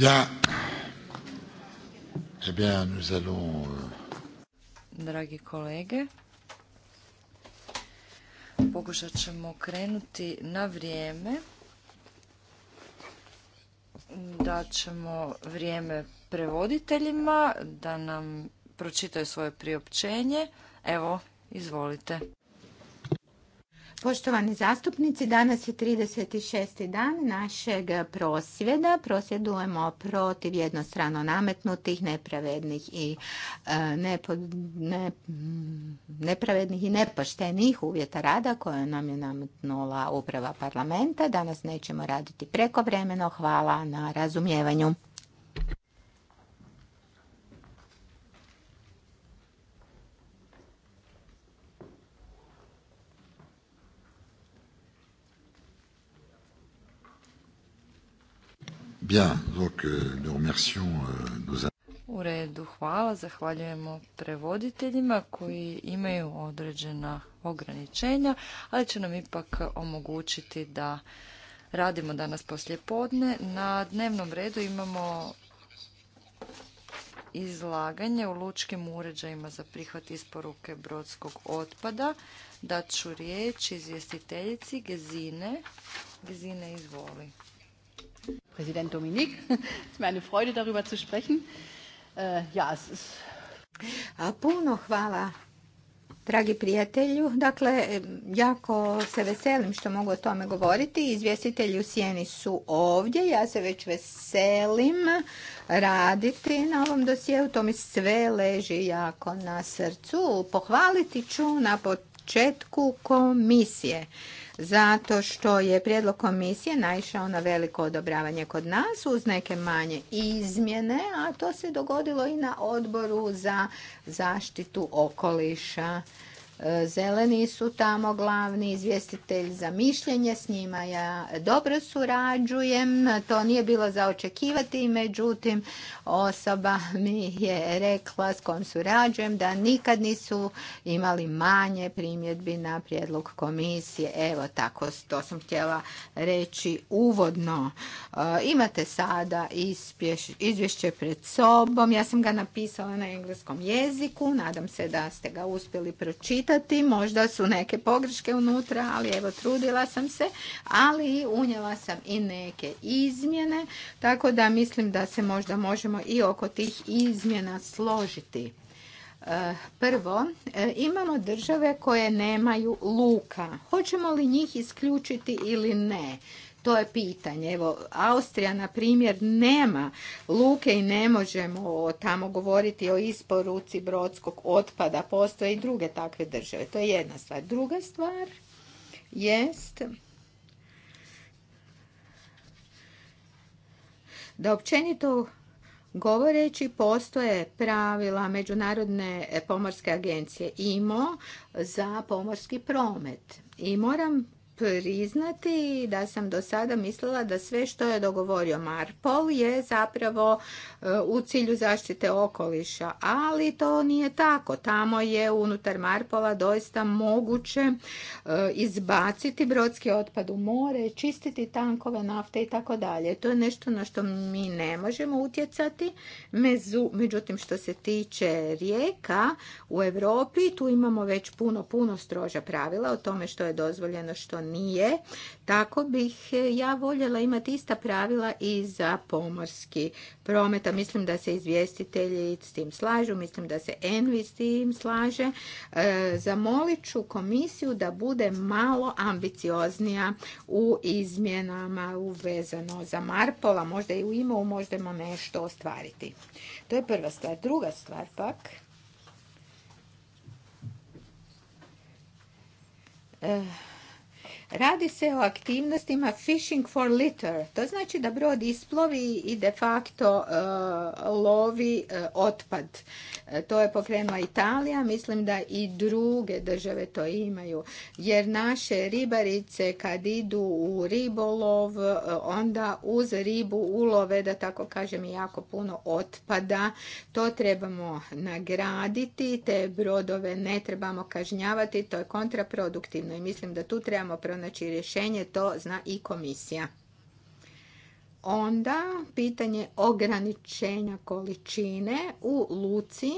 Bien. Eh bien, nous allons... Euh, Dragi kolege, pokušat ćemo krenuti na vrijeme. Da ćemo vrijeme prevoditeljima da nam pročitaju svoje priopćenje. Evo, izvolite. Poštovani zastupnici, danas je 36. dan našeg prosvjeda. Prosvjedujemo protiv jednostrano nametnutih, nepravednih i e, ne, nepravednih i nepoštenih uvjeta rada koje nam je nametnula uprava parlamenta. Danas nećemo raditi prekovremeno. Hvala na razumijevanju. Bien, donc euh, nous euh, u redu, hvala. Zahvaljujemo prevoditeljima koji imaju određena ograničenja, ali će nam ipak omogućiti da radimo danas poslijepodne. podne. Na dnevnom redu imamo izlaganje u lučkim uređajima za prihvat isporuke brodskog otpada. da ću riječ izvjestiteljici Gezine. Gezine, izvoli. Präsident Dominik. es ist mir eine äh, Ja, A puno hvala, dragi prijatelju. Dakle, jako se veselim što mogu o tome govoriti. Izvjestitelji u Sjeni su ovdje. Ja se već veselim raditi na ovom dosjeu. To mi sve leži jako na srcu. Pohvaliti ću na početku komisije zato što je prijedlog komisije naišao na veliko odobravanje kod nas uz neke manje izmjene, a to se dogodilo i na odboru za zaštitu okoliša. Zeleni su tamo glavni izvjestitelj za mišljenje, s njima ja dobro surađujem, to nije bilo za očekivati, međutim osoba mi je rekla s kojom surađujem da nikad nisu imali manje primjedbi na prijedlog komisije. Evo tako, to sam htjela reći uvodno. E, imate sada izvješće pred sobom, ja sam ga napisala na engleskom jeziku, nadam se da ste ga uspjeli pročitati čitati, možda su neke pogreške unutra, ali evo trudila sam se, ali unijela sam i neke izmjene, tako da mislim da se možda možemo i oko tih izmjena složiti. E, prvo, e, imamo države koje nemaju luka. Hoćemo li njih isključiti ili ne? To je pitanje. Evo, Austrija, na primjer, nema luke i ne možemo tamo govoriti o isporuci brodskog otpada. Postoje i druge takve države. To je jedna stvar. Druga stvar jest da općenito Govoreći postoje pravila Međunarodne pomorske agencije IMO za pomorski promet. I moram priznati da sam do sada mislila da sve što je dogovorio Marpol je zapravo e, u cilju zaštite okoliša, ali to nije tako. Tamo je unutar Marpola doista moguće e, izbaciti brodski otpad u more, čistiti tankove nafte i tako dalje. To je nešto na što mi ne možemo utjecati. Međutim, što se tiče rijeka u Europi, tu imamo već puno, puno stroža pravila o tome što je dozvoljeno, što nije, tako bih e, ja voljela imati ista pravila i za pomorski promet, a mislim da se izvjestitelji s tim slažu, mislim da se Envi s tim slaže. E, zamolit ću komisiju da bude malo ambicioznija u izmjenama uvezano za Marpola, možda i u imovu možemo nešto ostvariti. To je prva stvar. Druga stvar pak, e, Radi se o aktivnostima fishing for litter. To znači da brod isplovi i de facto e, lovi e, otpad. E, to je pokrenula Italija, mislim da i druge države to imaju. Jer naše ribarice kad idu u ribolov, onda uz ribu ulove, da tako kažem, jako puno otpada. To trebamo nagraditi, te brodove ne trebamo kažnjavati, to je kontraproduktivno i mislim da tu trebamo pronaći Znači, rješenje, to zna i komisija. Onda pitanje ograničenja količine u luci.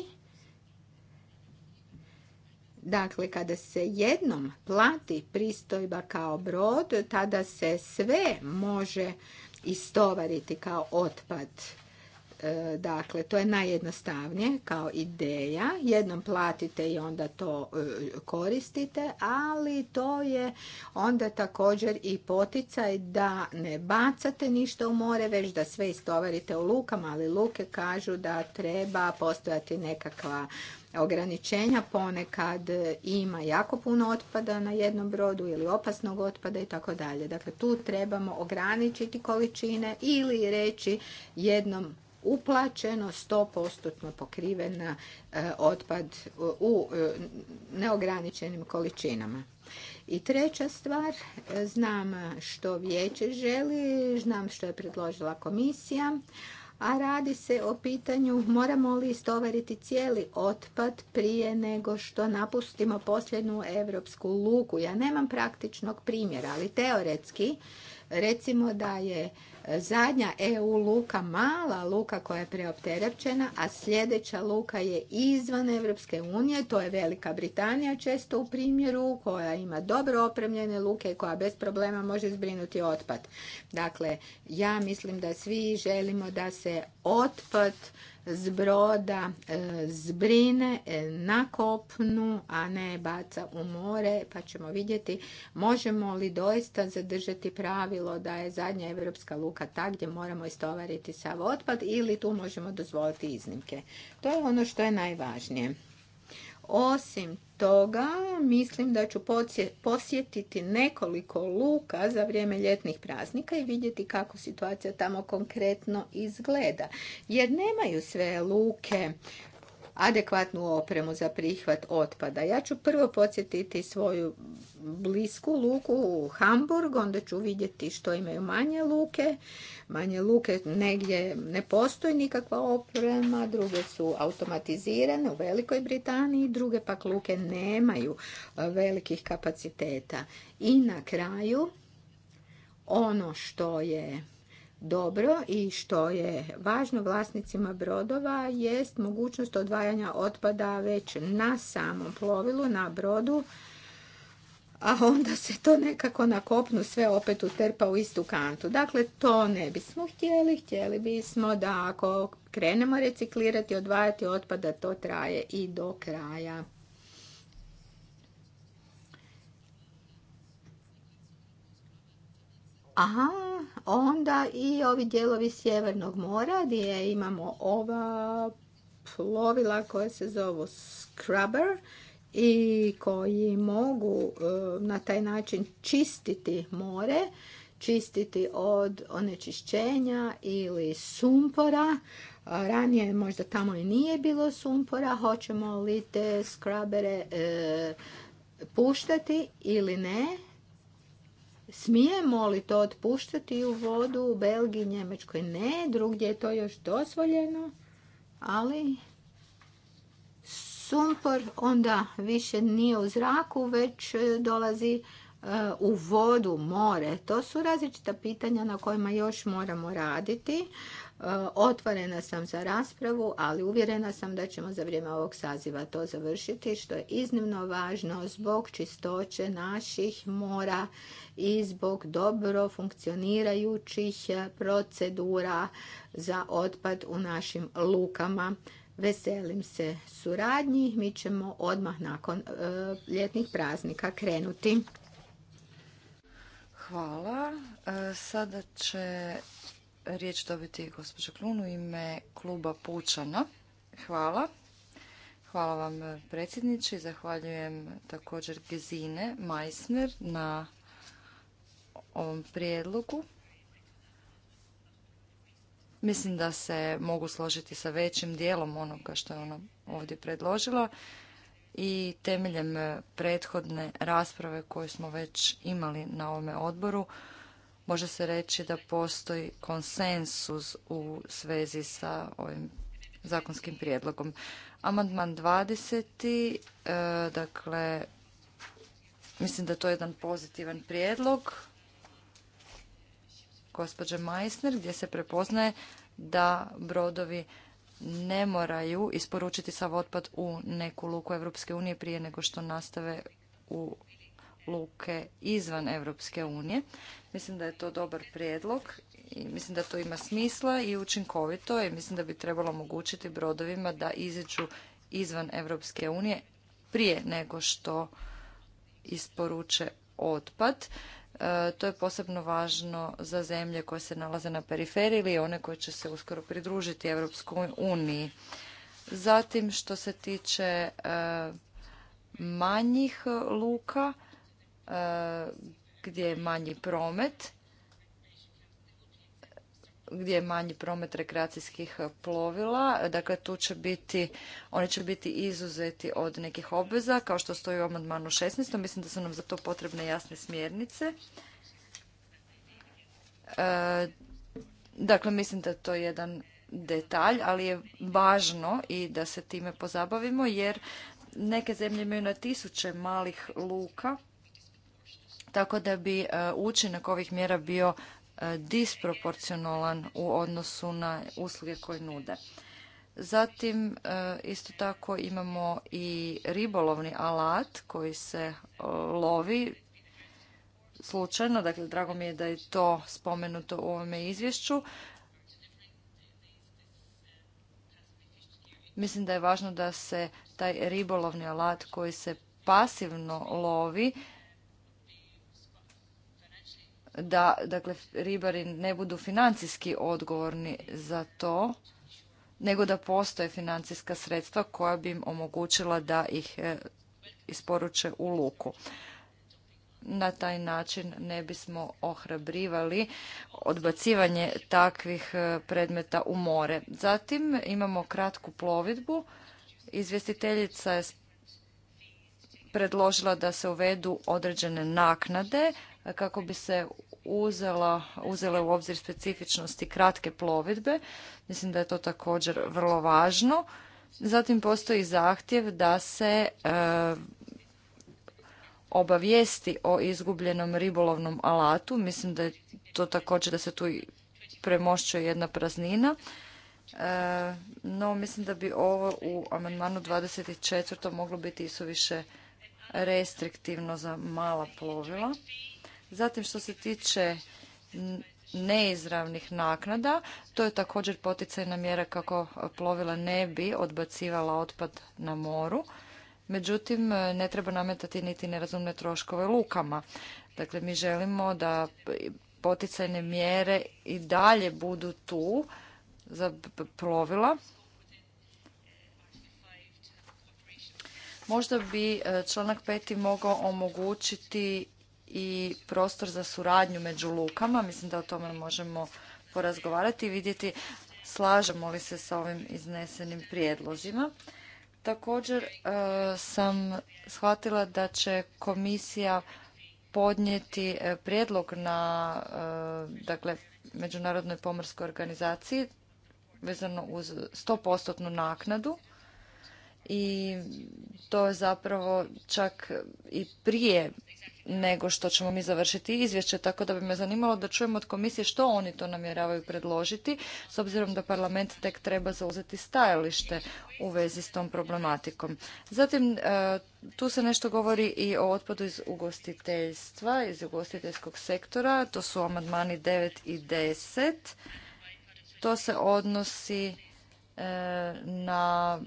Dakle, kada se jednom plati pristojba kao brod, tada se sve može istovariti kao otpad E, dakle, to je najjednostavnije kao ideja. Jednom platite i onda to e, koristite, ali to je onda također i poticaj da ne bacate ništa u more, već da sve istovarite u lukama, ali luke kažu da treba postojati nekakva ograničenja ponekad ima jako puno otpada na jednom brodu ili opasnog otpada i tako dalje. Dakle, tu trebamo ograničiti količine ili reći jednom uplaćeno 100% pokrivena e, otpad u e, neograničenim količinama. I treća stvar, e, znam što vijeće želi, znam što je predložila komisija, a radi se o pitanju moramo li istovariti cijeli otpad prije nego što napustimo posljednu evropsku luku. Ja nemam praktičnog primjera, ali teoretski recimo da je zadnja EU luka mala luka koja je preopterećena, a sljedeća luka je izvan Evropske unije, to je Velika Britanija često u primjeru, koja ima dobro opremljene luke i koja bez problema može zbrinuti otpad. Dakle, ja mislim da svi želimo da se otpad zbroda e, zbrine e, na kopnu, a ne baca u more, pa ćemo vidjeti možemo li doista zadržati pravilo da je zadnja evropska luka ta gdje moramo istovariti sav otpad ili tu možemo dozvoliti iznimke. To je ono što je najvažnije. Osim toga mislim da ću posjetiti nekoliko luka za vrijeme ljetnih praznika i vidjeti kako situacija tamo konkretno izgleda. Jer nemaju sve luke adekvatnu opremu za prihvat otpada. Ja ću prvo podsjetiti svoju blisku luku u Hamburg, onda ću vidjeti što imaju manje luke. Manje luke negdje ne postoji nikakva oprema, druge su automatizirane u Velikoj Britaniji, druge pak luke nemaju e, velikih kapaciteta. I na kraju ono što je dobro i što je važno vlasnicima brodova jest mogućnost odvajanja otpada već na samom plovilu, na brodu, a onda se to nekako na kopnu sve opet utrpa u istu kantu. Dakle, to ne bismo htjeli. Htjeli bismo da ako krenemo reciklirati, odvajati otpada, to traje i do kraja. a onda i ovi dijelovi Sjevernog mora gdje imamo ova plovila koja se zovu scrubber i koji mogu e, na taj način čistiti more, čistiti od onečišćenja ili sumpora. Ranije možda tamo i nije bilo sumpora, hoćemo li te scrubbere e, puštati ili ne. Smijemo li to otpuštati u vodu u Belgiji, Njemačkoj? Ne, drugdje je to još dozvoljeno, ali sumpor onda više nije u zraku, već e, dolazi e, u vodu, more. To su različita pitanja na kojima još moramo raditi. Otvorena sam za raspravu, ali uvjerena sam da ćemo za vrijeme ovog saziva to završiti, što je iznimno važno zbog čistoće naših mora i zbog dobro funkcionirajućih procedura za otpad u našim lukama. Veselim se suradnji, mi ćemo odmah nakon e, ljetnih praznika krenuti. Hvala. E, sada će riječ dobiti gospođa Klun u ime kluba Pučana. Hvala. Hvala vam eh, predsjedniče zahvaljujem također Gezine Majsner na ovom prijedlogu. Mislim da se mogu složiti sa većim dijelom onoga što je ona ovdje predložila i temeljem eh, prethodne rasprave koju smo već imali na ovome odboru može se reći da postoji konsensus u svezi sa ovim zakonskim prijedlogom. Amandman 20. E, dakle, mislim da to je jedan pozitivan prijedlog gospođe Meissner gdje se prepoznaje da brodovi ne moraju isporučiti sav otpad u neku luku Europske unije prije nego što nastave u luke izvan Europske unije. Mislim da je to dobar prijedlog i mislim da to ima smisla i učinkovito je. Mislim da bi trebalo omogućiti brodovima da iziđu izvan Europske unije prije nego što isporuče otpad. E, to je posebno važno za zemlje koje se nalaze na periferiji ili one koje će se uskoro pridružiti Europskoj uniji. Zatim što se tiče e, manjih luka, gdje je manji promet, gdje je manji promet rekreacijskih plovila. Dakle, tu će biti, oni će biti izuzeti od nekih obveza, kao što stoji u amandmanu 16. Mislim da su nam za to potrebne jasne smjernice. E, dakle, mislim da to je jedan detalj, ali je važno i da se time pozabavimo, jer neke zemlje imaju na tisuće malih luka tako da bi e, učinak ovih mjera bio e, disproporcionalan u odnosu na usluge koje nude. Zatim e, isto tako imamo i ribolovni alat koji se lovi slučajno, dakle drago mi je da je to spomenuto u ovome izvješću. Mislim da je važno da se taj ribolovni alat koji se pasivno lovi da dakle, ribari ne budu financijski odgovorni za to, nego da postoje financijska sredstva koja bi im omogućila da ih e, isporuče u luku. Na taj način ne bismo ohrabrivali odbacivanje takvih e, predmeta u more. Zatim imamo kratku plovidbu. Izvjestiteljica je predložila da se uvedu određene naknade kako bi se uzela, uzele u obzir specifičnosti kratke plovidbe. Mislim da je to također vrlo važno. Zatim postoji zahtjev da se e, obavijesti o izgubljenom ribolovnom alatu. Mislim da je to također da se tu premošćuje jedna praznina. E, no, mislim da bi ovo u amandmanu 24. moglo biti isuviše više restriktivno za mala plovila. Zatim što se tiče neizravnih naknada, to je također poticajna mjera kako plovila ne bi odbacivala otpad na moru. Međutim, ne treba nametati niti nerazumne troškove lukama. Dakle, mi želimo da poticajne mjere i dalje budu tu za plovila Možda bi e, članak peti mogao omogućiti i prostor za suradnju među lukama. Mislim da o tome možemo porazgovarati i vidjeti slažemo li se sa ovim iznesenim prijedlozima. Također e, sam shvatila da će komisija podnijeti e, prijedlog na dakle, Međunarodnoj pomorskoj organizaciji vezano uz 100% naknadu i to je zapravo čak i prije nego što ćemo mi završiti izvješće, tako da bi me zanimalo da čujemo od komisije što oni to namjeravaju predložiti, s obzirom da parlament tek treba zauzeti stajalište u vezi s tom problematikom. Zatim, e, tu se nešto govori i o otpadu iz ugostiteljstva, iz ugostiteljskog sektora, to su amandmani 9 i 10. To se odnosi e, na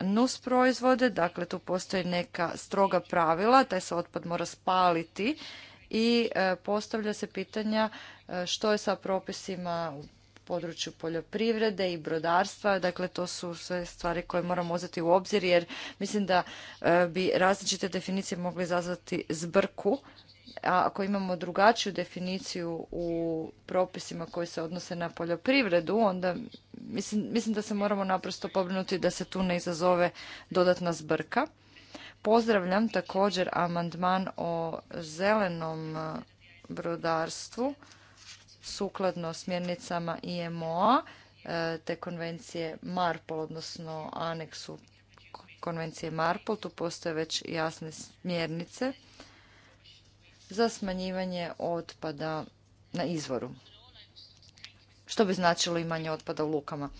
nus proizvode, dakle tu postoji neka stroga pravila, taj se otpad mora spaliti i e, postavlja se pitanja e, što je sa propisima u području poljoprivrede i brodarstva. Dakle, to su sve stvari koje moramo uzeti u obzir jer mislim da e, bi različite definicije mogle izazvati zbrku a ako imamo drugačiju definiciju u propisima koji se odnose na poljoprivredu, onda mislim, mislim da se moramo naprosto pobrinuti da se tu ne izazove dodatna zbrka. Pozdravljam također amandman o zelenom e, brodarstvu sukladno smjernicama IMO-a e, te konvencije MARPOL, odnosno aneksu konvencije MARPOL. Tu postoje već jasne smjernice za smanjivanje otpada na izvoru, što bi značilo i manje otpada u lukama.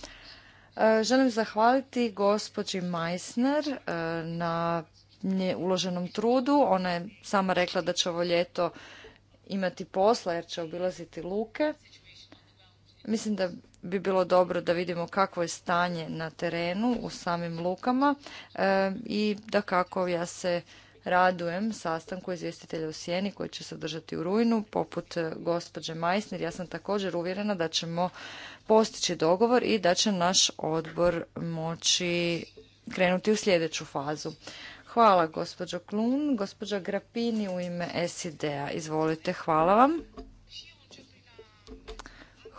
E, želim zahvaliti gospođi Meissner e, na uloženom trudu. Ona je sama rekla da će ovo ljeto imati posla jer će obilaziti luke. Mislim da bi bilo dobro da vidimo kakvo je stanje na terenu u samim lukama e, i da kako ja se radujem sastanku izvjestitelja u Sjeni koji će se održati u rujnu. Poput e, gospođe Majsner, ja sam također uvjerena da ćemo postići dogovor i da će naš odbor moći krenuti u sljedeću fazu. Hvala gospođo Klun. Gospođa Grapini u ime SID-a. Izvolite, hvala vam.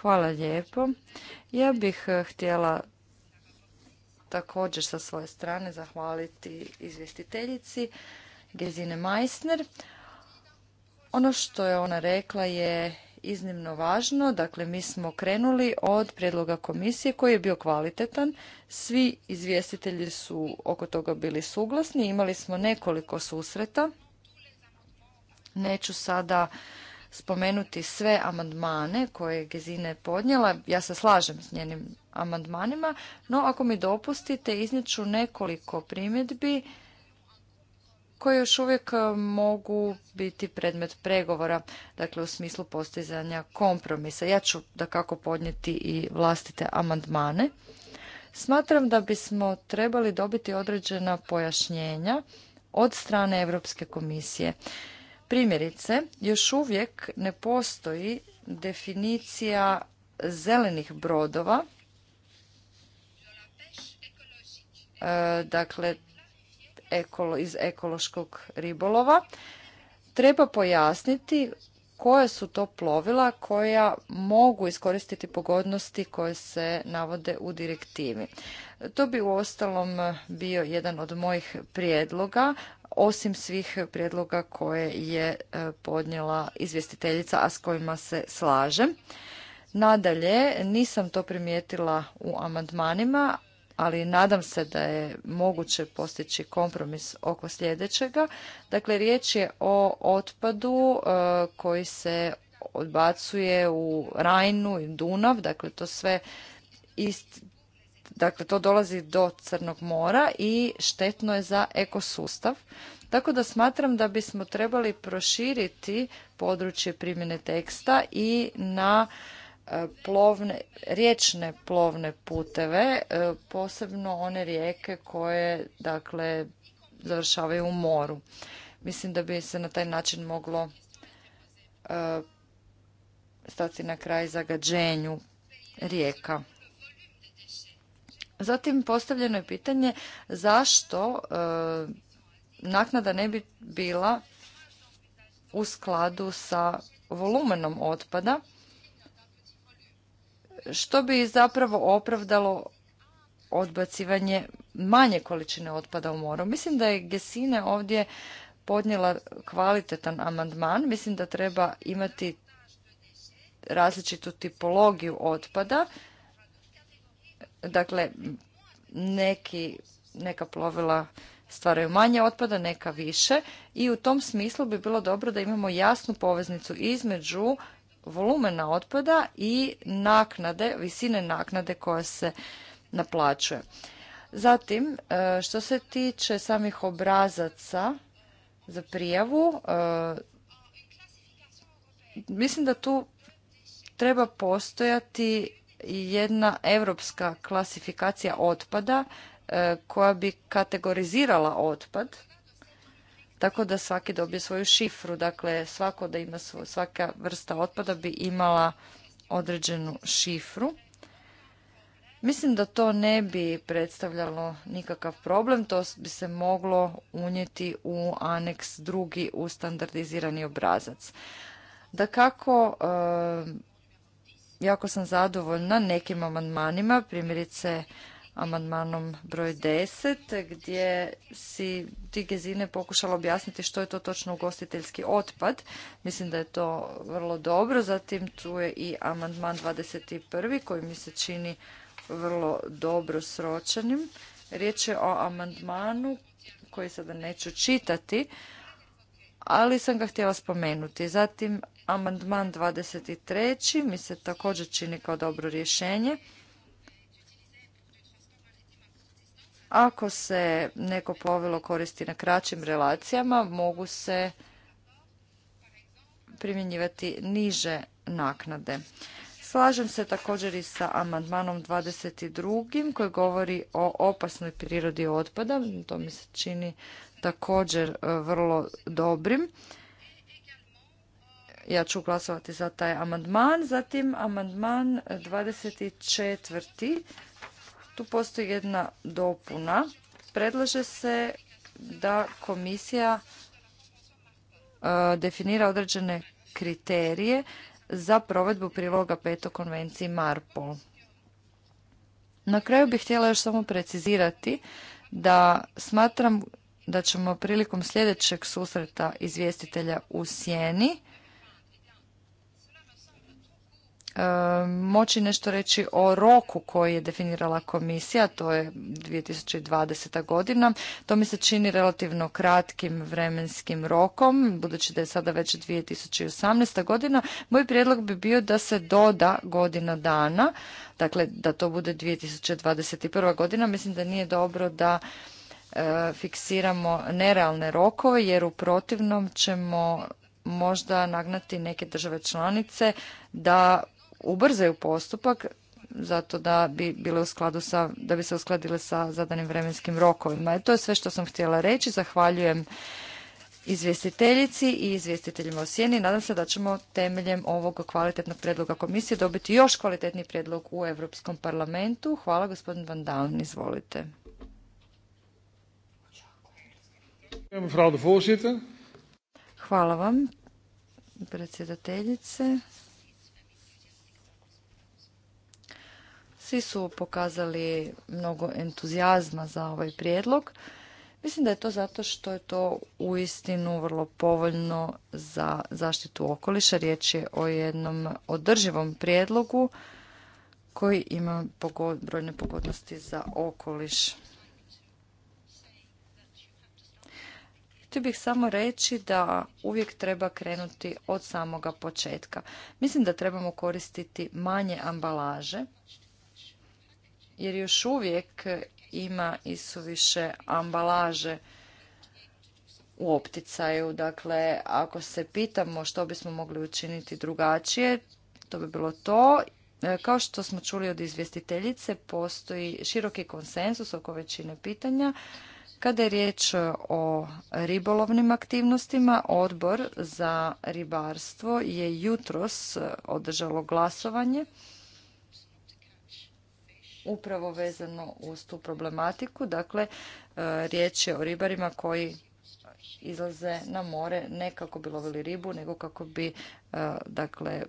Hvala lijepo. Ja bih e, htjela također sa svoje strane zahvaliti izvjestiteljici Gezine Meissner. Ono što je ona rekla je iznimno važno. Dakle, mi smo krenuli od predloga komisije koji je bio kvalitetan. Svi izvjestitelji su oko toga bili suglasni. Imali smo nekoliko susreta. Neću sada spomenuti sve amandmane koje je Gezine podnijela. Ja se slažem s njenim amandmanima, no ako mi dopustite, iznijet ću nekoliko primjedbi koje još uvijek e, mogu biti predmet pregovora, dakle u smislu postizanja kompromisa. Ja ću da kako podnijeti i vlastite amandmane. Smatram da bismo trebali dobiti određena pojašnjenja od strane Europske komisije. Primjerice, još uvijek ne postoji definicija zelenih brodova. E, dakle, iz ekološkog ribolova. Treba pojasniti koja su to plovila koja mogu iskoristiti pogodnosti koje se navode u direktivi. To bi uostalom bio jedan od mojih prijedloga, osim svih prijedloga koje je e, podnijela izvjestiteljica, a s kojima se slažem. Nadalje, nisam to primijetila u amandmanima, ali nadam se da je moguće postići kompromis oko sljedećega. Dakle, riječ je o otpadu e, koji se odbacuje u Rajnu i Dunav, dakle to sve dakle to dolazi do Crnog mora i štetno je za ekosustav. Tako da smatram da bismo trebali proširiti područje primjene teksta i na plovne, riječne plovne puteve, e, posebno one rijeke koje dakle završavaju u moru. Mislim da bi se na taj način moglo e, stati na kraj zagađenju rijeka. Zatim postavljeno je pitanje zašto e, naknada ne bi bila u skladu sa volumenom otpada što bi zapravo opravdalo odbacivanje manje količine otpada u moru. Mislim da je Gesine ovdje podnijela kvalitetan amandman. Mislim da treba imati različitu tipologiju otpada. Dakle, neki, neka plovila stvaraju manje otpada, neka više i u tom smislu bi bilo dobro da imamo jasnu poveznicu između volumena otpada i naknade, visine naknade koja se naplaćuje. Zatim, e, što se tiče samih obrazaca za prijavu, e, mislim da tu treba postojati jedna europska klasifikacija otpada e, koja bi kategorizirala otpad tako da svaki dobije svoju šifru. Dakle, svako da ima svaka vrsta otpada bi imala određenu šifru. Mislim da to ne bi predstavljalo nikakav problem, to bi se moglo unijeti u aneks drugi u standardizirani obrazac. Da kako, e, jako sam zadovoljna nekim amandmanima, primjerice amandmanom broj 10 gdje si ti gezine pokušala objasniti što je to točno ugostiteljski otpad. Mislim da je to vrlo dobro. Zatim tu je i amandman 21 koji mi se čini vrlo dobro sročenim. Riječ je o amandmanu koji sada neću čitati, ali sam ga htjela spomenuti. Zatim amandman 23 mi se također čini kao dobro rješenje. Ako se neko plovilo koristi na kraćim relacijama, mogu se primjenjivati niže naknade. Slažem se također i sa amandmanom 22. koji govori o opasnoj prirodi otpada. To mi se čini također e, vrlo dobrim. Ja ću glasovati za taj amandman. Zatim amandman 24 tu postoji jedna dopuna. Predlaže se da komisija e, definira određene kriterije za provedbu priloga peto konvenciji Marpol. Na kraju bih htjela još samo precizirati da smatram da ćemo prilikom sljedećeg susreta izvjestitelja u Sjeni moći nešto reći o roku koji je definirala komisija, to je 2020. godina. To mi se čini relativno kratkim vremenskim rokom, budući da je sada već 2018. godina. Moj prijedlog bi bio da se doda godina dana, dakle da to bude 2021. godina. Mislim da nije dobro da e, fiksiramo nerealne rokove, jer u protivnom ćemo možda nagnati neke države članice da ubrzaju postupak zato da bi bile u skladu sa, da bi se uskladile sa zadanim vremenskim rokovima. E, to je sve što sam htjela reći. Zahvaljujem izvjestiteljici i izvjestiteljima u sjeni. Nadam se da ćemo temeljem ovog kvalitetnog predloga komisije dobiti još kvalitetni predlog u Europskom parlamentu. Hvala gospodin Van Daun, izvolite. Hvala vam, predsjedateljice. Svi su pokazali mnogo entuzijazma za ovaj prijedlog. Mislim da je to zato što je to uistinu vrlo povoljno za zaštitu okoliša. Riječ je o jednom održivom prijedlogu koji ima brojne pogodnosti za okoliš. Htio bih samo reći da uvijek treba krenuti od samoga početka. Mislim da trebamo koristiti manje ambalaže jer još uvijek ima i suviše ambalaže u opticaju. Dakle, ako se pitamo što bismo mogli učiniti drugačije, to bi bilo to. E, kao što smo čuli od izvjestiteljice, postoji široki konsensus oko većine pitanja. Kada je riječ o ribolovnim aktivnostima, odbor za ribarstvo je jutros održalo glasovanje upravo vezano uz tu problematiku. Dakle, e, riječ je o ribarima koji izlaze na more ne kako bi lovili ribu, nego kako bi e, dakle,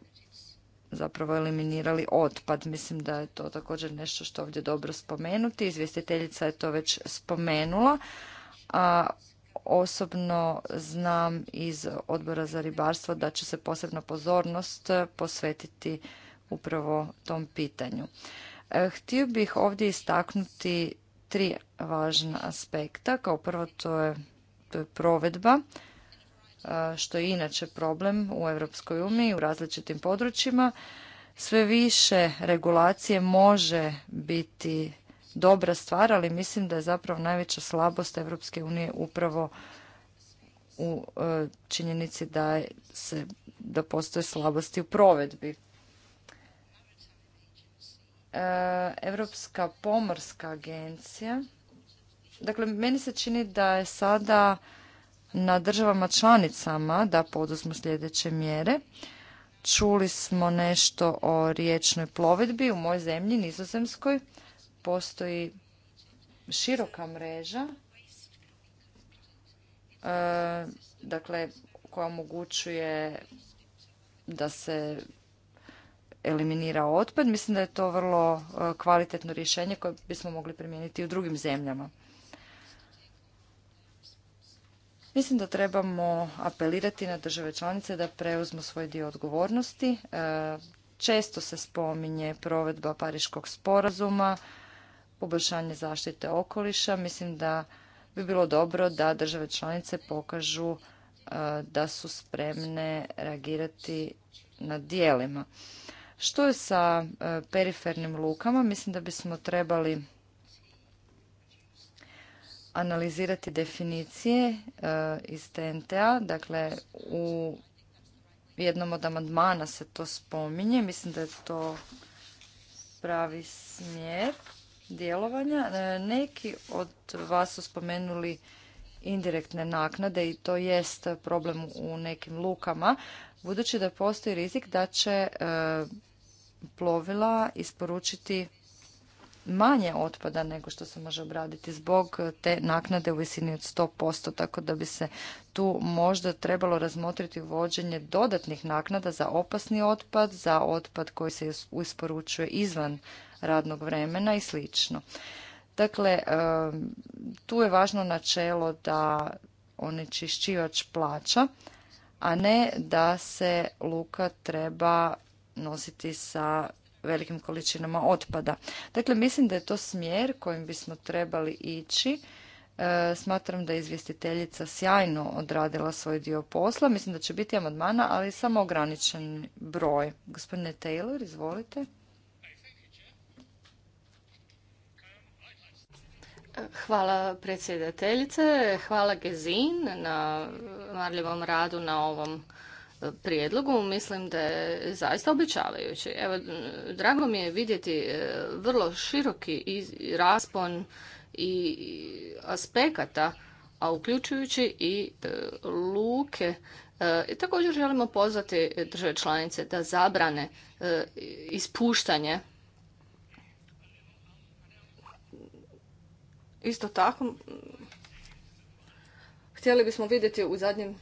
zapravo eliminirali otpad. Mislim da je to također nešto što ovdje dobro spomenuti. Izvjestiteljica je to već spomenula. A osobno znam iz odbora za ribarstvo da će se posebna pozornost posvetiti upravo tom pitanju. E, htio bih ovdje istaknuti tri važna aspekta. Kao prvo to je, provedba, e, što je inače problem u Europskoj uniji u različitim područjima. Sve više regulacije može biti dobra stvar, ali mislim da je zapravo najveća slabost Europske unije upravo u e, činjenici da postoje slabosti u provedbi Europska pomorska agencija. Dakle, meni se čini da je sada na državama članicama da poduzmu sljedeće mjere. Čuli smo nešto o riječnoj plovidbi u mojoj zemlji, Nizozemskoj. Postoji široka mreža e, dakle, koja omogućuje da se eliminira otpad. Mislim da je to vrlo e, kvalitetno rješenje koje bismo mogli primijeniti u drugim zemljama. Mislim da trebamo apelirati na države članice da preuzmu svoj dio odgovornosti. E, često se spominje provedba Pariškog sporazuma, poboljšanje zaštite okoliša. Mislim da bi bilo dobro da države članice pokažu e, da su spremne reagirati na dijelima. Što je sa e, perifernim lukama? Mislim da bismo trebali analizirati definicije e, iz TNT-a. Dakle, u jednom od amandmana se to spominje. Mislim da je to pravi smjer djelovanja. E, neki od vas su spomenuli indirektne naknade i to jest problem u nekim lukama, budući da postoji rizik da će plovila isporučiti manje otpada nego što se može obraditi zbog te naknade u visini od 100%, tako da bi se tu možda trebalo razmotriti uvođenje dodatnih naknada za opasni otpad, za otpad koji se isporučuje izvan radnog vremena i slično. Dakle, tu je važno načelo da onečišćivač plaća, a ne da se luka treba nositi sa velikim količinama otpada. Dakle, mislim da je to smjer kojim bismo trebali ići. E, smatram da je izvjestiteljica sjajno odradila svoj dio posla. Mislim da će biti amandmana, ali samo ograničen broj. Gospodine Taylor, izvolite. Hvala predsjedateljice, hvala Gezin na marljivom radu na ovom prijedlogu mislim da je zaista obećavajući. Evo, drago mi je vidjeti e, vrlo široki raspon i aspekata, a uključujući i e, luke. E, I također želimo pozvati države članice da zabrane ispuštanje Isto tako, htjeli bismo vidjeti u zadnjem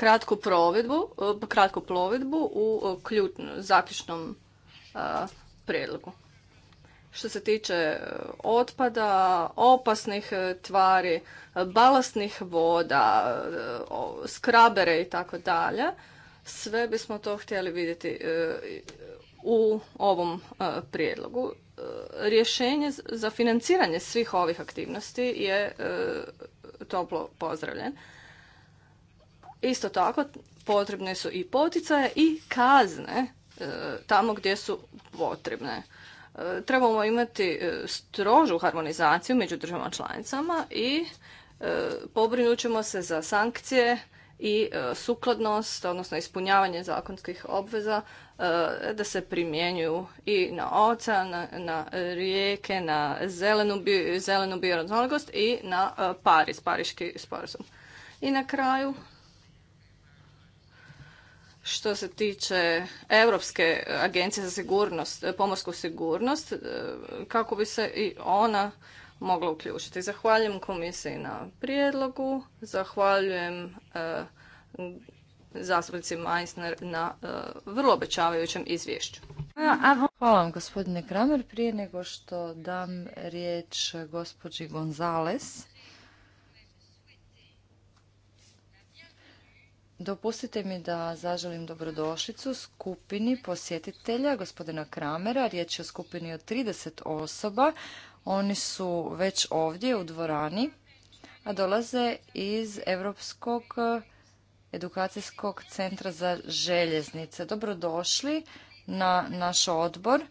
kratku provedbu, e, kratku plovidbu u e, ključnom zaključnom e, prijedlogu. Što se tiče otpada, opasnih tvari, balastnih voda, skrabere i tako dalje, sve bismo to htjeli vidjeti u ovom prijedlogu. Rješenje za financiranje svih ovih aktivnosti je toplo pozdravljen. Isto tako potrebne su i poticaje i kazne e, tamo gdje su potrebne. E, trebamo imati e, strožu harmonizaciju među državama članicama i pobrinut ćemo se za sankcije i sukladnost, odnosno ispunjavanje zakonskih obveza da se primjenjuju i na ocean, na, na rijeke, na zelenu, zelenu i na paris, Pariški sporazum. I na kraju što se tiče Europske agencije za sigurnost, pomorsku sigurnost, e, kako bi se i ona mogla uključiti. Zahvaljujem komisiji na prijedlogu, zahvaljujem e, zastupnici Meissner na e, vrlo obećavajućem izvješću. Hvala vam gospodine Kramer. Prije nego što dam riječ gospođi Gonzales, Dopustite mi da zaželim dobrodošlicu skupini posjetitelja gospodina Kramera. Riječ je o skupini od 30 osoba. Oni su već ovdje u dvorani, a dolaze iz Europskog edukacijskog centra za željeznice. Dobrodošli na naš odbor.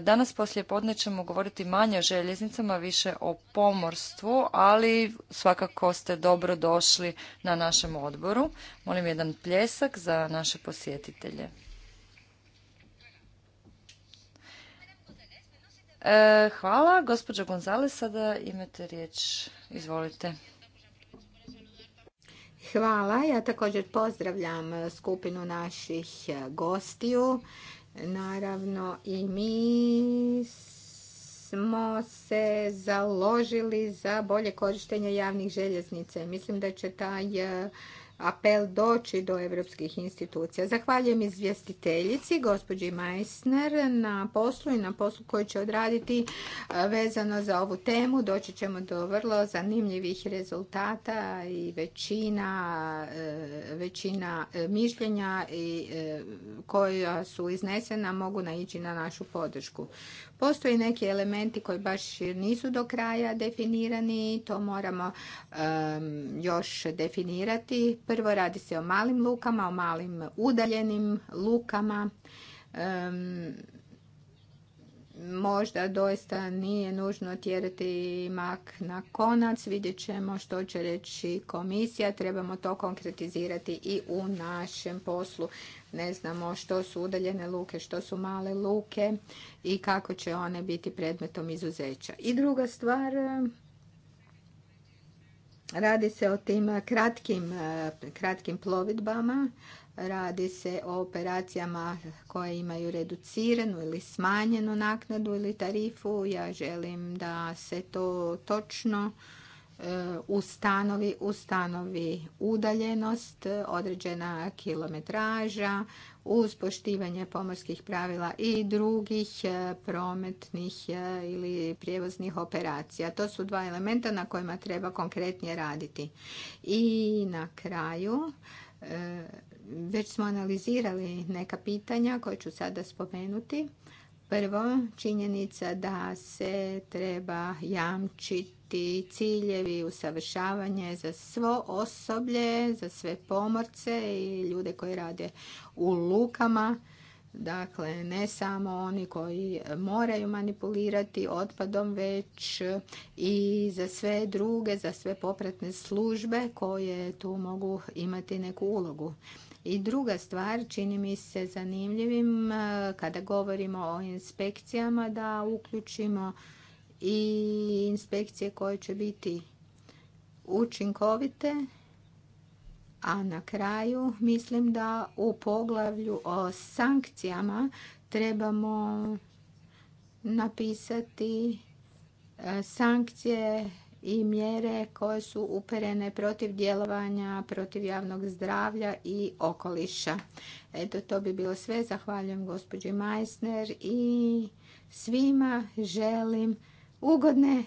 Danas poslije podne ćemo govoriti manje o željeznicama, više o pomorstvu, ali svakako ste dobro došli na našem odboru. Molim jedan pljesak za naše posjetitelje. E, hvala. Gospođo Gonzales, sada imate riječ. Izvolite. Hvala. Ja također pozdravljam skupinu naših gostiju Naravno i mi smo se založili za bolje korištenje javnih željeznice. mislim da će taj apel doći do europskih institucija. Zahvaljujem izvjestiteljici, gospođi Meissner, na poslu i na poslu koji će odraditi e, vezano za ovu temu. Doći ćemo do vrlo zanimljivih rezultata i većina, e, većina e, mišljenja koja su iznesena mogu naići na našu podršku. Postoji neki elementi koji baš nisu do kraja definirani, to moramo još definirati Prvo radi se o malim lukama, o malim udaljenim lukama. možda doista nije nužno tjerati mak na konac. Vidjet ćemo što će reći komisija. Trebamo to konkretizirati i u našem poslu. Ne znamo što su udaljene luke, što su male luke i kako će one biti predmetom izuzeća. I druga stvar, Radi se o tim eh, kratkim, eh, kratkim plovidbama, radi se o operacijama koje imaju reduciranu ili smanjenu naknadu ili tarifu. Ja želim da se to točno eh, ustanovi, ustanovi udaljenost, određena kilometraža, uz poštivanje pomorskih pravila i drugih e, prometnih e, ili prijevoznih operacija. To su dva elementa na kojima treba konkretnije raditi. I na kraju e, već smo analizirali neka pitanja koje ću sada spomenuti. Prvo, činjenica da se treba jamčiti ciljevi, usavršavanje za svo osoblje, za sve pomorce i ljude koji rade u lukama. Dakle, ne samo oni koji moraju manipulirati otpadom, već i za sve druge, za sve popratne službe koje tu mogu imati neku ulogu. I druga stvar, čini mi se zanimljivim e, kada govorimo o inspekcijama da uključimo i inspekcije koje će biti učinkovite. A na kraju mislim da u poglavlju o sankcijama trebamo napisati e, sankcije i mjere koje su uperene protiv djelovanja, protiv javnog zdravlja i okoliša. Eto, to bi bilo sve. Zahvaljujem gospođi Majsner i svima želim ugodne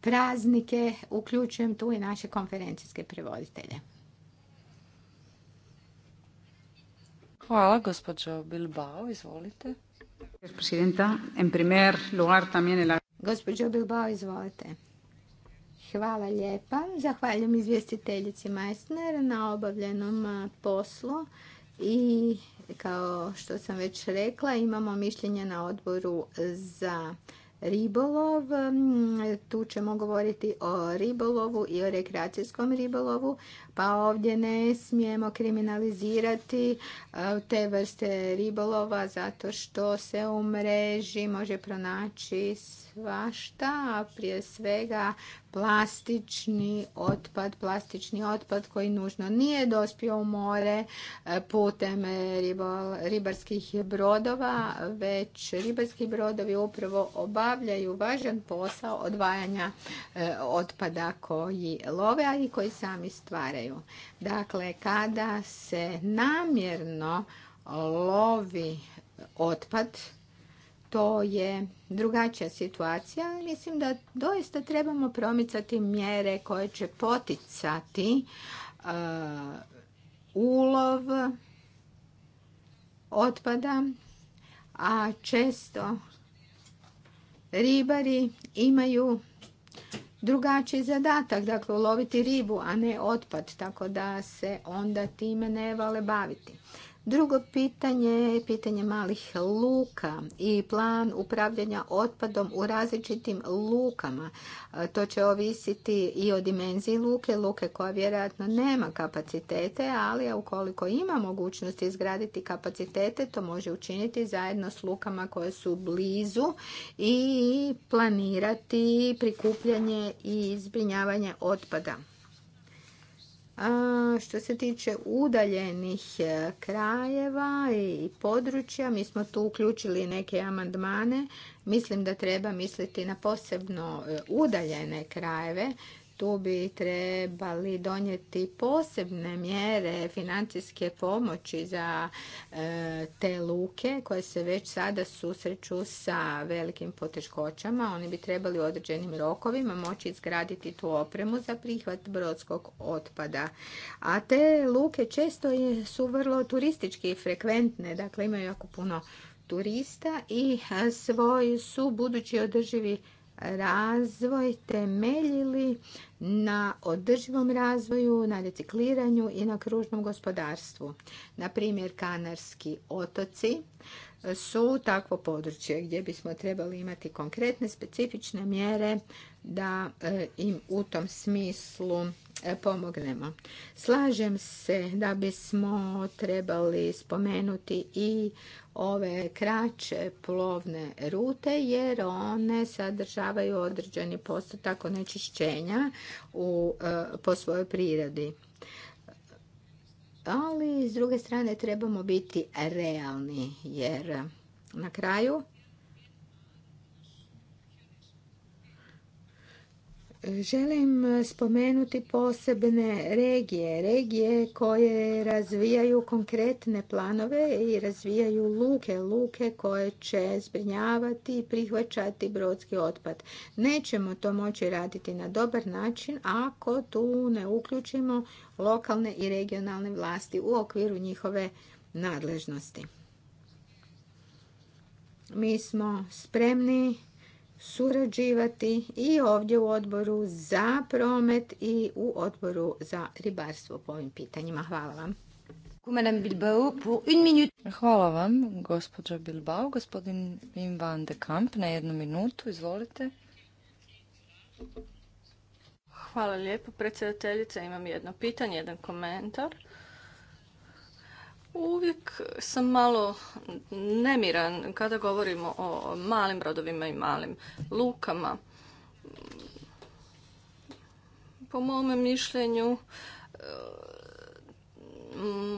praznike. Uključujem tu i naše konferencijske prevoditelje. Hvala, gospođo Bilbao, izvolite. Gospođo Bilbao, izvolite. Hvala lijepa. Zahvaljujem izvjestiteljici Meissner na obavljenom poslu i kao što sam već rekla imamo mišljenje na odboru za ribolov. Tu ćemo govoriti o ribolovu i o rekreacijskom ribolovu. Pa ovdje ne smijemo kriminalizirati e, te vrste ribolova zato što se u mreži može pronaći svašta, a prije svega plastični otpad, plastični otpad koji nužno nije dospio u more e, putem ribarskih brodova, već ribarski brodovi upravo obavljaju važan posao odvajanja e, otpada koji love, a i koji sami stvaraju. Dakle, kada se namjerno lovi otpad, to je drugačija situacija. Mislim da doista trebamo promicati mjere koje će poticati uh, ulov otpada, a često ribari imaju drugačiji zadatak, dakle uloviti ribu, a ne otpad, tako da se onda time ne vale baviti. Drugo pitanje je pitanje malih luka i plan upravljanja otpadom u različitim lukama. E, to će ovisiti i o dimenziji luke, luke koja vjerojatno nema kapacitete, ali ukoliko ima mogućnost izgraditi kapacitete, to može učiniti zajedno s lukama koje su blizu i planirati prikupljanje i izbrinjavanje otpada. Što se tiče udaljenih e, krajeva i područja, mi smo tu uključili neke amandmane. Mislim da treba misliti na posebno e, udaljene krajeve tu bi trebali donijeti posebne mjere financijske pomoći za e, te luke koje se već sada susreću sa velikim poteškoćama. Oni bi trebali u određenim rokovima moći izgraditi tu opremu za prihvat brodskog otpada. A te luke često su vrlo turistički frekventne, dakle imaju jako puno turista i svoj su budući održivi razvoj temeljili na održivom razvoju, na recikliranju i na kružnom gospodarstvu. Na primjer, Kanarski otoci su takvo područje gdje bismo trebali imati konkretne specifične mjere da e, im u tom smislu E, pomognemo. Slažem se da bismo trebali spomenuti i ove kraće plovne rute jer one sadržavaju određeni postotak onečišćenja u, e, po svojoj prirodi. Ali s druge strane trebamo biti realni jer na kraju Želim e, spomenuti posebne regije, regije koje razvijaju konkretne planove i razvijaju luke, luke koje će zbrinjavati i prihvaćati brodski otpad. Nećemo to moći raditi na dobar način ako tu ne uključimo lokalne i regionalne vlasti u okviru njihove nadležnosti. Mi smo spremni surađivati i ovdje u odboru za promet i u odboru za ribarstvo po ovim pitanjima. Hvala vam. Hvala vam, gospođa Bilbao. Gospodin Wim van de Kamp na jednu minutu, izvolite. Hvala lijepo, predsjedateljica. Imam jedno pitanje, jedan komentar. Uvijek sam malo nemiran kada govorimo o malim brodovima i malim lukama. Po mome mišljenju e,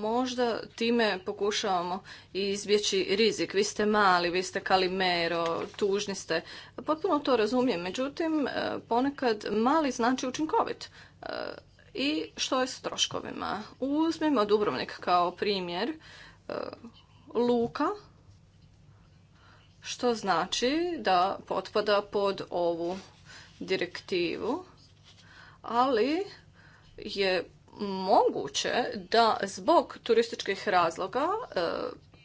možda time pokušavamo izbjeći rizik. Vi ste mali, vi ste kalimero, tužni ste. Potpuno to razumijem. Međutim, e, ponekad mali znači učinkovit. E, i što je s troškovima. Uzmimo Dubrovnik kao primjer e, luka, što znači da potpada pod ovu direktivu, ali je moguće da zbog turističkih razloga e,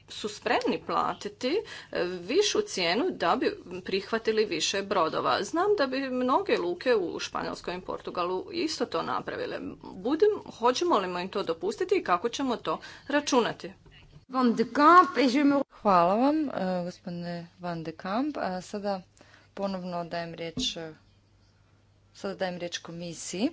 su spremni platiti e, višu cijenu da bi prihvatili više brodova. Znam da bi mnoge luke u Španjolskoj i Portugalu isto to napravile. Budim, hoćemo li im to dopustiti i kako ćemo to računati? Hvala vam, e, gospodine Van de Kamp. A sada ponovno dajem riječ, e, sada dajem riječ komisiji.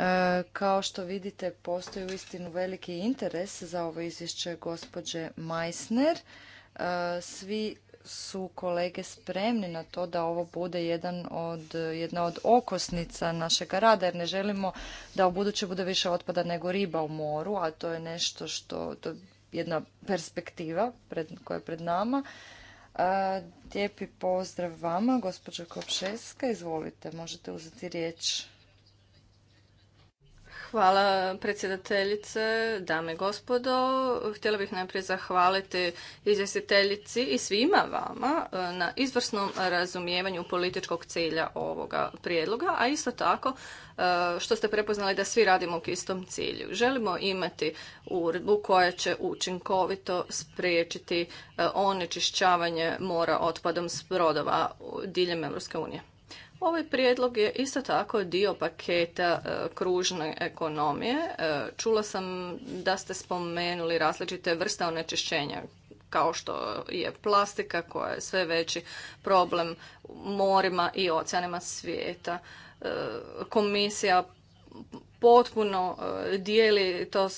E, kao što vidite, postoji uistinu veliki interes za ovo izvješće gospođe Meissner. E, svi su kolege spremni na to da ovo bude jedan od, jedna od okosnica našega rada, jer ne želimo da u buduće bude više otpada nego riba u moru, a to je nešto što, to jedna perspektiva pred, koja je pred nama. E, lijepi pozdrav vama, gospođo Kopšeska, izvolite, možete uzeti riječ. Hvala predsjedateljice, dame i gospodo. Htjela bih najprije zahvaliti izvjestiteljici i svima vama e, na izvrsnom razumijevanju političkog cilja ovoga prijedloga, a isto tako e, što ste prepoznali da svi radimo u istom cilju. Želimo imati uredbu koja će učinkovito spriječiti e, onečišćavanje mora otpadom s brodova diljem Europske unije. Ovaj prijedlog je isto tako dio paketa e, kružne ekonomije. E, čula sam da ste spomenuli različite vrste onečišćenja kao što je plastika koja je sve veći problem morima i oceanima svijeta. E, komisija potpuno dijeli to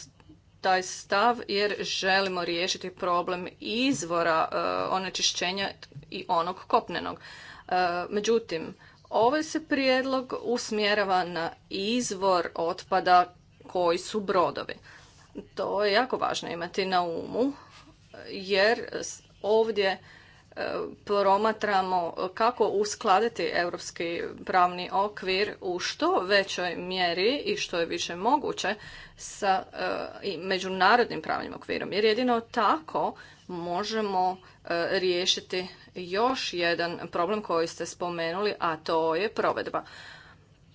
taj stav jer želimo riješiti problem izvora onečišćenja i onog kopnenog. E, međutim, ovaj se prijedlog usmjerava na izvor otpada koji su brodovi. To je jako važno imati na umu jer ovdje e, promatramo kako uskladiti europski pravni okvir u što većoj mjeri i što je više moguće sa e, međunarodnim pravnim okvirom jer jedino tako možemo E, riješiti još jedan problem koji ste spomenuli, a to je provedba.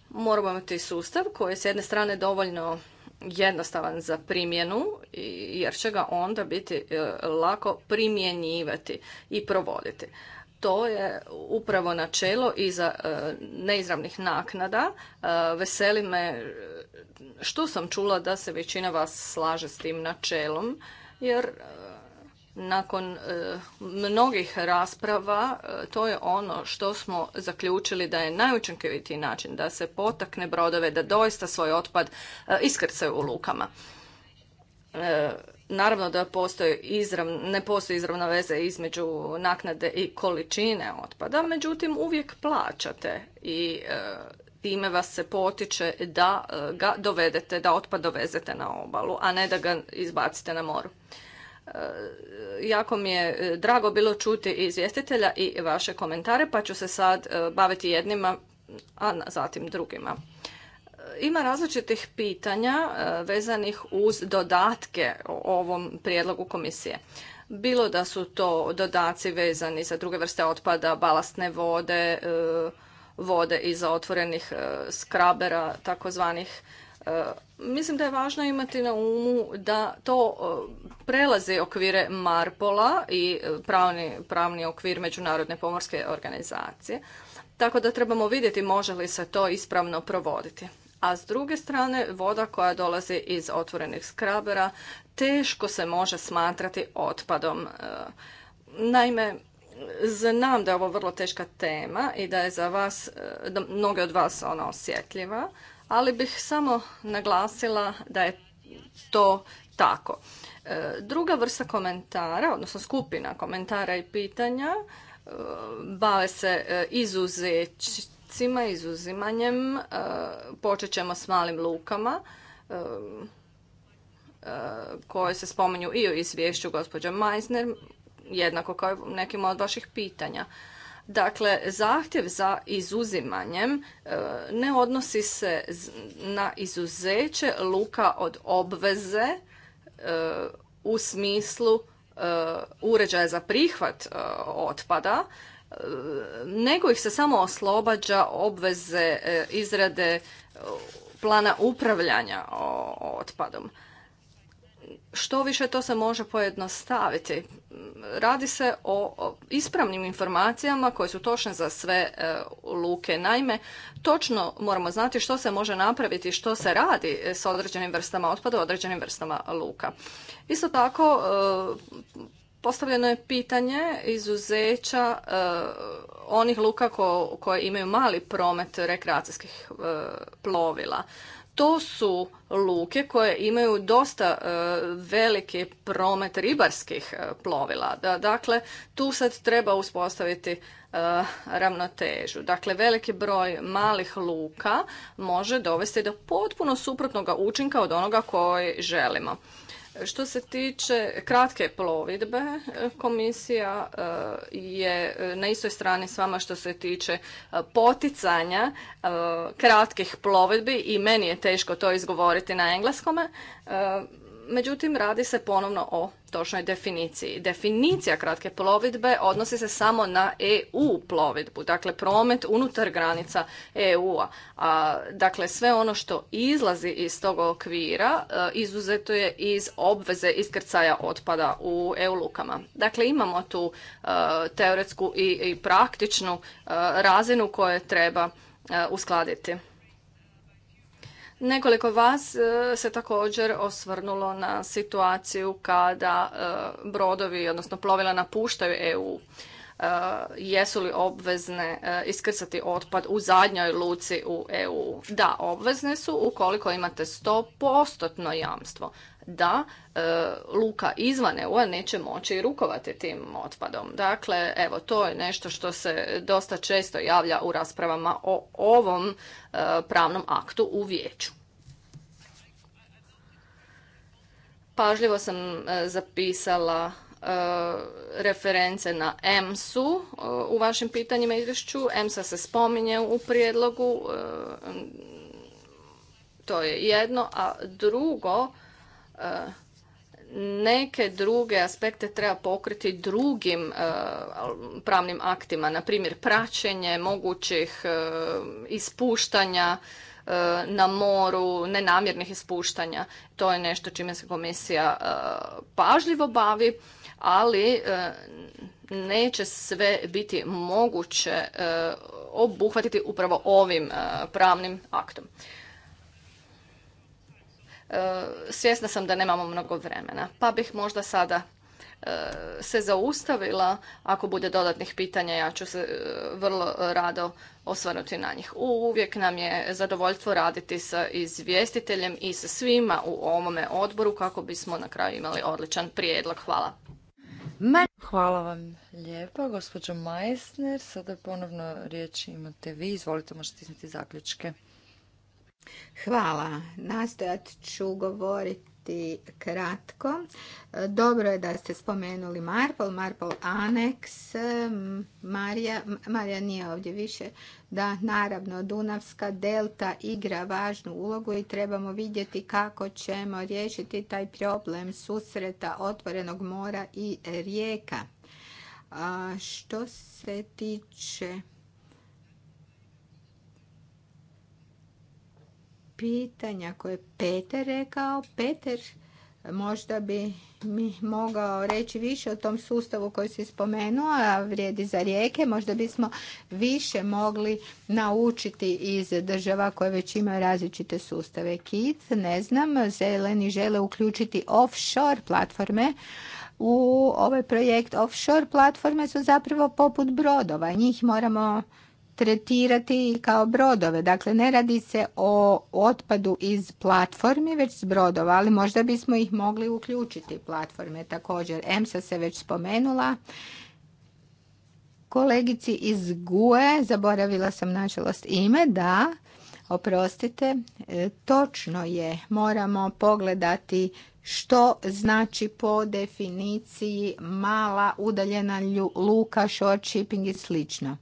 Moramo imati sustav koji je s jedne strane dovoljno jednostavan za primjenu, jer će ga onda biti e, lako primjenjivati i provoditi. To je upravo načelo iza e, neizravnih naknada. Veseli me što sam čula da se većina vas slaže s tim načelom, jer nakon e, mnogih rasprava e, to je ono što smo zaključili da je najučinkovitiji način da se potakne brodove da doista svoj otpad e, iskrcaju u lukama e, naravno da postoji izrav, ne postoji izravna veze između naknade i količine otpada međutim uvijek plaćate i time vas se potiče da ga dovedete da otpad dovezete na obalu a ne da ga izbacite na moru Eh, jako mi je eh, drago bilo čuti izvjestitelja i vaše komentare, pa ću se sad eh, baviti jednima, a zatim drugima. Ima različitih pitanja vezanih uz dodatke o ovom prijedlogu komisije. Bilo da su to dodaci vezani za druge vrste otpada, balastne vode, vode iza otvorenih skrabera, takozvanih Mislim da je važno imati na umu da to e, prelazi okvire Marpola i e, pravni, pravni okvir Međunarodne pomorske organizacije, tako da trebamo vidjeti može li se to ispravno provoditi. A s druge strane, voda koja dolazi iz otvorenih skrabera teško se može smatrati otpadom. E. Naime, znam da je ovo vrlo teška tema i da je za vas, da mnoge od vas ona osjetljiva, ali bih samo naglasila da je to tako. E, druga vrsta komentara, odnosno skupina komentara i pitanja, e, bave se e, izuzećima, izuzimanjem. Počet ćemo s malim lukama koje se spominju i u izvješću gospođa Meisner, jednako kao i nekim od vaših pitanja. Dakle, zahtjev za izuzimanjem e, ne odnosi se na izuzeće luka od obveze e, u smislu e, uređaja za prihvat otpada, nego ih se samo oslobađa obveze izrade plana upravljanja otpadom što više to se može pojednostaviti. Radi se o ispravnim informacijama koje su točne za sve e, luke. Naime, točno moramo znati što se može napraviti, što se radi e, s određenim vrstama otpada, određenim vrstama luka. Isto tako, e, postavljeno je pitanje izuzeća onih luka koje imaju mali promet rekreacijskih plovila to su luke koje imaju dosta e, veliki promet ribarskih e, plovila. dakle, tu sad treba uspostaviti e, ravnotežu. Dakle, veliki broj malih luka može dovesti do potpuno suprotnog učinka od onoga koji želimo. Što se tiče kratke plovidbe, komisija e, je na istoj strani s vama što se tiče e, poticanja e, kratkih plovidbi i meni je teško to izgovoriti na engleskome. Međutim, radi se ponovno o točnoj definiciji. Definicija kratke plovidbe odnosi se samo na EU plovidbu, dakle promet unutar granica EU-a. A, dakle, sve ono što izlazi iz tog okvira a, e, izuzeto je iz obveze iskrcaja otpada u EU lukama. Dakle, imamo tu e, teoretsku i, i praktičnu e, razinu koje treba uskladiti. Nekoliko vas e, se također osvrnulo na situaciju kada e, brodovi, odnosno plovila napuštaju EU. E, jesu li obvezne iskrcati otpad u zadnjoj luci u EU? Da, obvezne su ukoliko imate 100% jamstvo da e, luka izvan EU neće moći rukovati tim otpadom. Dakle, evo, to je nešto što se dosta često javlja u raspravama o ovom e, pravnom aktu u vijeću. Pažljivo sam e, zapisala reference na EMS-u u vašim pitanjima izvješću. EMS-a se spominje u prijedlogu, to je jedno, a drugo, neke druge aspekte treba pokriti drugim e, pravnim aktima, na primjer praćenje mogućih e, ispuštanja e, na moru, nenamjernih ispuštanja. To je nešto čime se komisija pažljivo bavi, ali neće sve biti moguće obuhvatiti upravo ovim pravnim aktom. Eh, svjesna sam da nemamo mnogo vremena, pa bih možda sada eh, se zaustavila. Ako bude dodatnih pitanja, ja ću se eh, vrlo rado osvrnuti na njih. Uvijek nam je zadovoljstvo raditi sa izvjestiteljem i sa svima u ovome odboru kako bismo na kraju imali odličan prijedlog. Hvala. Hvala vam lijepa, gospođo Majsner. Sada ponovno riječ imate vi. Izvolite, možete izniti zaključke. Hvala. Nastojat ću govoriti kratko. Dobro je da ste spomenuli Marpol, Marpol Annex. Marija, Marija nije ovdje više. Da, naravno, Dunavska delta igra važnu ulogu i trebamo vidjeti kako ćemo riješiti taj problem susreta otvorenog mora i rijeka. što se tiče pitanja koje je Peter rekao. Peter možda bi mi mogao reći više o tom sustavu koji si spomenuo, a vrijedi za rijeke. Možda bismo više mogli naučiti iz država koje već imaju različite sustave. KIT, ne znam, zeleni žele uključiti offshore platforme, u ovaj projekt offshore platforme su zapravo poput brodova. Njih moramo tretirati kao brodove. Dakle, ne radi se o otpadu iz platformi, već s brodova, ali možda bismo ih mogli uključiti platforme također. EMSA se već spomenula. Kolegici iz GUE, zaboravila sam nažalost ime, da, oprostite, e, točno je, moramo pogledati što znači po definiciji mala udaljena luka, short shipping i slično.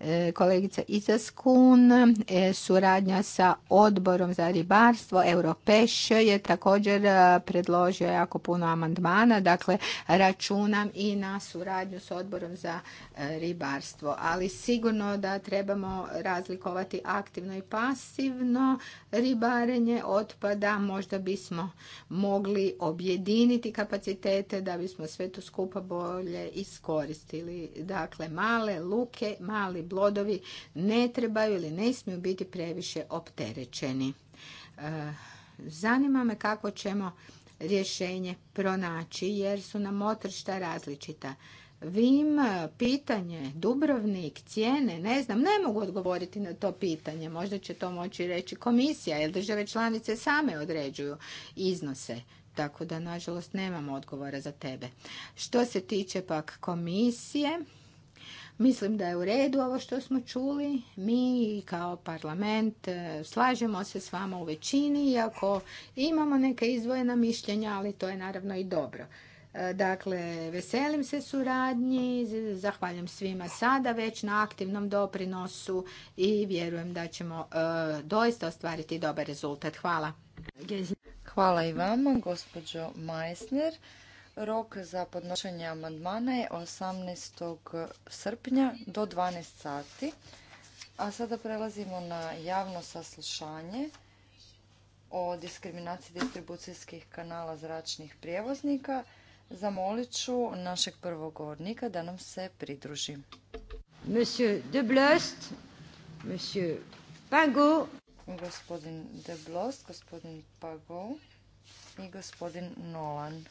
E, kolegica Izaskun, e, suradnja sa odborom za ribarstvo, Europeš je također e, predložio jako puno amandmana, dakle računam i na suradnju s odborom za ribarstvo, ali sigurno da trebamo razlikovati aktivno i pasivno ribarenje otpada, možda bismo mogli objediniti kapacitete da bismo sve to skupa bolje iskoristili. Dakle, male luke, mali plodovi ne trebaju ili ne smiju biti previše opterećeni. E, zanima me kako ćemo rješenje pronaći jer su nam otršta različita. Vim, pitanje, Dubrovnik, cijene, ne znam, ne mogu odgovoriti na to pitanje. Možda će to moći reći komisija, jer države članice same određuju iznose. Tako da, nažalost, nemam odgovora za tebe. Što se tiče pak komisije, Mislim da je u redu ovo što smo čuli. Mi kao parlament e, slažemo se s vama u većini, iako imamo neke izvojena mišljenja, ali to je naravno i dobro. E, dakle, veselim se suradnji, zahvaljujem svima sada već na aktivnom doprinosu i vjerujem da ćemo e, doista ostvariti dobar rezultat. Hvala. Hvala i vama, gospođo Majsner. Rok za podnošenje amandmana je 18. srpnja do 12 sati. A sada prelazimo na javno saslušanje o diskriminaciji distribucijskih kanala zračnih prijevoznika. Zamolit ću našeg prvog da nam se pridruži. Monsieur de monsieur Pago. Gospodin de gospodin Pago i gospodin Nolan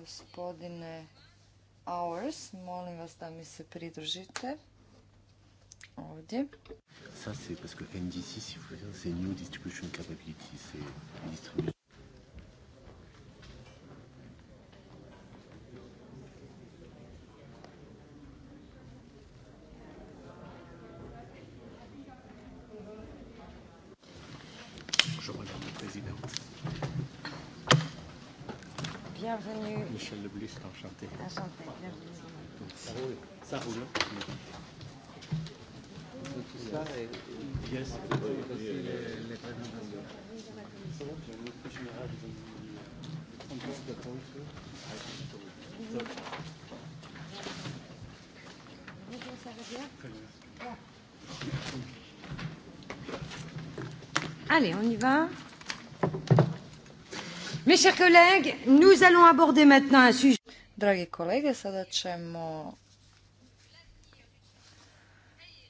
gospodine Hours. Molim vas da mi se pridružite ovdje. Ça, c'est parce que NDC, si vous voulez, c'est New Distribution Capability, c'est distribution Allez, on y va. Mes chers collègues, nous allons aborder maintenant un sujet. Dragi kolege, sada ćemo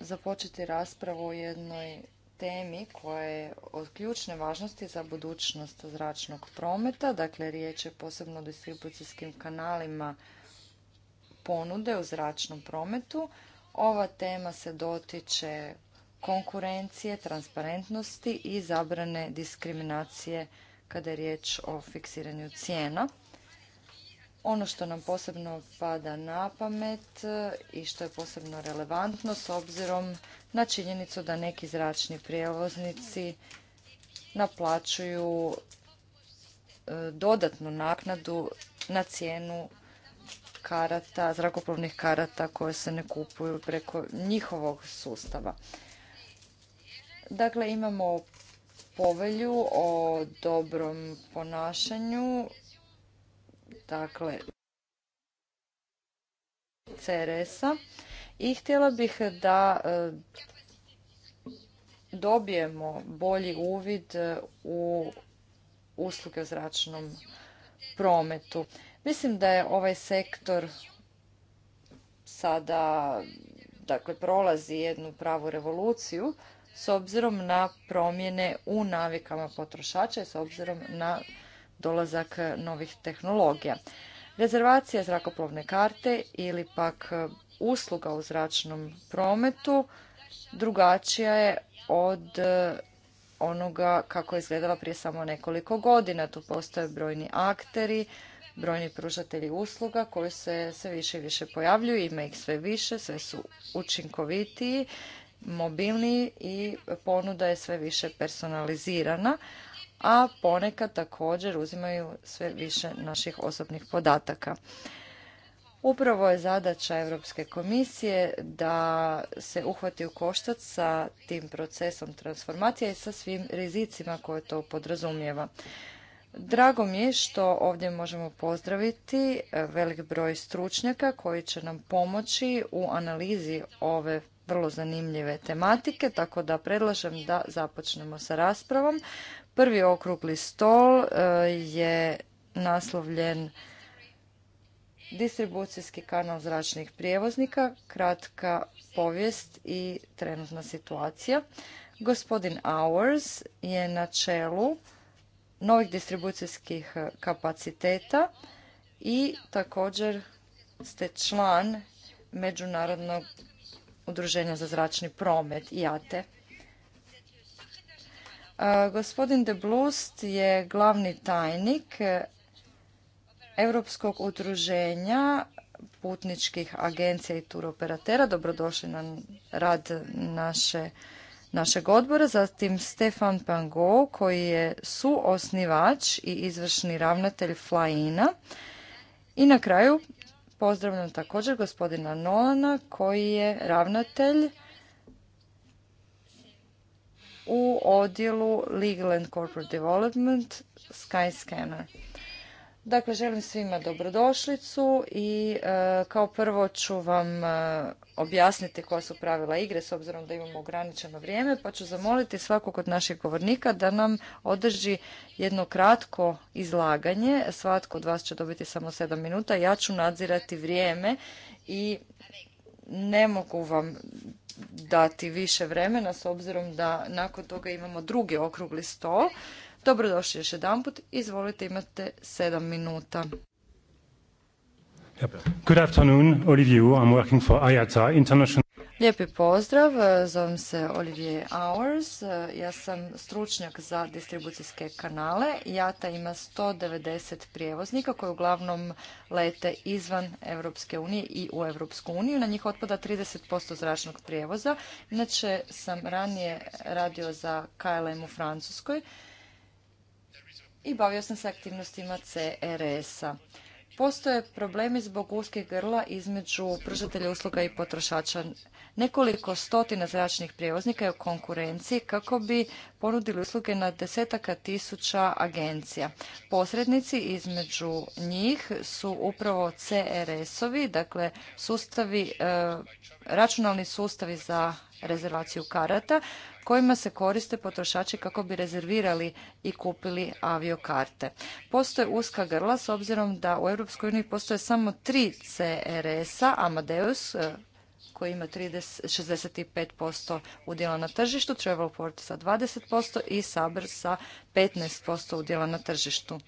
započeti raspravu o jednoj temi koja je od ključne važnosti za budućnost zračnog prometa. Dakle, riječ je posebno o distribucijskim kanalima ponude u zračnom prometu. Ova tema se dotiče konkurencije, transparentnosti i zabrane diskriminacije kada je riječ o fiksiranju cijena. Ono što nam posebno pada na pamet e, i što je posebno relevantno s obzirom na činjenicu da neki zračni prijevoznici naplaćuju e, dodatnu naknadu na cijenu karata, zrakoplovnih karata koje se ne kupuju preko njihovog sustava. Dakle, imamo povelju o dobrom ponašanju dakle CRS-a i htjela bih da e, dobijemo bolji uvid e, u usluge u zračnom prometu. Mislim da je ovaj sektor sada dakle prolazi jednu pravu revoluciju s obzirom na promjene u navikama potrošača i s obzirom na dolazak novih tehnologija. Rezervacija zrakoplovne karte ili pak usluga u zračnom prometu drugačija je od e, onoga kako je izgledala prije samo nekoliko godina. Tu postoje brojni akteri, brojni pružatelji usluga koji se sve više i više pojavljuju, ima ih sve više, sve su učinkovitiji, mobilniji i ponuda je sve više personalizirana, a ponekad također uzimaju sve više naših osobnih podataka. Upravo je zadaća Europske komisije da se uhvati u koštac sa tim procesom transformacije i sa svim rizicima koje to podrazumijeva. Drago mi je što ovdje možemo pozdraviti velik broj stručnjaka koji će nam pomoći u analizi ove vrlo zanimljive tematike, tako da predlažem da započnemo sa raspravom. Prvi okrugli stol e, je naslovljen distribucijski kanal zračnih prijevoznika, kratka povijest i trenutna situacija. Gospodin Hours je na čelu novih distribucijskih kapaciteta i također ste član Međunarodnog udruženja za zračni promet IATE. Gospodin De Blust je glavni tajnik e, Europskog udruženja putničkih agencija i turoperatera. Dobrodošli na rad naše, našeg odbora. Zatim Stefan Pango koji je suosnivač i izvršni ravnatelj Flaina. I na kraju pozdravljam također gospodina Nolana koji je ravnatelj u odjelu Legal and Corporate Development Skyscanner. Dakle, želim svima dobrodošlicu i e, kao prvo ću vam e, objasniti koja su pravila igre s obzirom da imamo ograničeno vrijeme, pa ću zamoliti svakog od naših govornika da nam održi jedno kratko izlaganje. Svatko od vas će dobiti samo 7 minuta. Ja ću nadzirati vrijeme i ne mogu vam dati više vremena s obzirom da nakon toga imamo drugi okrugli stol. Dobrodošli još put. Izvolite, imate sedam minuta. Good afternoon, Olivier. I'm working for IATA, International Lijepi pozdrav, zovem se Olivier Hours, ja sam stručnjak za distribucijske kanale. Jata ima 190 prijevoznika koji uglavnom lete izvan Europske unije i u Europsku uniju. Na njih otpada 30% zračnog prijevoza. Inače sam ranije radio za KLM u Francuskoj i bavio sam se aktivnostima CRS-a. Postoje problemi zbog uskih grla između pružatelja usluga i potrošača. Nekoliko stotina zračnih prijevoznika je u konkurenciji kako bi ponudili usluge na desetaka tisuća agencija. Posrednici između njih su upravo CRS-ovi, dakle sustavi, e, računalni sustavi za rezervaciju karata kojima se koriste potrošači kako bi rezervirali i kupili aviokarte. Postoje uska grla s obzirom da u Europskoj Uniji postoje samo tri CRS-a, Amadeus, koji ima 65% udjela na tržištu, Travelport sa 20% i Saber sa 15% udjela na tržištu.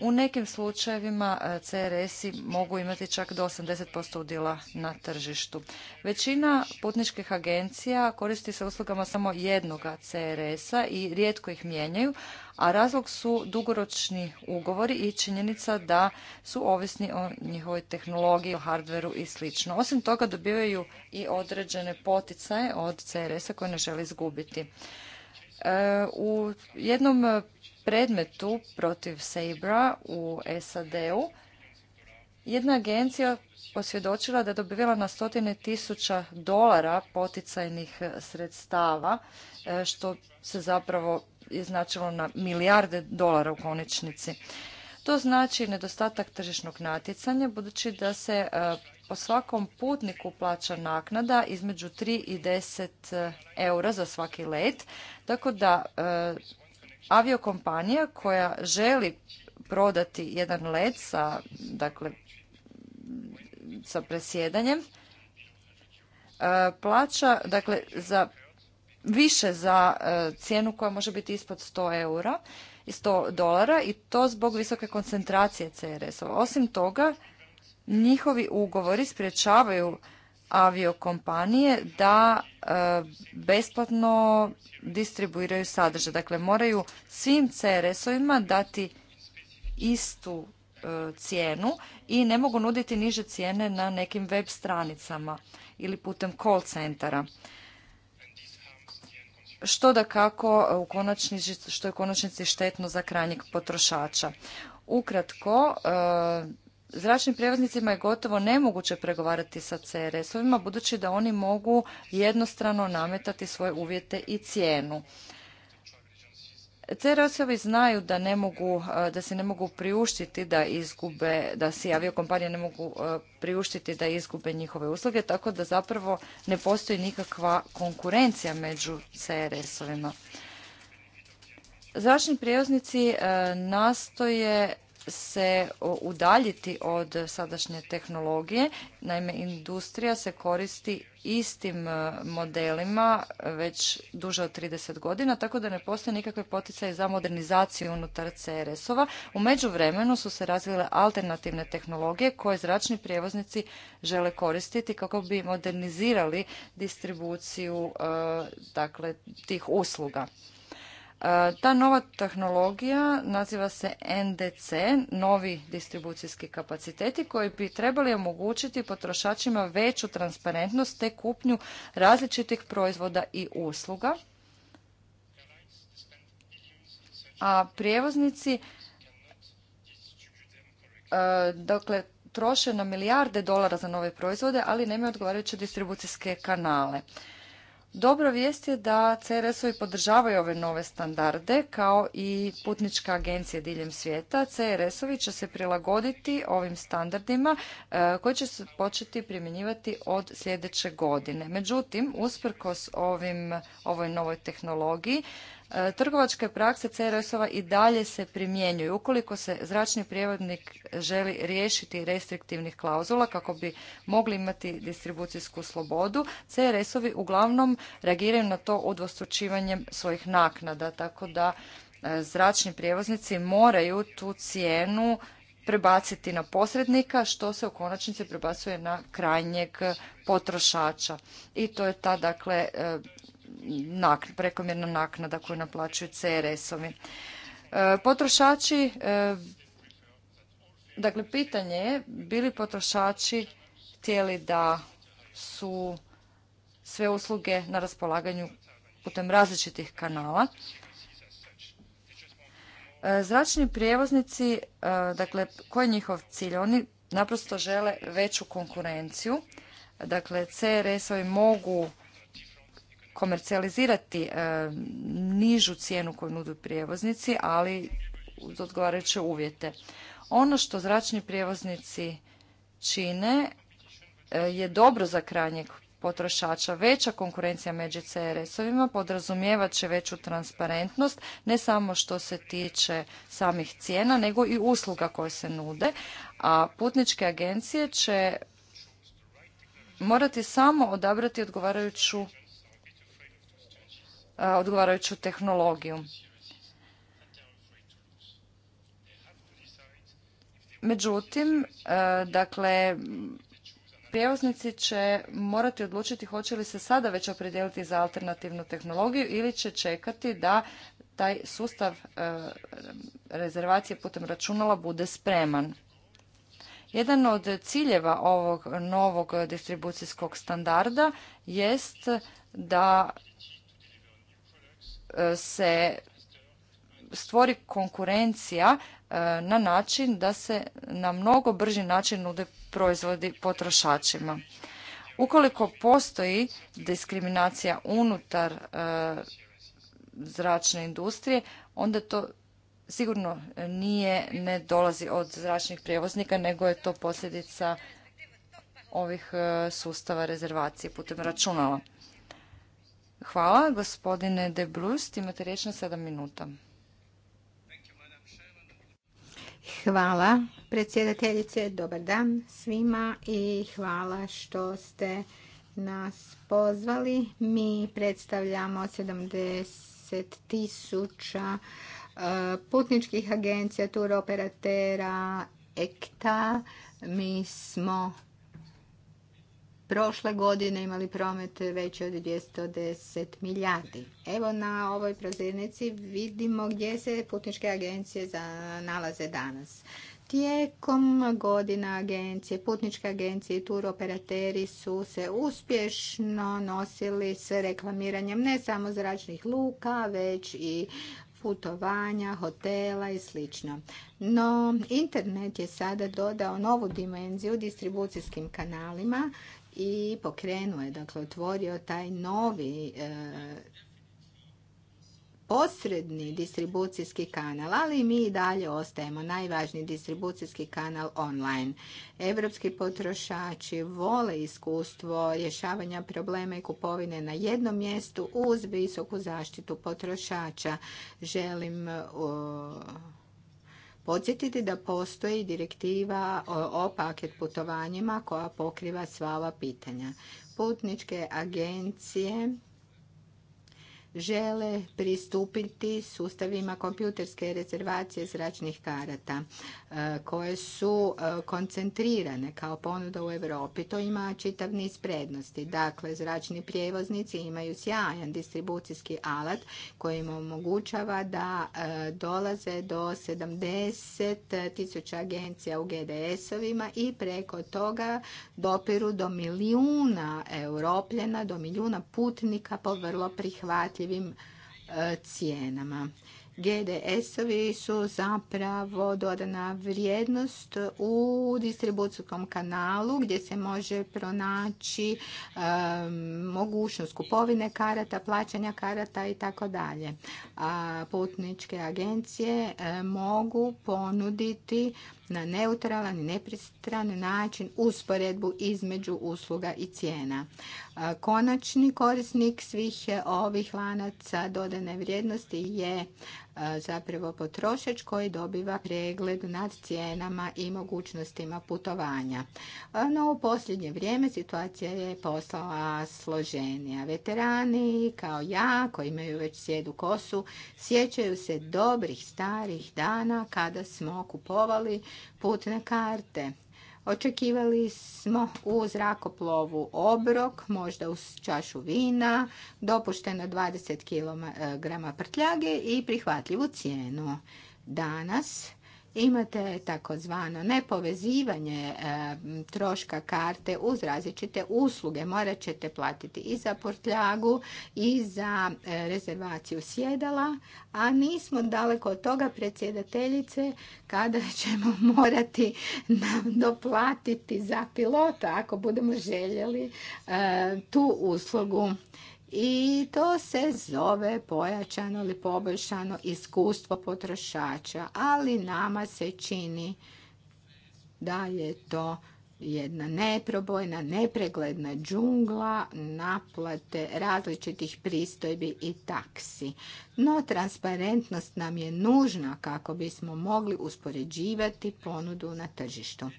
U nekim slučajevima e, CRS-i mogu imati čak do 80% udjela na tržištu. Većina putničkih agencija koristi se uslugama samo jednoga CRS-a i rijetko ih mijenjaju, a razlog su dugoročni ugovori i činjenica da su ovisni o njihovoj tehnologiji, o hardveru i sl. Osim toga dobivaju i određene poticaje od CRS-a koje ne žele izgubiti. E, u jednom predmetu protiv Sabra u SAD-u jedna agencija posvjedočila da je dobivala na stotine tisuća dolara poticajnih sredstava, e, što se zapravo je značilo na milijarde dolara u konačnici. To znači nedostatak tržišnog natjecanja, budući da se e, po svakom putniku plaća naknada između 3 i 10 e, eura za svaki let, tako da aviokompanija koja želi prodati jedan let sa, dakle, sa presjedanjem e, plaća dakle za više za e, cijenu koja može biti ispod 100 eura i 100 dolara i to zbog visoke koncentracije CRS-ova. Osim toga, njihovi ugovori sprječavaju aviokompanije da e, besplatno distribuiraju sadržaj. Dakle, moraju svim CRS-ovima dati istu e, cijenu i ne mogu nuditi niže cijene na nekim web stranicama ili putem call centara. Što da kako e, u što je u konačnici štetno za krajnjeg potrošača. Ukratko, zračnim prijevoznicima je gotovo nemoguće pregovarati sa CRS-ovima budući da oni mogu jednostrano nametati svoje uvjete i cijenu. CRS-ovi znaju da ne mogu, e, da se ne mogu priuštiti da izgube, da si aviokompanije ne mogu e, priuštiti da izgube njihove usluge, tako da zapravo ne postoji nikakva konkurencija među CRS-ovima. Zračni prijevoznici e, nastoje se udaljiti od sadašnje tehnologije. Naime, industrija se koristi istim e, modelima već duže od 30 godina, tako da ne postoje nikakve poticaje za modernizaciju unutar CRS-ova. U međuvremenu su se razvile alternativne tehnologije koje zračni prijevoznici žele koristiti kako bi modernizirali distribuciju e, dakle, tih usluga. E, ta nova tehnologija naziva se NDC, novi distribucijski kapaciteti koji bi trebali omogućiti potrošačima veću transparentnost te kupnju različitih proizvoda i usluga. A prijevoznici e, dakle troše na milijarde dolara za nove proizvode, ali nemaju odgovarajuće distribucijske kanale. Dobra vijest je da CRS-ovi podržavaju ove nove standarde kao i putnička agencija diljem svijeta. CRS-ovi će se prilagoditi ovim standardima e, koji će se početi primjenjivati od sljedeće godine. Međutim, usprkos ovim, ovoj novoj tehnologiji, E, trgovačke prakse CRS-ova i dalje se primjenjuju. Ukoliko se zračni prijevoznik želi riješiti restriktivnih klauzula kako bi mogli imati distribucijsku slobodu, CRS-ovi uglavnom reagiraju na to udvostručivanjem svojih naknada, tako da e, zračni prijevoznici moraju tu cijenu prebaciti na posrednika, što se u konačnici prebacuje na krajnjeg potrošača. I to je ta, dakle, e, nak, prekomjerna naknada koju naplaćuju CRS-ovi. E, potrošači, e, dakle pitanje je bili potrošači htjeli da su sve usluge na raspolaganju putem različitih kanala. E, zračni prijevoznici, dakle, koji je njihov cilj? Oni naprosto žele veću konkurenciju. Dakle, CRS-ovi mogu komercijalizirati e, nižu cijenu koju nudu prijevoznici, ali uz odgovarajuće uvjete. Ono što zračni prijevoznici čine e, je dobro za krajnjeg potrošača. Veća konkurencija među CRS-ovima podrazumijevat će veću transparentnost, ne samo što se tiče samih cijena, nego i usluga koje se nude, a putničke agencije će morati samo odabrati odgovarajuću odgovarajuću tehnologiju. Međutim, dakle, prijevoznici će morati odlučiti hoće li se sada već opredijeliti za alternativnu tehnologiju ili će čekati da taj sustav rezervacije putem računala bude spreman. Jedan od ciljeva ovog novog distribucijskog standarda jest da se stvori konkurencija e, na način da se na mnogo brži način nude proizvodi potrošačima. Ukoliko postoji diskriminacija unutar e, zračne industrije, onda to sigurno nije, ne dolazi od zračnih prijevoznika, nego je to posljedica ovih e, sustava rezervacije putem računala. Hvala, gospodine De imate riječ na sedam minuta. Hvala, predsjedateljice, dobar dan svima i hvala što ste nas pozvali. Mi predstavljamo 70 tisuća e, putničkih agencija, turoperatera, ekta. Mi smo prošle godine imali promet veći od 210 milijardi. Evo na ovoj prozirnici vidimo gdje se putničke agencije nalaze danas. Tijekom godina agencije, putničke agencije i turoperateri su se uspješno nosili s reklamiranjem ne samo zračnih luka, već i putovanja, hotela i sl. No, internet je sada dodao novu dimenziju distribucijskim kanalima i pokrenuo je, dakle otvorio taj novi e, posredni distribucijski kanal, ali mi i dalje ostajemo najvažniji distribucijski kanal online. Evropski potrošači vole iskustvo rješavanja problema i kupovine na jednom mjestu uz visoku zaštitu potrošača. Želim podsjetiti da postoji direktiva o paket putovanjima koja pokriva sva ova pitanja. Putničke agencije žele pristupiti sustavima kompjuterske rezervacije zračnih karata e, koje su e, koncentrirane kao ponuda u Europi. To ima čitav niz prednosti. Dakle, zračni prijevoznici imaju sjajan distribucijski alat koji im omogućava da e, dolaze do 70 tisuća agencija u GDS-ovima i preko toga dopiru do milijuna europljena, do milijuna putnika po vrlo prihvatljivu E, cijenama. GDS-ovi su zapravo dodana vrijednost u distribucijskom kanalu gdje se može pronaći e, mogućnost kupovine karata, plaćanja karata i tako dalje. Putničke agencije e, mogu ponuditi na neutralan i nepristran način usporedbu između usluga i cijena. Konačni korisnik svih e, ovih lanaca dodane vrijednosti je zapravo potrošač koji dobiva pregled nad cijenama i mogućnostima putovanja. No u posljednje vrijeme situacija je postala složenija. Veterani kao ja koji imaju već sjedu kosu sjećaju se dobrih starih dana kada smo kupovali putne karte. Očekivali smo u zrakoplovu obrok, možda uz čašu vina, dopušteno 20 kg prtljage i prihvatljivu cijenu. Danas Imate takozvano nepovezivanje e, troška karte uz različite usluge. Morat ćete platiti i za portljagu i za e, rezervaciju sjedala, a nismo daleko od toga predsjedateljice kada ćemo morati doplatiti za pilota ako budemo željeli e, tu uslugu i to se zove pojačano ili poboljšano iskustvo potrošača, ali nama se čini da je to jedna neprobojna, nepregledna džungla naplate različitih pristojbi i taksi. No, transparentnost nam je nužna kako bismo mogli uspoređivati ponudu na tržištu.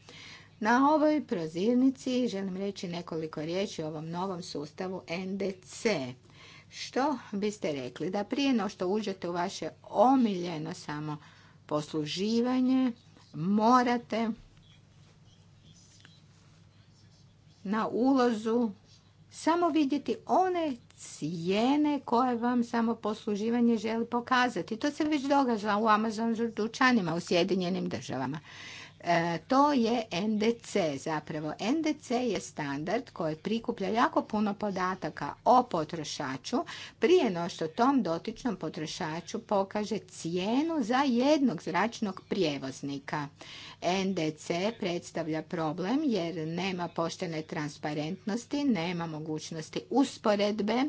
Na ovoj prozirnici želim reći nekoliko riječi o ovom novom sustavu NDC. Što biste rekli? Da prije no što uđete u vaše omiljeno samo posluživanje, morate na ulozu samo vidjeti one cijene koje vam samo posluživanje želi pokazati. To se već događa u Amazon dućanima u Sjedinjenim državama. E, to je NDC zapravo. NDC je standard koji prikuplja jako puno podataka o potrošaču prije no što tom dotičnom potrošaču pokaže cijenu za jednog zračnog prijevoznika. NDC predstavlja problem jer nema poštene transparentnosti, nema mogućnosti usporedbe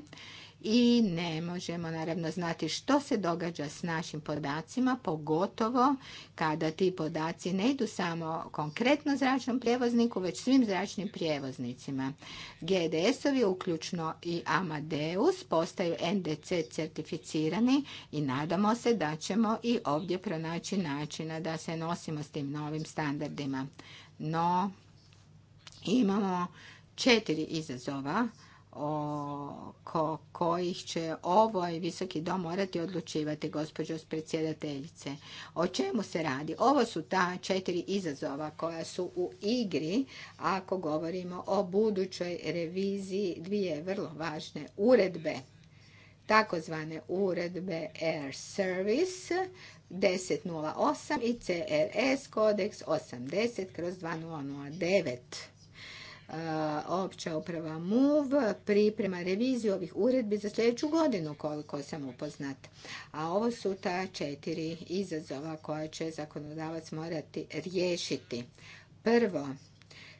i ne možemo naravno znati što se događa s našim podacima, pogotovo kada ti podaci ne idu samo konkretno zračnom prijevozniku, već svim zračnim prijevoznicima. GDS-ovi, uključno i Amadeus, postaju NDC certificirani i nadamo se da ćemo i ovdje pronaći načina da se nosimo s tim novim standardima. No, imamo četiri izazova oko kojih će ovaj visoki dom morati odlučivati, gospođo predsjedateljice. O čemu se radi? Ovo su ta četiri izazova koja su u igri ako govorimo o budućoj reviziji dvije vrlo važne uredbe takozvane uredbe Air Service 1008 i CRS kodeks 80 kroz 2009. Uh, opća uprava MUV priprema reviziju ovih uredbi za sljedeću godinu koliko sam upoznat. A ovo su ta četiri izazova koje će zakonodavac morati riješiti. Prvo,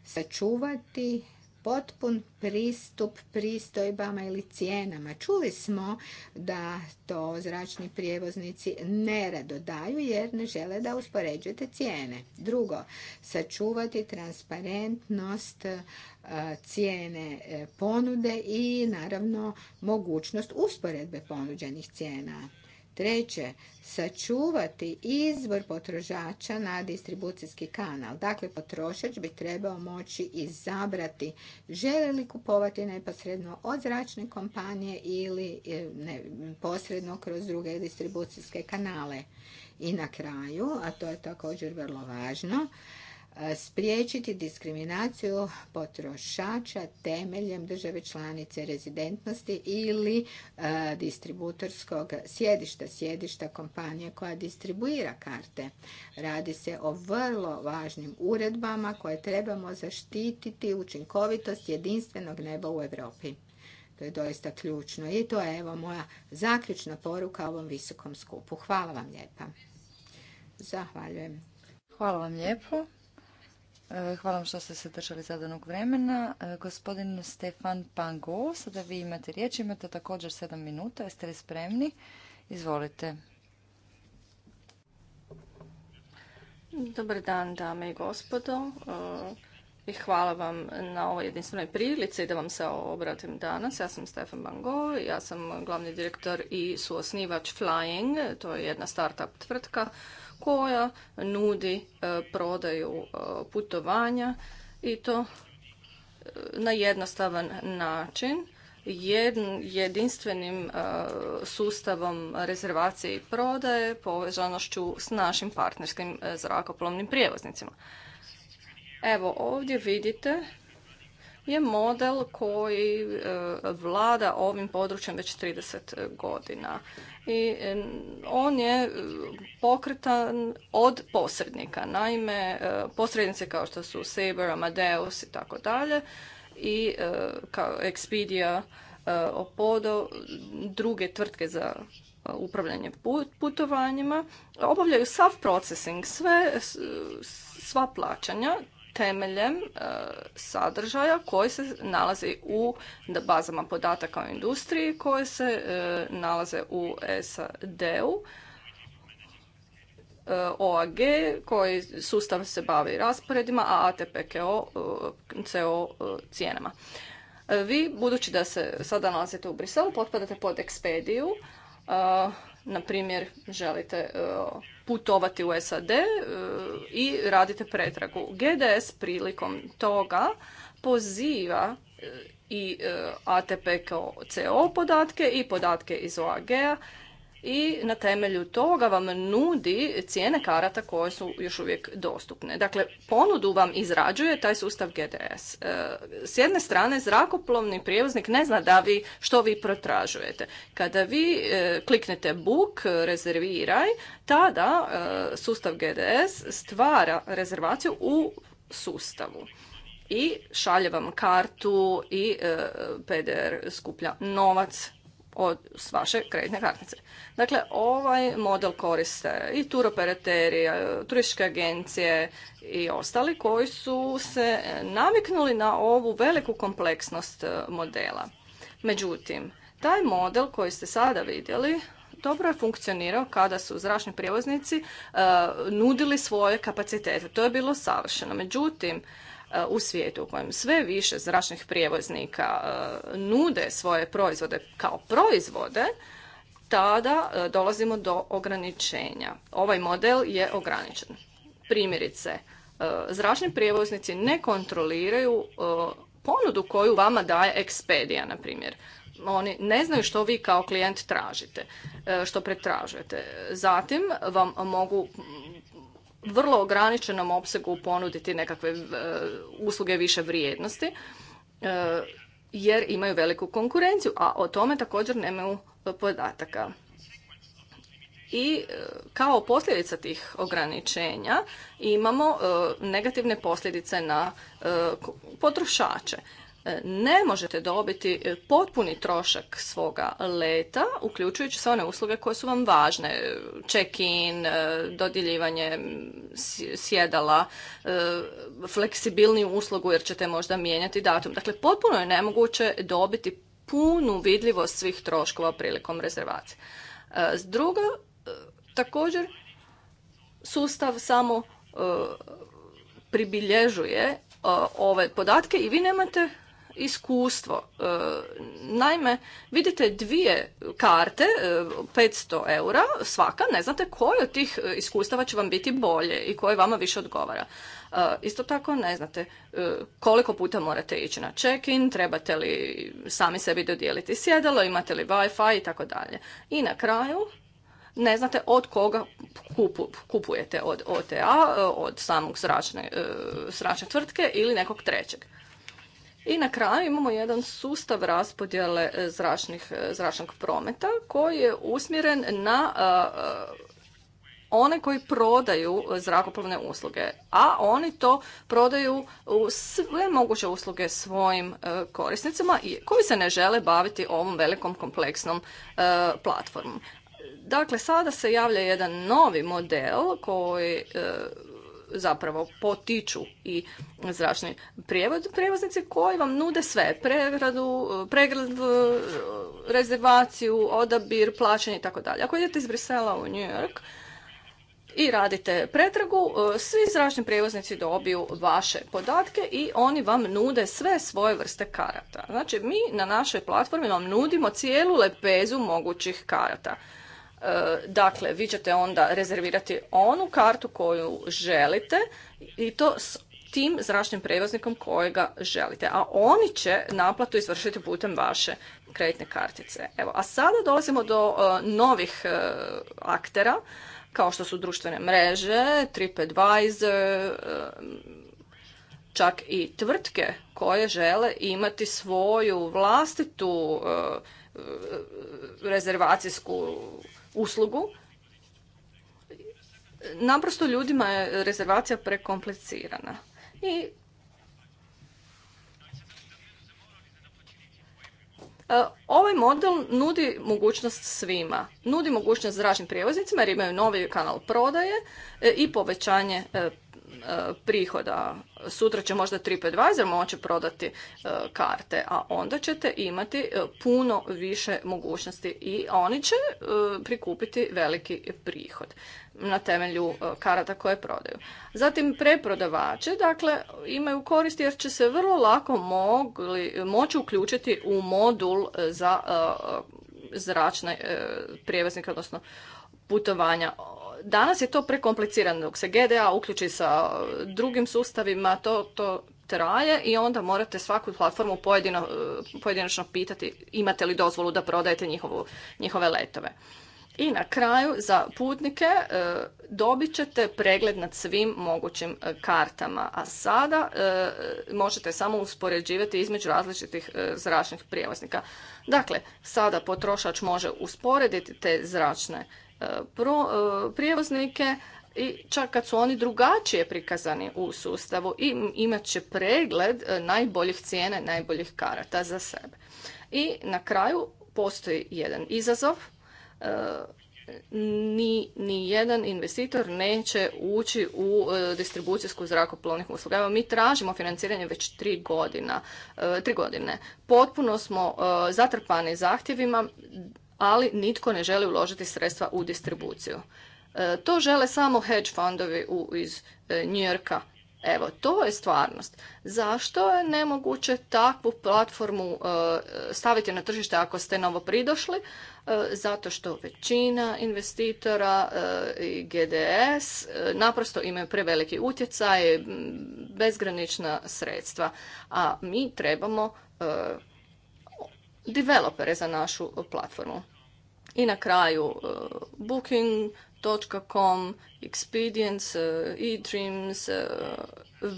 sačuvati potpun pristup pristojbama ili cijenama. Čuli smo da to zračni prijevoznici nerado daju jer ne žele da uspoređujete cijene. Drugo, sačuvati transparentnost e, cijene e, ponude i naravno mogućnost usporedbe ponuđenih cijena. Treće, sačuvati izvor potrošača na distribucijski kanal. Dakle, potrošač bi trebao moći izabrati želi li kupovati neposredno od zračne kompanije ili e, posredno kroz druge distribucijske kanale. I na kraju, a to je također vrlo važno, spriječiti diskriminaciju potrošača temeljem države članice rezidentnosti ili e, distributorskog sjedišta, sjedišta kompanije koja distribuira karte. Radi se o vrlo važnim uredbama koje trebamo zaštititi učinkovitost jedinstvenog neba u Europi. To je doista ključno i to je evo moja zaključna poruka ovom visokom skupu. Hvala vam lijepa. Zahvaljujem. Hvala vam lijepo. E, hvala vam što ste se držali zadanog vremena. E, gospodin Stefan Pango, sada vi imate riječ, imate također sedam minuta, jeste li spremni? Izvolite. Dobar dan, dame i gospodo. E, I hvala vam na ovoj jedinstvenoj prilici da vam se obratim danas. Ja sam Stefan Bango, ja sam glavni direktor i suosnivač Flying, to je jedna startup tvrtka koja nudi e, prodaju e, putovanja i to e, na jednostavan način jedinstvenim sustavom rezervacije i prodaje povezanošću s našim partnerskim zrakoplovnim prijevoznicima. Evo ovdje vidite je model koji vlada ovim područjem već 30 godina i on je eh, pokretan od posrednika. Naime, eh, posrednice kao što su Saber, Amadeus i tako dalje i eh, kao Expedia, Opodo, druge tvrtke za upravljanje putovanjima, obavljaju sav processing, sve, sva plaćanja temeljem e, sadržaja koji se nalazi u bazama podataka o industriji koje se e, nalaze u SAD-u. E, OAG koji sustav se bavi rasporedima, a ATPKO CO cijenama. Vi, budući da se sada nalazite u Briselu, potpadate pod ekspediju, na primjer želite putovati u SAD e, i radite pretragu. GDS prilikom toga poziva e, i e, ATP kao CO podatke i podatke iz OAG-a i na temelju toga vam nudi cijene karata koje su još uvijek dostupne. Dakle, ponudu vam izrađuje taj sustav GDS. E, s jedne strane, zrakoplovni prijevoznik ne zna da vi, što vi protražujete. Kada vi e, kliknete book, rezerviraj, tada e, sustav GDS stvara rezervaciju u sustavu i šalje vam kartu i PDR skuplja novac od, s vaše kreditne kartice. Dakle, ovaj model koriste i turoperateri, e, turističke agencije i ostali koji su se naviknuli na ovu veliku kompleksnost e, modela. Međutim, taj model koji ste sada vidjeli dobro je funkcionirao kada su zračni prijevoznici e, nudili svoje kapacitete. To je bilo savršeno. Međutim, E, u svijetu u kojem sve više zračnih prijevoznika e, nude svoje proizvode kao proizvode, tada e, dolazimo do ograničenja. Ovaj model je ograničen. Primjerice, zračni prijevoznici ne kontroliraju ponudu koju vama daje Expedia, na primjer. Oni ne znaju što vi kao klijent tražite, što pretražujete. Zatim vam mogu vrlo ograničenom opsegu ponuditi nekakve e, usluge više vrijednosti e, jer imaju veliku konkurenciju, a o tome također nemaju podataka. I e, kao posljedica tih ograničenja imamo negativne posljedice na potrošače ne možete dobiti e, potpuni trošak svoga leta, uključujući sve one usluge koje su vam važne, check-in, e, dodjeljivanje sjedala, e, fleksibilniju uslugu jer ćete možda mijenjati datum. Dakle, potpuno je nemoguće dobiti punu vidljivost svih troškova prilikom rezervacije. Drugo, također, sustav samo pribilježuje ove podatke i vi nemate iskustvo. E, naime, vidite dvije karte, 500 e, eura svaka, ne znate koje od tih e, iskustava će vam biti bolje i koje vama više odgovara. Isto tako ne znate koliko puta morate ići na check-in, trebate li sami sebi dodijeliti sjedalo, imate li wi i tako dalje. I na kraju ne znate od koga kupujete, od OTA, od samog zračne, zračne tvrtke ili nekog trećeg. I na kraju imamo jedan sustav raspodjele e, e, zračnog prometa koji je usmjeren na e, one koji prodaju zrakoplovne usluge, a oni to prodaju u sve moguće usluge svojim korisnicima koji se ne žele baviti ovom velikom kompleksnom platformom. Dakle, sada se javlja jedan novi model koji zapravo potiču i zračni prijevoznici koji vam nude sve, pregradu, pregradu, rezervaciju, odabir, plaćanje i tako dalje. Ako idete iz Brisela u New York i radite pretragu, e, svi zračni prijevoznici dobiju vaše podatke i oni vam nude sve svoje vrste karata. Znači, mi na našoj platformi vam nudimo cijelu lepezu mogućih karata E, dakle, vi ćete onda rezervirati onu kartu koju želite i to s tim zračnim prevoznikom kojega želite. A oni će naplatu izvršiti putem vaše kreditne kartice. Evo, a sada dolazimo do e, novih e, aktera, kao što su društvene mreže, TripAdvisor, čak i tvrtke koje žele imati svoju vlastitu rezervacijsku uslugu, naprosto ljudima je rezervacija prekomplicirana. I e, Ovaj model nudi mogućnost svima. Nudi mogućnost zračnim prijevoznicima jer imaju novi kanal prodaje e, i povećanje e, E, prihoda. Sutra će možda TripAdvisor moći prodati e, karte, a onda ćete imati e, puno više mogućnosti i oni će prikupiti veliki prihod na temelju karata koje prodaju. Zatim preprodavače, dakle, imaju koristi jer će se vrlo lako mogli, moći uključiti u modul za zračne prijevoznike, odnosno putovanja Danas je to prekomplicirano. Dok se GDA uključi sa drugim sustavima, to, to traje i onda morate svaku platformu pojedino, pojedinačno pitati imate li dozvolu da prodajete njihovu, njihove letove. I na kraju za putnike e, dobit ćete pregled nad svim mogućim e, kartama, a sada e, možete samo uspoređivati između različitih zračnih prijevoznika. Dakle, sada potrošač može usporediti te zračne E, e, prijevoznike i čak kad su oni drugačije prikazani u sustavu i imat će pregled e, najboljih cijene, najboljih karata za sebe. I na kraju postoji jedan izazov. Ni, ni jedan investitor neće ući u distribucijsku zrakoplovnih usluga. Evo, mi tražimo financiranje već tri, godina, tri godine. Potpuno smo zatrpani zahtjevima ali nitko ne želi uložiti sredstva u distribuciju. E, to žele samo hedge fondovi iz e, Yorka. Evo, to je stvarnost. Zašto je nemoguće takvu platformu e, staviti na tržište ako ste novo pridošli? Zato što većina investitora i GDS naprosto imaju preveliki utjecaj, bezgranična sredstva. A mi trebamo developere za našu platformu. I na kraju uh, booking.com, Expedience, uh, eDreams uh,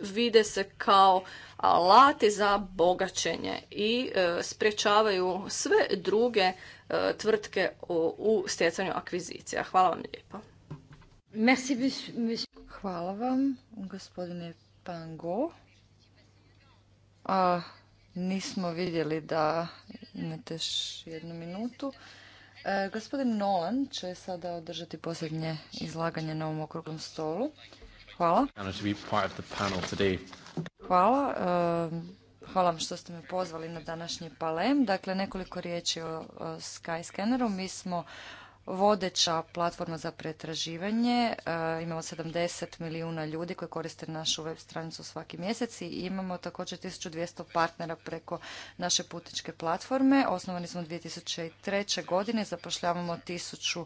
vide se kao alati za bogaćenje i sprječavaju sve druge tvrtke u stjecanju akvizicija. Hvala vam lijepo. Hvala vam, gospodine Pango. A, nismo vidjeli da imate još jednu minutu. E, gospodin Nolan će sada održati posljednje izlaganje na ovom okruglom stolu. Hvala. Hvala. E, hvala vam što ste me pozvali na današnji palem. Dakle, nekoliko riječi o Skyscanneru. Mi smo vodeća platforma za pretraživanje. E, imamo 70 milijuna ljudi koji koriste našu web stranicu svaki mjesec i imamo također 1200 partnera preko naše putničke platforme. Osnovani smo 2003. godine, zapošljavamo 1000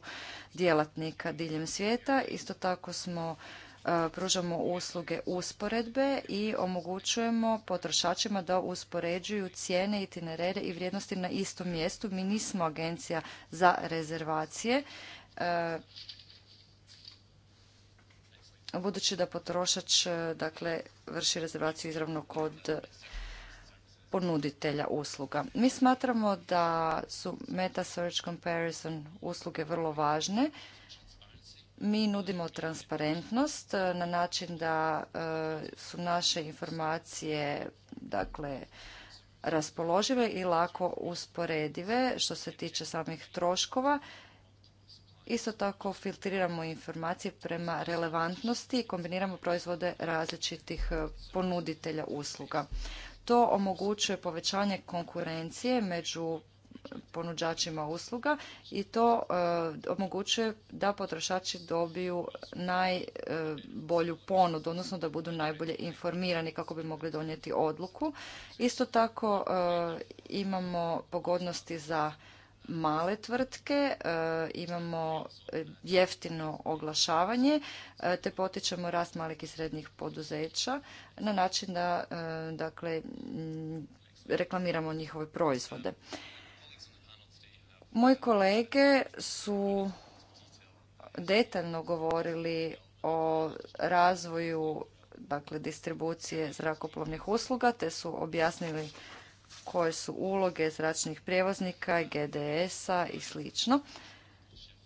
djelatnika diljem svijeta. Isto tako smo E, pružamo usluge usporedbe i omogućujemo potrošačima da uspoređuju cijene, i itinerere i vrijednosti na istom mjestu. Mi nismo agencija za rezervacije. E, budući da potrošač e, dakle, vrši rezervaciju izravno kod ponuditelja usluga. Mi smatramo da su meta search comparison usluge vrlo važne mi nudimo transparentnost e, na način da e, su naše informacije dakle raspoložive i lako usporedive što se tiče samih troškova. Isto tako filtriramo informacije prema relevantnosti i kombiniramo proizvode različitih e, ponuditelja usluga. To omogućuje povećanje konkurencije među ponuđačima usluga i to e, omogućuje da potrošači dobiju najbolju e, ponudu, odnosno da budu najbolje informirani kako bi mogli donijeti odluku. Isto tako e, imamo pogodnosti za male tvrtke, imamo jeftino oglašavanje, te potičemo rast malih i srednjih poduzeća na način da dakle, reklamiramo njihove proizvode. Moji kolege su detaljno govorili o razvoju dakle distribucije zrakoplovnih usluga te su objasnili koje su uloge zračnih prijevoznika, GDS-a i sl.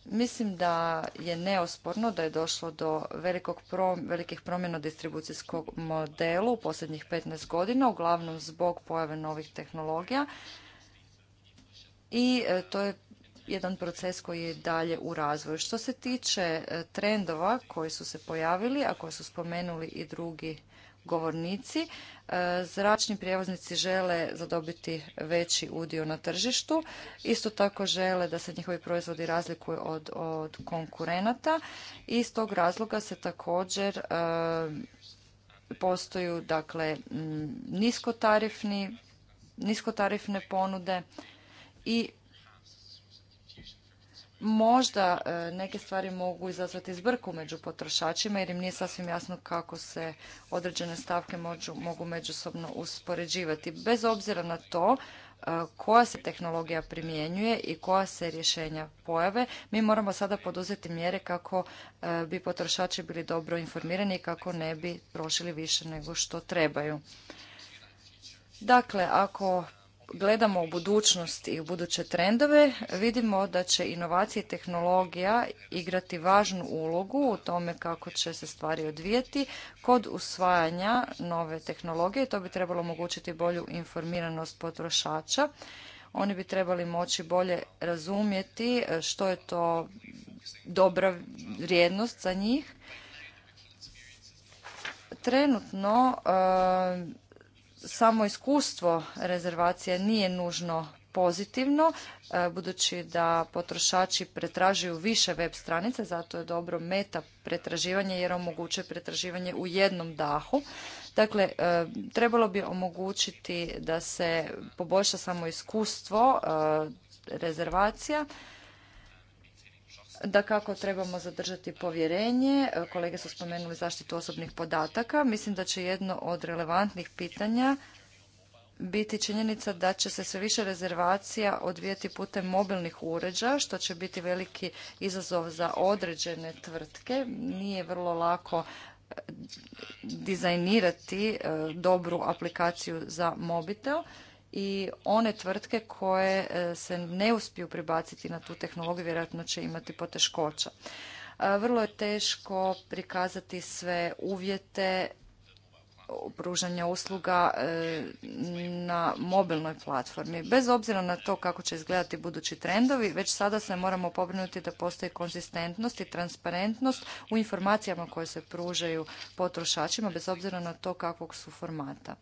Mislim da je neosporno da je došlo do velikog velikih promjena distribucijskog modelu u posljednjih 15 godina, uglavnom zbog pojave novih tehnologija i e, to je jedan proces koji je dalje u razvoju. Što se tiče e, trendova koji su se pojavili, a koje su spomenuli i drugi govornici, e, zračni prijevoznici žele zadobiti veći udio na tržištu, isto tako žele da se njihovi proizvodi razlikuju od, od konkurenata i iz tog razloga se također postoju dakle niskotarifni niskotarifne ponude i možda e, neke stvari mogu izazvati zbrku među potrošačima jer im nije sasvim jasno kako se određene stavke mogu međusobno uspoređivati. Bez obzira na to e, koja se tehnologija primjenjuje i koja se rješenja pojave, mi moramo sada poduzeti mjere kako e, bi potrošači bili dobro informirani i kako ne bi trošili više nego što trebaju. Dakle, ako gledamo u budućnost i u buduće trendove, vidimo da će inovacije i tehnologija igrati važnu ulogu u tome kako će se stvari odvijati. kod usvajanja nove tehnologije. To bi trebalo omogućiti bolju informiranost potrošača. Oni bi trebali moći bolje razumjeti e, što je to dobra vrijednost za njih. Trenutno e, samo iskustvo rezervacije nije nužno pozitivno, e, budući da potrošači pretražuju više web stranice, zato je dobro meta pretraživanje jer omogućuje pretraživanje u jednom dahu. Dakle, e, trebalo bi omogućiti da se poboljša samo iskustvo e, rezervacija, da kako trebamo zadržati povjerenje. Kolege su spomenuli zaštitu osobnih podataka. Mislim da će jedno od relevantnih pitanja biti činjenica da će se sve više rezervacija odvijati putem mobilnih uređa, što će biti veliki izazov za određene tvrtke. Nije vrlo lako e, dizajnirati e, dobru aplikaciju za mobitel i one tvrtke koje e, se ne uspiju pribaciti na tu tehnologiju vjerojatno će imati poteškoća. E, vrlo je teško prikazati sve uvjete pružanja usluga e, na mobilnoj platformi. Bez obzira na to kako će izgledati budući trendovi, već sada se moramo pobrinuti da postoji konzistentnost i transparentnost u informacijama koje se pružaju potrošačima, bez obzira na to kakvog su formata.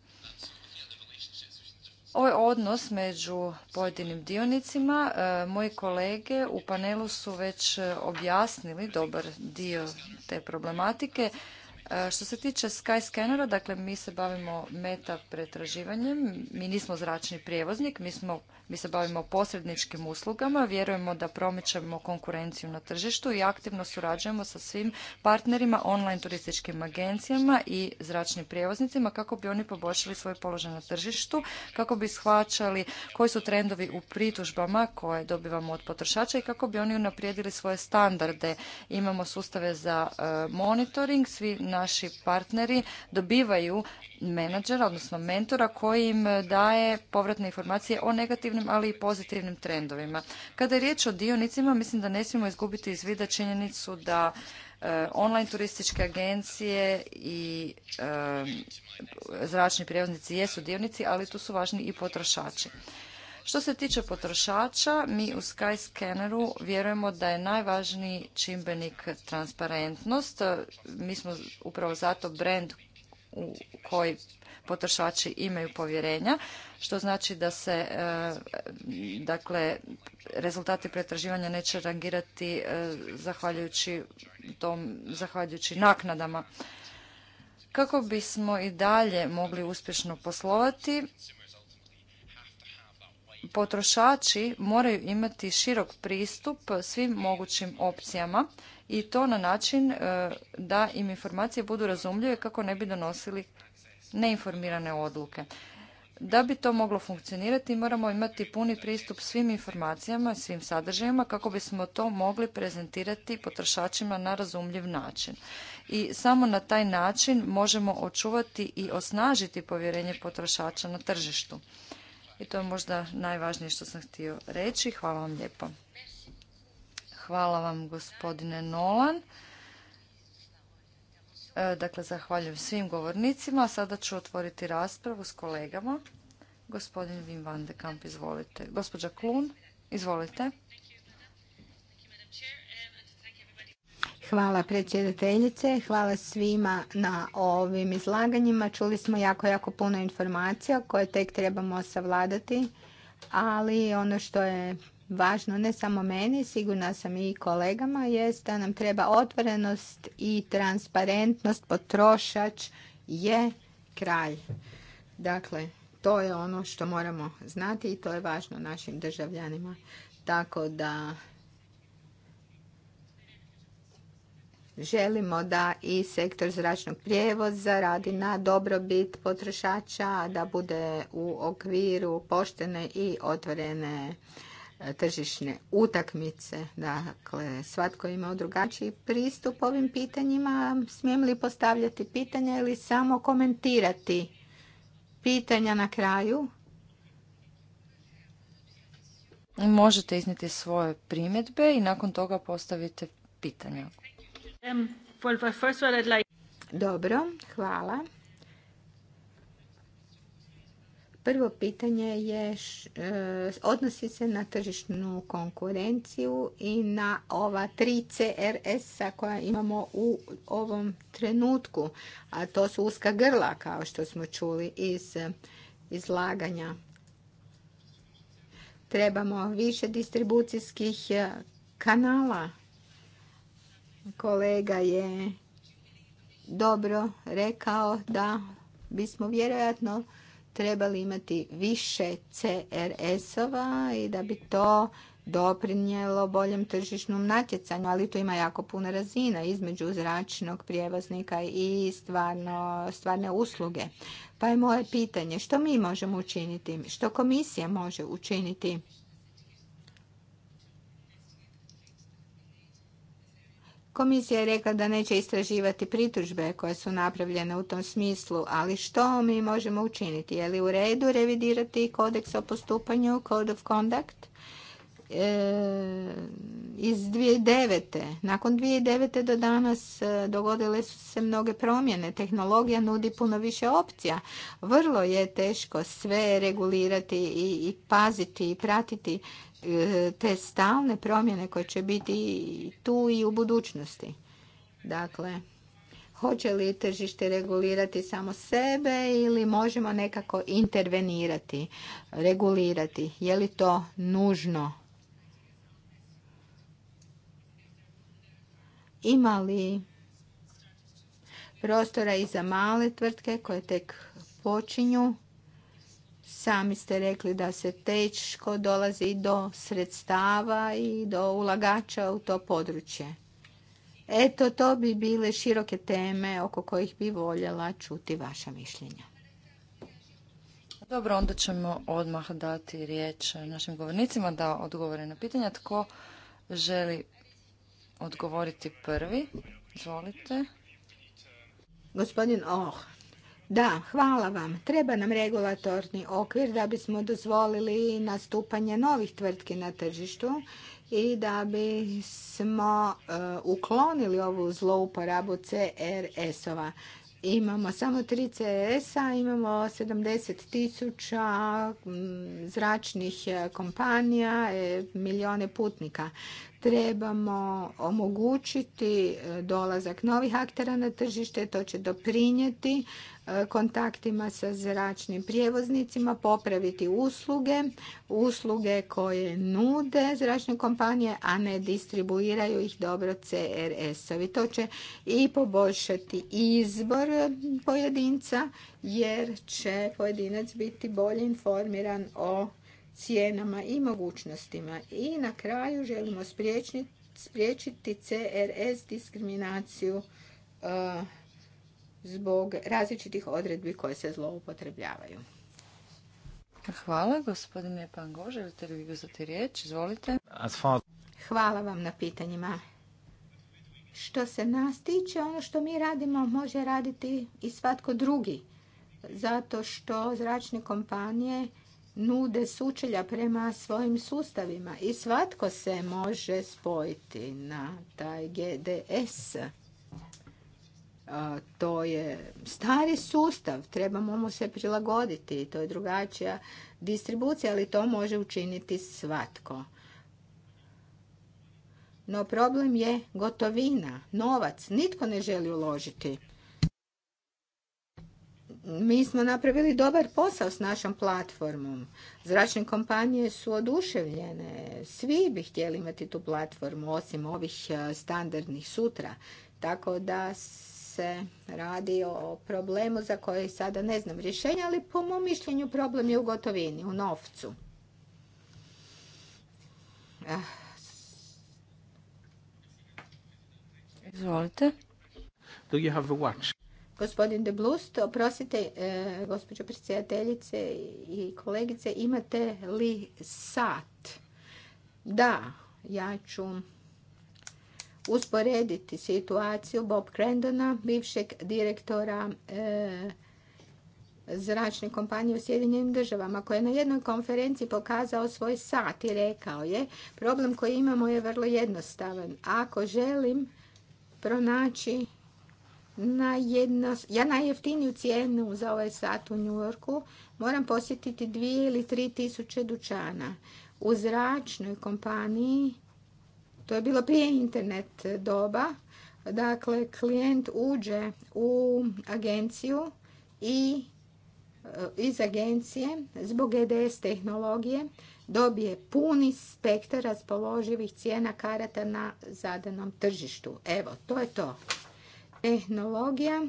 Ovaj odnos među pojedinim dionicima, e, moji kolege u panelu su već e, objasnili dobar dio te problematike. E, što se tiče Skyscanera, dakle mi se bavimo meta pretraživanjem, mi nismo zračni prijevoznik, mi, smo, mi se bavimo posredničkim uslugama, vjerujemo da promičemo konkurenciju na tržištu i aktivno surađujemo sa svim partnerima, online turističkim agencijama i zračnim prijevoznicima kako bi oni poboljšali svoj položaj na tržištu, kako bi shvaćali koji su trendovi u pritužbama koje dobivamo od potrošača i kako bi oni unaprijedili svoje standarde. Imamo sustave za e, monitoring, svi naši partneri dobivaju menadžera, odnosno mentora koji im daje povratne informacije o negativnim, ali i pozitivnim trendovima. Kada je riječ o dionicima, mislim da ne smijemo izgubiti iz vida činjenicu da e, online turističke agencije i e, zračni prijevoznici jesu dionici, ali tu su važni i potrošači. Što se tiče potrošača, mi u Skyscanneru vjerujemo da je najvažniji čimbenik transparentnost. Mi smo upravo zato brand u koji potrošači imaju povjerenja, što znači da se e, dakle rezultati pretraživanja neće rangirati e, zahvaljujući tom zahvaljujući naknadama. Kako bismo i dalje mogli uspješno poslovati, potrošači moraju imati širok pristup svim mogućim opcijama i to na način e, da im informacije budu razumljive kako ne bi donosili neinformirane odluke. Da bi to moglo funkcionirati moramo imati puni pristup svim informacijama, i svim sadržajima kako bismo to mogli prezentirati potrošačima na razumljiv način. I samo na taj način možemo očuvati i osnažiti povjerenje potrošača na tržištu. I to je možda najvažnije što sam htio reći. Hvala vam lijepo. Hvala vam gospodine Nolan. E, dakle, zahvaljujem svim govornicima. Sada ću otvoriti raspravu s kolegama. Gospodin Wim van de Kamp, izvolite. Gospođa Klun, izvolite. Hvala predsjedateljice, hvala svima na ovim izlaganjima. Čuli smo jako, jako puno informacija koje tek trebamo savladati, ali ono što je važno ne samo meni, sigurna sam i kolegama, jest da nam treba otvorenost i transparentnost. Potrošač je kraj. Dakle, to je ono što moramo znati i to je važno našim državljanima. Tako da Želimo da i sektor zračnog prijevoza radi na dobrobit potrošača, da bude u okviru poštene i otvorene e, tržišne utakmice. Dakle, svatko ima drugačiji pristup ovim pitanjima. Smijem li postavljati pitanja ili samo komentirati pitanja na kraju? Možete iznijeti svoje primjedbe i nakon toga postavite pitanja Um, Dobro, hvala. Prvo pitanje je, e, odnosi se na tržišnu konkurenciju i na ova tri CRS-a koja imamo u ovom trenutku, a to su uska grla, kao što smo čuli iz izlaganja. Trebamo više distribucijskih e, kanala Kolega je dobro rekao da bismo vjerojatno trebali imati više CRS-ova i da bi to doprinijelo boljem tržišnom natjecanju, ali tu ima jako puno razina između zračnog prijevoznika i stvarno, stvarne usluge. Pa je moje pitanje što mi možemo učiniti, što komisija može učiniti Komisija je rekla da neće istraživati pritužbe koje su napravljene u tom smislu, ali što mi možemo učiniti? Je li u redu revidirati kodeks o postupanju, Code of Conduct? E, iz 2009. Nakon 2009. do danas e, dogodile su se mnoge promjene. Tehnologija nudi puno više opcija. Vrlo je teško sve regulirati i, i paziti i pratiti te stalne promjene koje će biti tu i u budućnosti. Dakle, hoće li tržište regulirati samo sebe ili možemo nekako intervenirati, regulirati. Je li to nužno? Ima li prostora i za male tvrtke koje tek počinju? Sami ste rekli da se teško dolazi do sredstava i do ulagača u to područje. Eto, to bi bile široke teme oko kojih bi voljela čuti vaša mišljenja. Dobro, onda ćemo odmah dati riječ našim govornicima da odgovore na pitanja. Tko želi odgovoriti prvi? Izvolite. Gospodin Oh. Da, hvala vam. Treba nam regulatorni okvir da bismo dozvolili nastupanje novih tvrtki na tržištu i da bismo e, uklonili ovu zlouporabu CRS-ova. Imamo samo tri CRS-a, imamo 70 tisuća zračnih e, kompanija, e, milijone putnika. Trebamo omogućiti dolazak novih aktera na tržište, to će doprinijeti kontaktima sa zračnim prijevoznicima, popraviti usluge, usluge koje nude zračne kompanije, a ne distribuiraju ih dobro CRS-ovi. To će i poboljšati izbor pojedinca jer će pojedinac biti bolje informiran o cijenama i mogućnostima. I na kraju želimo spriječiti CRS diskriminaciju e, zbog različitih odredbi koje se zloupotrebljavaju. Hvala, gospodine Pango, želite li vi uzeti riječ? Izvolite. Hvala vam na pitanjima. Što se nas tiče, ono što mi radimo može raditi i svatko drugi. Zato što zračne kompanije nude sučelja prema svojim sustavima i svatko se može spojiti na taj GDS to je stari sustav, trebamo mu se prilagoditi, to je drugačija distribucija, ali to može učiniti svatko. No problem je gotovina, novac, nitko ne želi uložiti. Mi smo napravili dobar posao s našom platformom. Zračne kompanije su oduševljene. Svi bi htjeli imati tu platformu osim ovih standardnih sutra. Tako da se radi o problemu za koji sada ne znam rješenja, ali po mom mišljenju problem je u gotovini, u novcu. Eh. Izvolite. Do you have a watch? Gospodin De Blust, oprostite, eh, gospođo predsjedateljice i kolegice, imate li sat? Da, ja ću usporediti situaciju Bob Crandona, bivšeg direktora eh, zračne kompanije u Sjedinjenim državama, koji je na jednoj konferenciji pokazao svoj sat i rekao je problem koji imamo je vrlo jednostavan. Ako želim pronaći ja najjeftiniju cijenu za ovaj sat u New moram posjetiti dvije ili tri tisuće dućana. U zračnoj kompaniji to je bilo prije internet doba. Dakle, klijent uđe u agenciju i e, iz agencije zbog EDS tehnologije dobije puni spektar raspoloživih cijena karata na zadanom tržištu. Evo, to je to. Tehnologija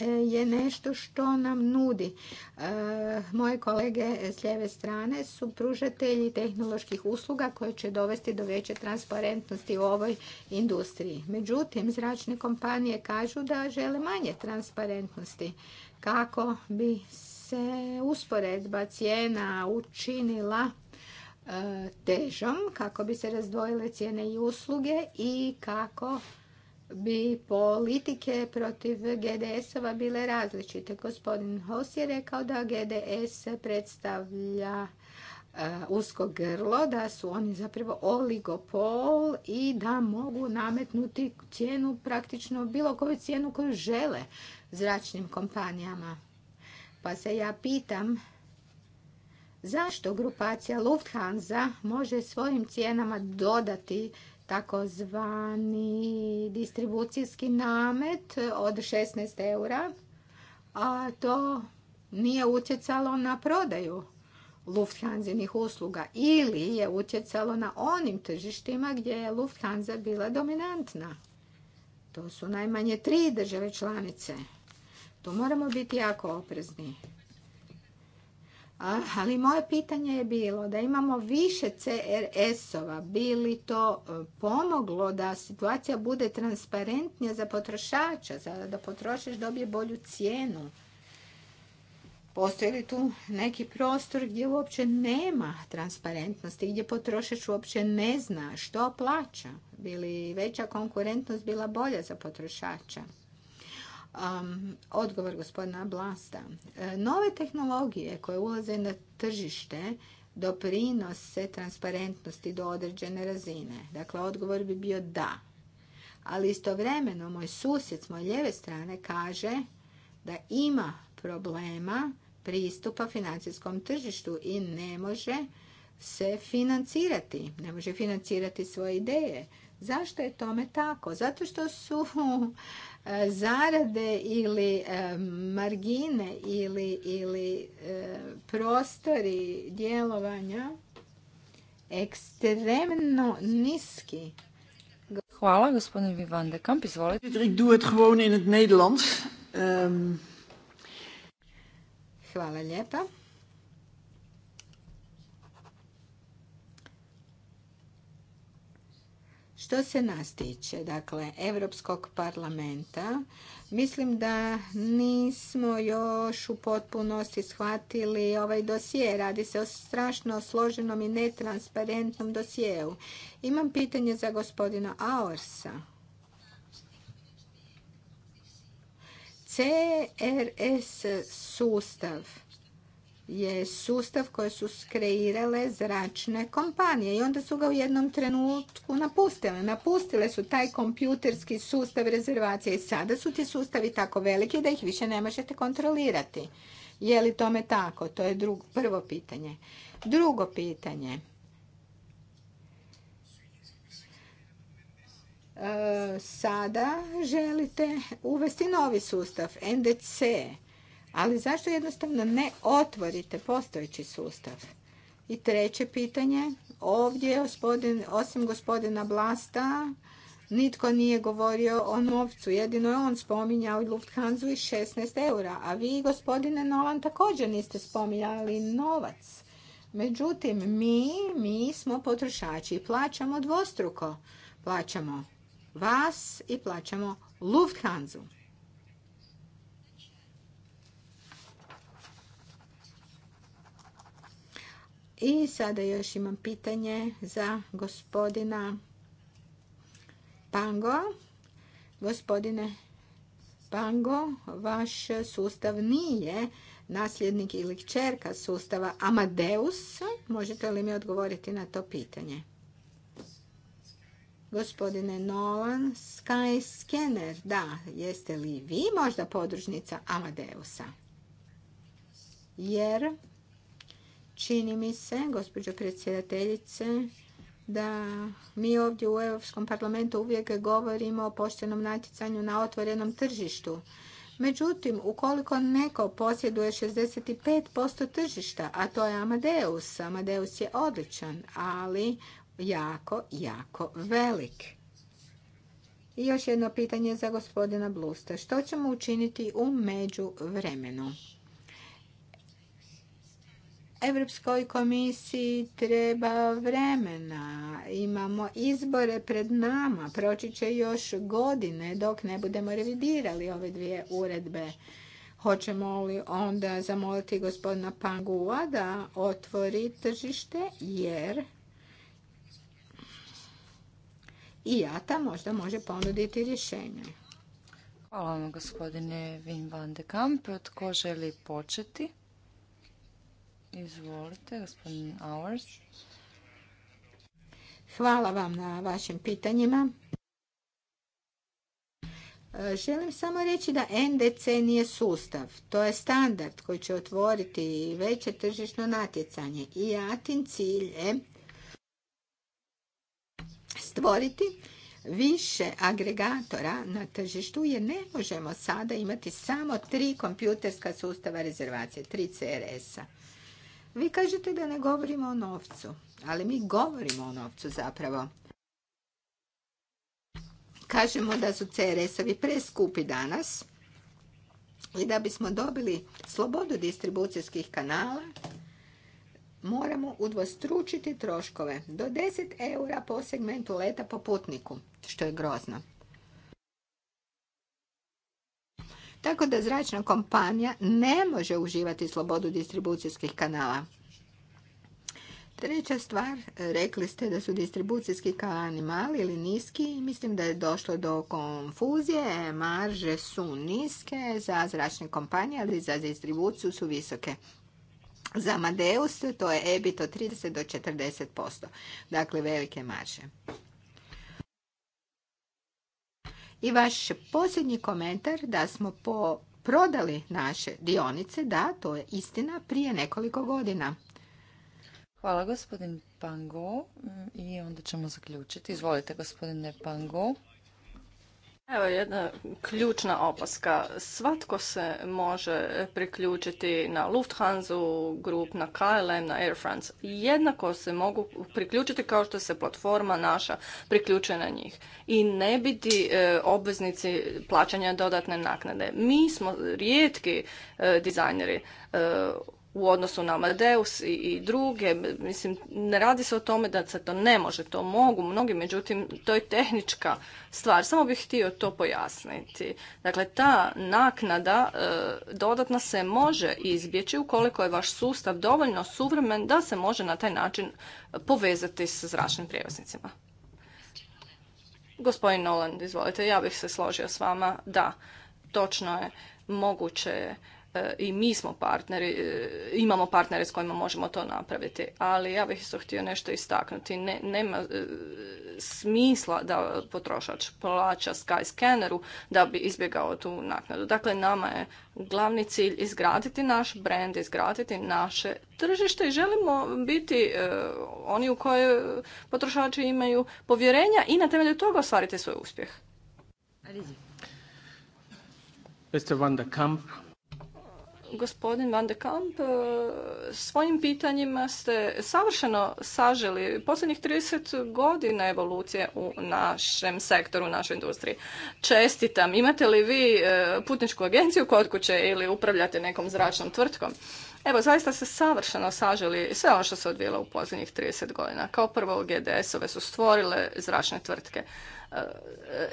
E, je nešto što nam nudi. E, moje kolege s lijeve strane su pružatelji tehnoloških usluga koje će dovesti do veće transparentnosti u ovoj industriji. Međutim, zračne kompanije kažu da žele manje transparentnosti kako bi se usporedba cijena učinila e, težom, kako bi se razdvojile cijene i usluge i kako bi politike protiv GDS-ova bile različite. Gospodin Hos je rekao da GDS predstavlja e, usko grlo, da su oni zapravo oligopol i da mogu nametnuti cijenu, praktično bilo koju cijenu koju žele zračnim kompanijama. Pa se ja pitam zašto grupacija Lufthansa može svojim cijenama dodati takozvani distribucijski namet od 16 eura, a to nije utjecalo na prodaju Lufthansinih usluga ili je utjecalo na onim tržištima gdje je Lufthansa bila dominantna. To su najmanje tri države članice. Tu moramo biti jako oprezni. Ali moje pitanje je bilo da imamo više CRS-ova, bi li to e, pomoglo da situacija bude transparentnija za potrošača, da potrošač dobije bolju cijenu? Postoji li tu neki prostor gdje uopće nema transparentnosti, gdje potrošač uopće ne zna što plaća? Bi li veća konkurentnost bila bolja za potrošača? Odgovor gospodina Blasta. E, nove tehnologije koje ulaze na tržište doprinose transparentnosti do određene razine. Dakle, odgovor bi bio da. Ali istovremeno moj susjed s moje lijeve strane kaže da ima problema pristupa financijskom tržištu i ne može se financirati, ne može financirati svoje ideje. Zašto je tome tako? Zato što su E, zarade ili e, margine ili, e, prostori djelovanja ekstremno niski. Hvala, gospodin Vivan de Kamp, izvolite. Ik doe het gewoon in het Nederlands. Ehm. Hvala lijepa. Što se nas tiče, dakle, Europskog parlamenta, mislim da nismo još u potpunosti shvatili ovaj dosije. Radi se o strašno složenom i netransparentnom dosijeu. Imam pitanje za gospodina Aorsa. CRS sustav je sustav koji su skreirale zračne kompanije i onda su ga u jednom trenutku napustile. Napustile su taj kompjuterski sustav rezervacije i sada su ti sustavi tako veliki da ih više ne možete kontrolirati. Je li tome tako? To je prvo pitanje. Drugo pitanje. E, sada želite uvesti novi sustav, NDC ali zašto jednostavno ne otvorite postojeći sustav? I treće pitanje, ovdje gospodin, osim gospodina Blasta, nitko nije govorio o novcu. Jedino je on spominjao Lufthansa i 16 eura, a vi, gospodine Nolan, također niste spominjali novac. Međutim, mi, mi smo potrošači i plaćamo dvostruko. Plaćamo vas i plaćamo Lufthansa. I sada još imam pitanje za gospodina Pango. Gospodine Pango, vaš sustav nije nasljednik ili kćerka sustava Amadeus. Možete li mi odgovoriti na to pitanje? Gospodine Nolan, Sky da, jeste li vi možda podružnica Amadeusa? Jer Čini mi se, gospođo predsjedateljice, da mi ovdje u Europskom parlamentu uvijek govorimo o poštenom natjecanju na otvorenom tržištu. Međutim, ukoliko neko posjeduje 65% tržišta, a to je Amadeus, Amadeus je odličan, ali jako, jako velik. I još jedno pitanje za gospodina Blusta. Što ćemo učiniti u međuvremenu? Europskoj komisiji treba vremena, imamo izbore pred nama, proći će još godine dok ne budemo revidirali ove dvije uredbe. Hoćemo li onda zamoliti gospodina Pangua da otvori tržište jer i jata možda može ponuditi rješenje. Hvala vam gospodine Wim van de Kamp. Tko želi početi? Izvolite, Hvala vam na vašim pitanjima. E, želim samo reći da NDC nije sustav. To je standard koji će otvoriti veće tržišno natjecanje. I Atin cilj je stvoriti više agregatora na tržištu jer ne možemo sada imati samo tri kompjuterska sustava rezervacije, tri CRS-a. Vi kažete da ne govorimo o novcu, ali mi govorimo o novcu zapravo. Kažemo da su CRS-ovi preskupi danas i da bismo dobili slobodu distribucijskih kanala, moramo udvostručiti troškove do 10 eura po segmentu leta po putniku, što je grozno. Tako da zračna kompanija ne može uživati slobodu distribucijskih kanala. Treća stvar, rekli ste da su distribucijski kanali mali ili niski mislim da je došlo do konfuzije. Marže su niske za zračne kompanije, ali za distribuciju su visoke. Za Amadeus to je EBIT od 30 do 40%, dakle velike marže. I vaš posljednji komentar da smo po prodali naše dionice, da, to je istina, prije nekoliko godina. Hvala gospodin Pango i onda ćemo zaključiti. Izvolite gospodine Pango. Evo jedna ključna opaska. Svatko se može priključiti na Lufthansa grup, na KLM, na Air France. Jednako se mogu priključiti kao što se platforma naša priključuje na njih. I ne biti e, obveznici plaćanja dodatne naknade. Mi smo rijetki e, dizajneri. E, u odnosu na Amadeus i, druge. Mislim, ne radi se o tome da se to ne može, to mogu mnogi, međutim, to je tehnička stvar. Samo bih htio to pojasniti. Dakle, ta naknada e, dodatna se može izbjeći ukoliko je vaš sustav dovoljno suvremen da se može na taj način povezati sa zračnim prijevoznicima. Gospodin Noland, izvolite, ja bih se složio s vama. Da, točno je, moguće je E, i mi smo partneri, e, imamo partnere s kojima možemo to napraviti, ali ja bih isto htio nešto istaknuti. nema e, smisla da potrošač plaća Skyscanneru da bi izbjegao tu naknadu. Dakle, nama je glavni cilj izgraditi naš brand, izgraditi naše tržište i želimo biti oni u koje potrošači imaju povjerenja i na temelju toga ostvariti svoj uspjeh. Mr. Van Kamp gospodin Van de Kamp, e, svojim pitanjima ste savršeno saželi posljednjih 30 godina evolucije u našem sektoru, u našoj industriji. Čestitam, imate li vi e, putničku agenciju kod kuće ili upravljate nekom zračnom tvrtkom? Evo, zaista se savršeno saželi sve ono što se odvijelo u posljednjih 30 godina. Kao prvo, GDS-ove su stvorile zračne tvrtke e,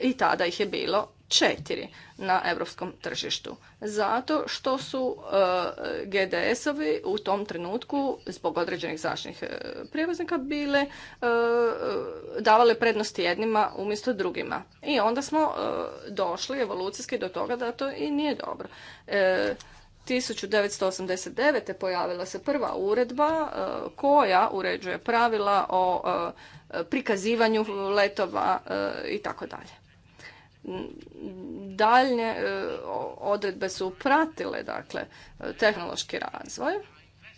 i tada ih je bilo četiri na europskom tržištu. Zato što su e, GDS-ovi u tom trenutku zbog određenih zračnih e, prijevoznika bile e, davale prednosti jednima umjesto drugima. I onda smo došli evolucijski do toga da to i nije dobro. 1989. pojavila se prva uredba koja uređuje pravila o prikazivanju letova i tako dalje daljnje e, odredbe su pratile dakle e, tehnološki razvoj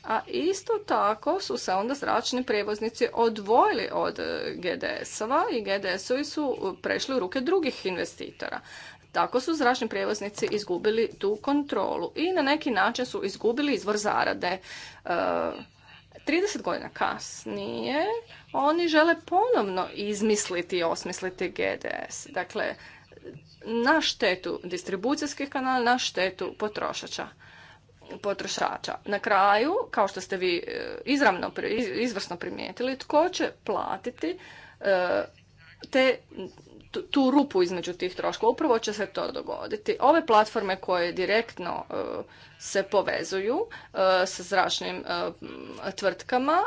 a isto tako su se onda zračni prijevoznici odvojili od e, GDS-ova i GDS-ovi su prešli u ruke drugih investitora. Tako su zračni prijevoznici izgubili tu kontrolu i na neki način su izgubili izvor zarade. 30 godina kasnije oni žele ponovno izmisliti i osmisliti GDS. Dakle, na štetu distribucijskih kanala, na štetu potrošača potrošača. Na kraju, kao što ste vi e, izravno, izvrsno primijetili, tko će platiti e, te, tu rupu između tih troškova. Upravo će se to dogoditi. Ove platforme koje direktno e, se povezuju sa zračnim tvrtkama,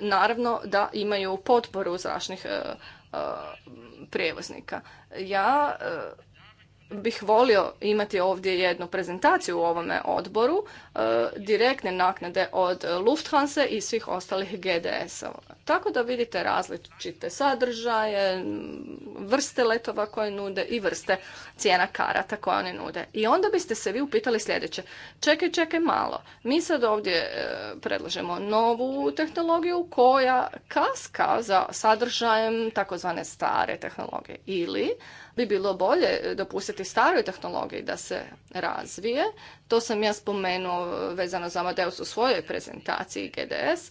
naravno da imaju potporu zračnih prijevoznika. Ja bih volio imati ovdje jednu prezentaciju u ovome odboru, e, direktne naknade od Lufthansa i svih ostalih GDS-ova. Tako da vidite različite sadržaje, vrste letova koje nude i vrste cijena karata koje one nude. I onda biste se vi upitali sljedeće, čekaj, čekaj malo, mi sad ovdje e, predlažemo novu tehnologiju koja kaska za sadržajem takozvane stare tehnologije. Ili bi bilo bolje dopustiti staroj tehnologiji da se razvije. To sam ja spomenuo vezano za Amadeus u svojoj prezentaciji GDS. E,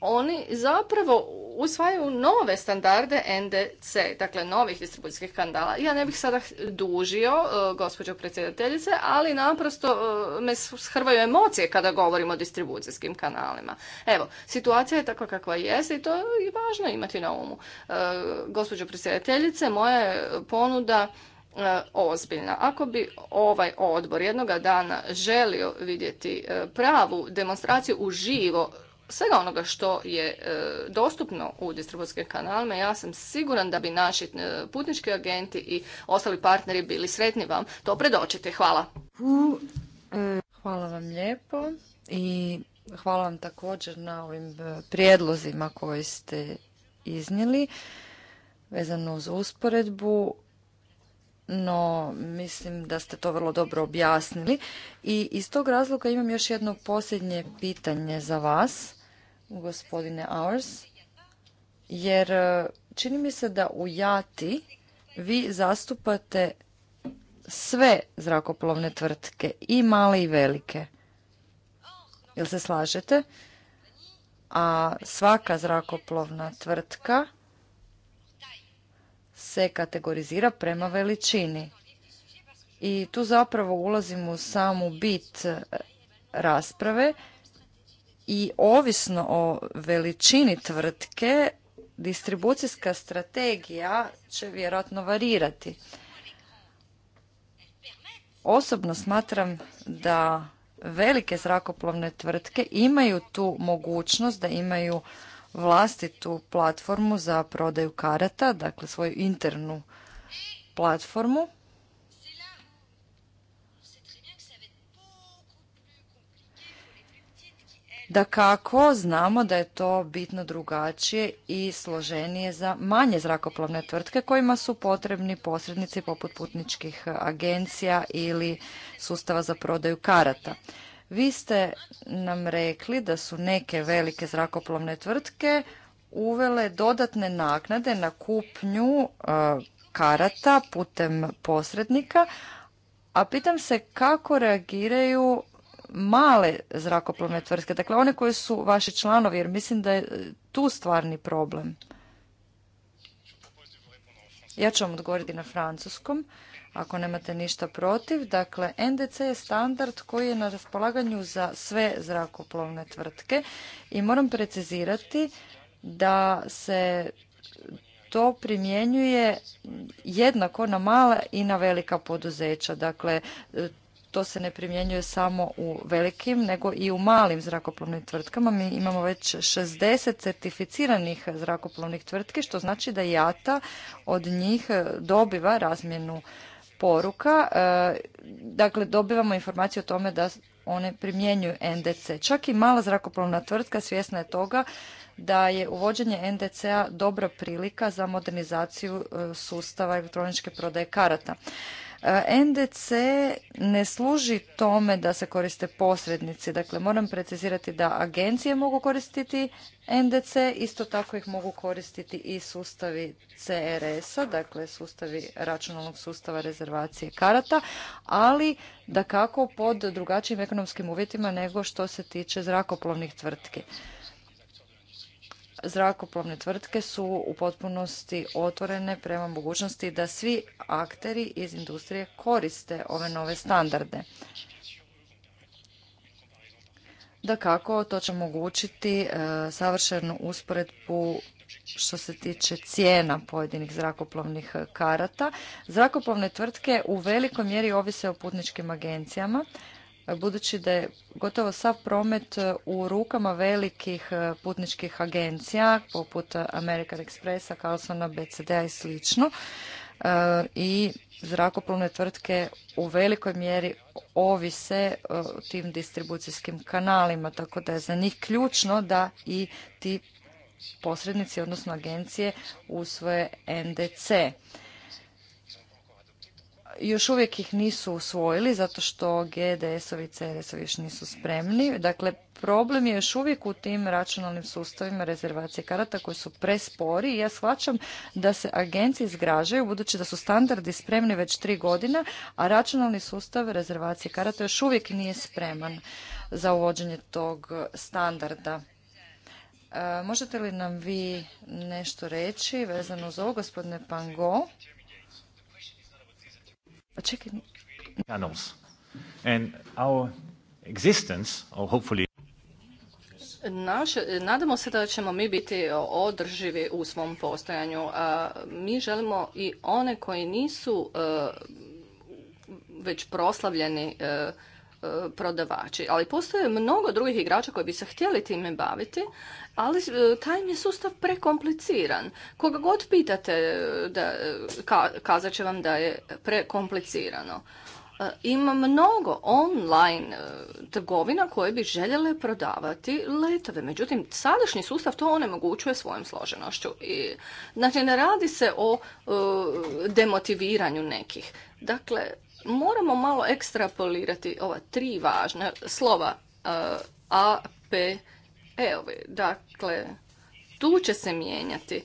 oni zapravo usvajaju nove standarde NDC, dakle novih distribucijskih kanala. Ja ne bih sada dužio, e, gospođo predsjedateljice, ali naprosto e, me shrvaju emocije kada govorimo o distribucijskim kanalima. Evo, situacija je takva kakva jest i to je važno imati na umu. E, gospođo predsjedateljice, moja je ponuda ozbiljna. Ako bi ovaj odbor jednoga dana želio vidjeti pravu demonstraciju uživo svega onoga što je e, dostupno u distribucijskim kanalima, ja sam siguran da bi naši e, putnički agenti i ostali partneri bili sretni vam to predočiti. Hvala. Hvala vam lijepo i hvala vam također na ovim e, prijedlozima koji ste iznijeli vezano uz usporedbu no mislim da ste to vrlo dobro objasnili i iz tog razloga imam još jedno posljednje pitanje za vas gospodine Ours, jer e, čini mi se da u Jati vi zastupate sve zrakoplovne tvrtke, i male i velike. Jel se slažete? A svaka zrakoplovna tvrtka se kategorizira prema veličini. I tu zapravo ulazimo u samu bit e, rasprave i ovisno o veličini tvrtke distribucijska strategija će vjerojatno varirati. Osobno smatram da velike zrakoplovne tvrtke imaju tu mogućnost da imaju vlastitu platformu za prodaju karata, dakle svoju internu platformu. Da kako znamo da je to bitno drugačije i složenije za manje zrakoplovne tvrtke kojima su potrebni posrednici poput putničkih agencija ili sustava za prodaju karata. Vi ste nam rekli da su neke velike zrakoplovne tvrtke uvele dodatne naknade na kupnju e, karata putem posrednika, a pitam se kako reagiraju male zrakoplovne tvrtke, dakle one koje su vaši članovi, jer mislim da je e, tu stvarni problem. Ja ću vam odgovoriti na francuskom, ako nemate ništa protiv. Dakle, NDC je standard koji je na raspolaganju za sve zrakoplovne tvrtke i moram precizirati da se to primjenjuje jednako na mala i na velika poduzeća. Dakle, to se ne primjenjuje samo u velikim, nego i u malim zrakoplovnim tvrtkama. Mi imamo već 60 certificiranih zrakoplovnih tvrtki, što znači da JATA od njih dobiva razmjenu poruka. E, dakle, dobivamo informaciju o tome da one primjenjuju NDC. Čak i mala zrakoplovna tvrtka svjesna je toga da je uvođenje NDC-a dobra prilika za modernizaciju e, sustava elektroničke prodaje karata. NDC ne služi tome da se koriste posrednici. Dakle, moram precizirati da agencije mogu koristiti NDC, isto tako ih mogu koristiti i sustavi CRS-a, dakle sustavi računalnog sustava rezervacije karata, ali da kako pod drugačijim ekonomskim uvjetima nego što se tiče zrakoplovnih tvrtki zrakoplovne tvrtke su u potpunosti otvorene prema mogućnosti da svi akteri iz industrije koriste ove nove standarde. Da kako, to će omogućiti e, savršenu usporedbu što se tiče cijena pojedinih zrakoplovnih karata. Zrakoplovne tvrtke u velikoj mjeri ovise o putničkim agencijama, budući da je gotovo sav promet e, u rukama velikih e, putničkih agencija poput American Expressa, Carlsona, bcd i sl. E, i zrakoplovne tvrtke u velikoj mjeri ovise o tim distribucijskim kanalima, tako da je za njih ključno da i ti posrednici, odnosno agencije usvoje NDC još uvijek ih nisu usvojili zato što GDS-ovi i CDS-ovi još nisu spremni. Dakle, problem je još uvijek u tim računalnim sustavima rezervacije karata koji su prespori i ja shvaćam da se agencije zgražaju budući da su standardi spremni već tri godina, a računalni sustav rezervacije karata još uvijek nije spreman za uvođenje tog standarda. E, možete li nam vi nešto reći vezano za ovo, gospodine Pango? Pa čekaj. our existence, or hopefully nadamo se da ćemo mi biti održivi u svom postojanju. A mi želimo i one koji nisu e, već proslavljeni e, E, prodavači. Ali postoje mnogo drugih igrača koji bi se htjeli time baviti, ali e, taj im je sustav prekompliciran. Koga god pitate, e, da, kazat će vam da je prekomplicirano. Ima mnogo online trgovina koje bi željele prodavati letove. Međutim, sadašnji sustav to onemogućuje svojom složenošću. I, znači, ne radi se o demotiviranju nekih. Dakle, moramo malo ekstrapolirati ova tri važna slova e, A, P, E. Dakle, tu će se mijenjati e,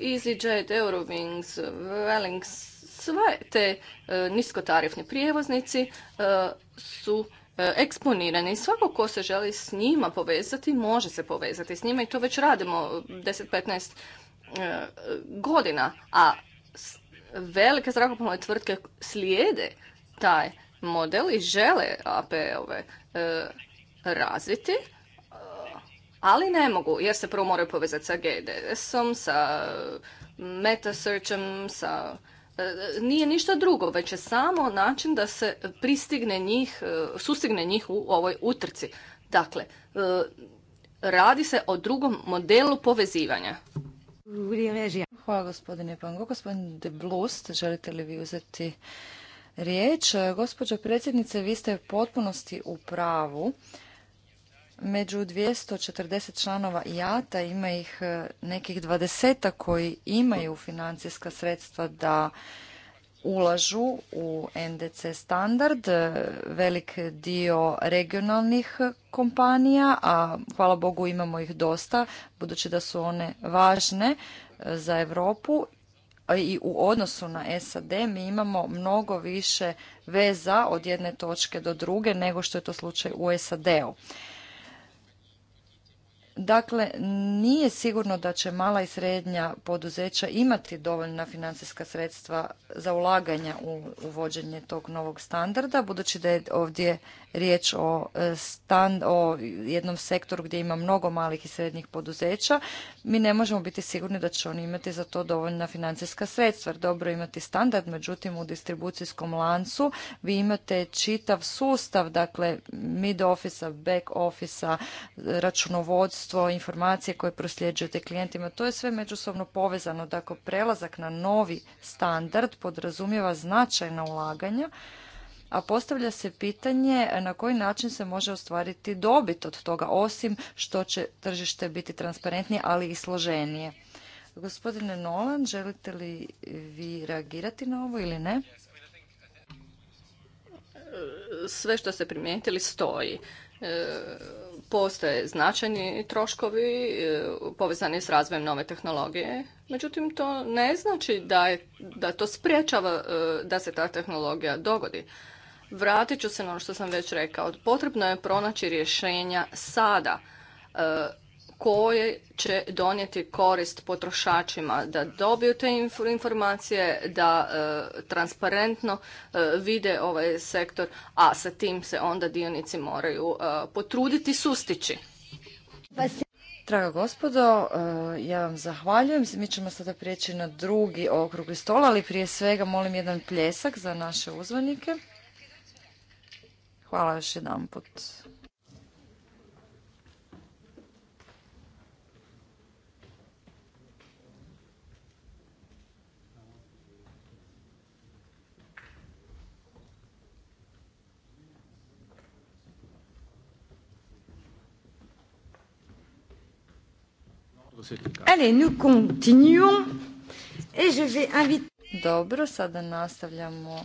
EasyJet, Eurowings, Wellings, sve te e, niskotarifni prijevoznici su eksponirani. Svako ko se želi s njima povezati, može se povezati s njima i to već radimo 10-15 godina, a velike zrakoplovne tvrtke slijede taj model i žele APE-ove e, razviti, e, ali ne mogu jer se prvo moraju povezati sa GDS-om, sa e, metasearchom, sa... Nije ništa drugo, već je samo način da se pristigne njih, sustigne njih u ovoj utrci. Dakle, radi se o drugom modelu povezivanja. Hvala gospodine Pango. gospodine. De Blust, želite li vi uzeti riječ. E, gospođo predsjednice, vi ste u potpunosti u pravu. Među 240 članova IATA ima ih e, nekih dvadeseta koji imaju financijska sredstva da ulažu u NDC standard, e, velik dio regionalnih kompanija, a hvala Bogu imamo ih dosta, budući da su one važne za Europu i u odnosu na SAD mi imamo mnogo više veza od jedne točke do druge nego što je to slučaj u SAD-u. Dakle, nije sigurno da će mala i srednja poduzeća imati dovoljna financijska sredstva za ulaganja u uvođenje tog novog standarda, budući da je ovdje riječ o, e, o jednom sektoru gdje ima mnogo malih i srednjih poduzeća, mi ne možemo biti sigurni da će oni imati za to dovoljna financijska sredstva. Dobro imati standard, međutim u distribucijskom lancu vi imate čitav sustav, dakle mid office back office računovodstvo, informacije koje prosljeđujete klijentima. To je sve međusobno povezano. Dakle, prelazak na novi standard podrazumijeva značajna ulaganja a postavlja se pitanje na koji način se može ostvariti dobit od toga, osim što će tržište biti transparentnije, ali i složenije. Gospodine Nolan, želite li vi reagirati na ovo ili ne? Sve što ste primijetili stoji. E, postoje značajni troškovi e, povezani s razvojem nove tehnologije. Međutim, to ne znači da, da to spriječava e, da se ta tehnologija dogodi. Vratit ću se na ono što sam već rekao. Potrebno je pronaći rješenja sada e, koje će donijeti korist potrošačima da dobiju te informacije, da e, transparentno e, vide ovaj sektor, a sa tim se onda dionici moraju potruditi sustići. Draga gospodo, ja vam zahvaljujem. Mi ćemo sada prijeći na drugi okrugli stol, ali prije svega molim jedan pljesak za naše uzvanike. Hvala još jedan put. Allez, nous continuons et je vais inviter... Dobro, sada nastavljamo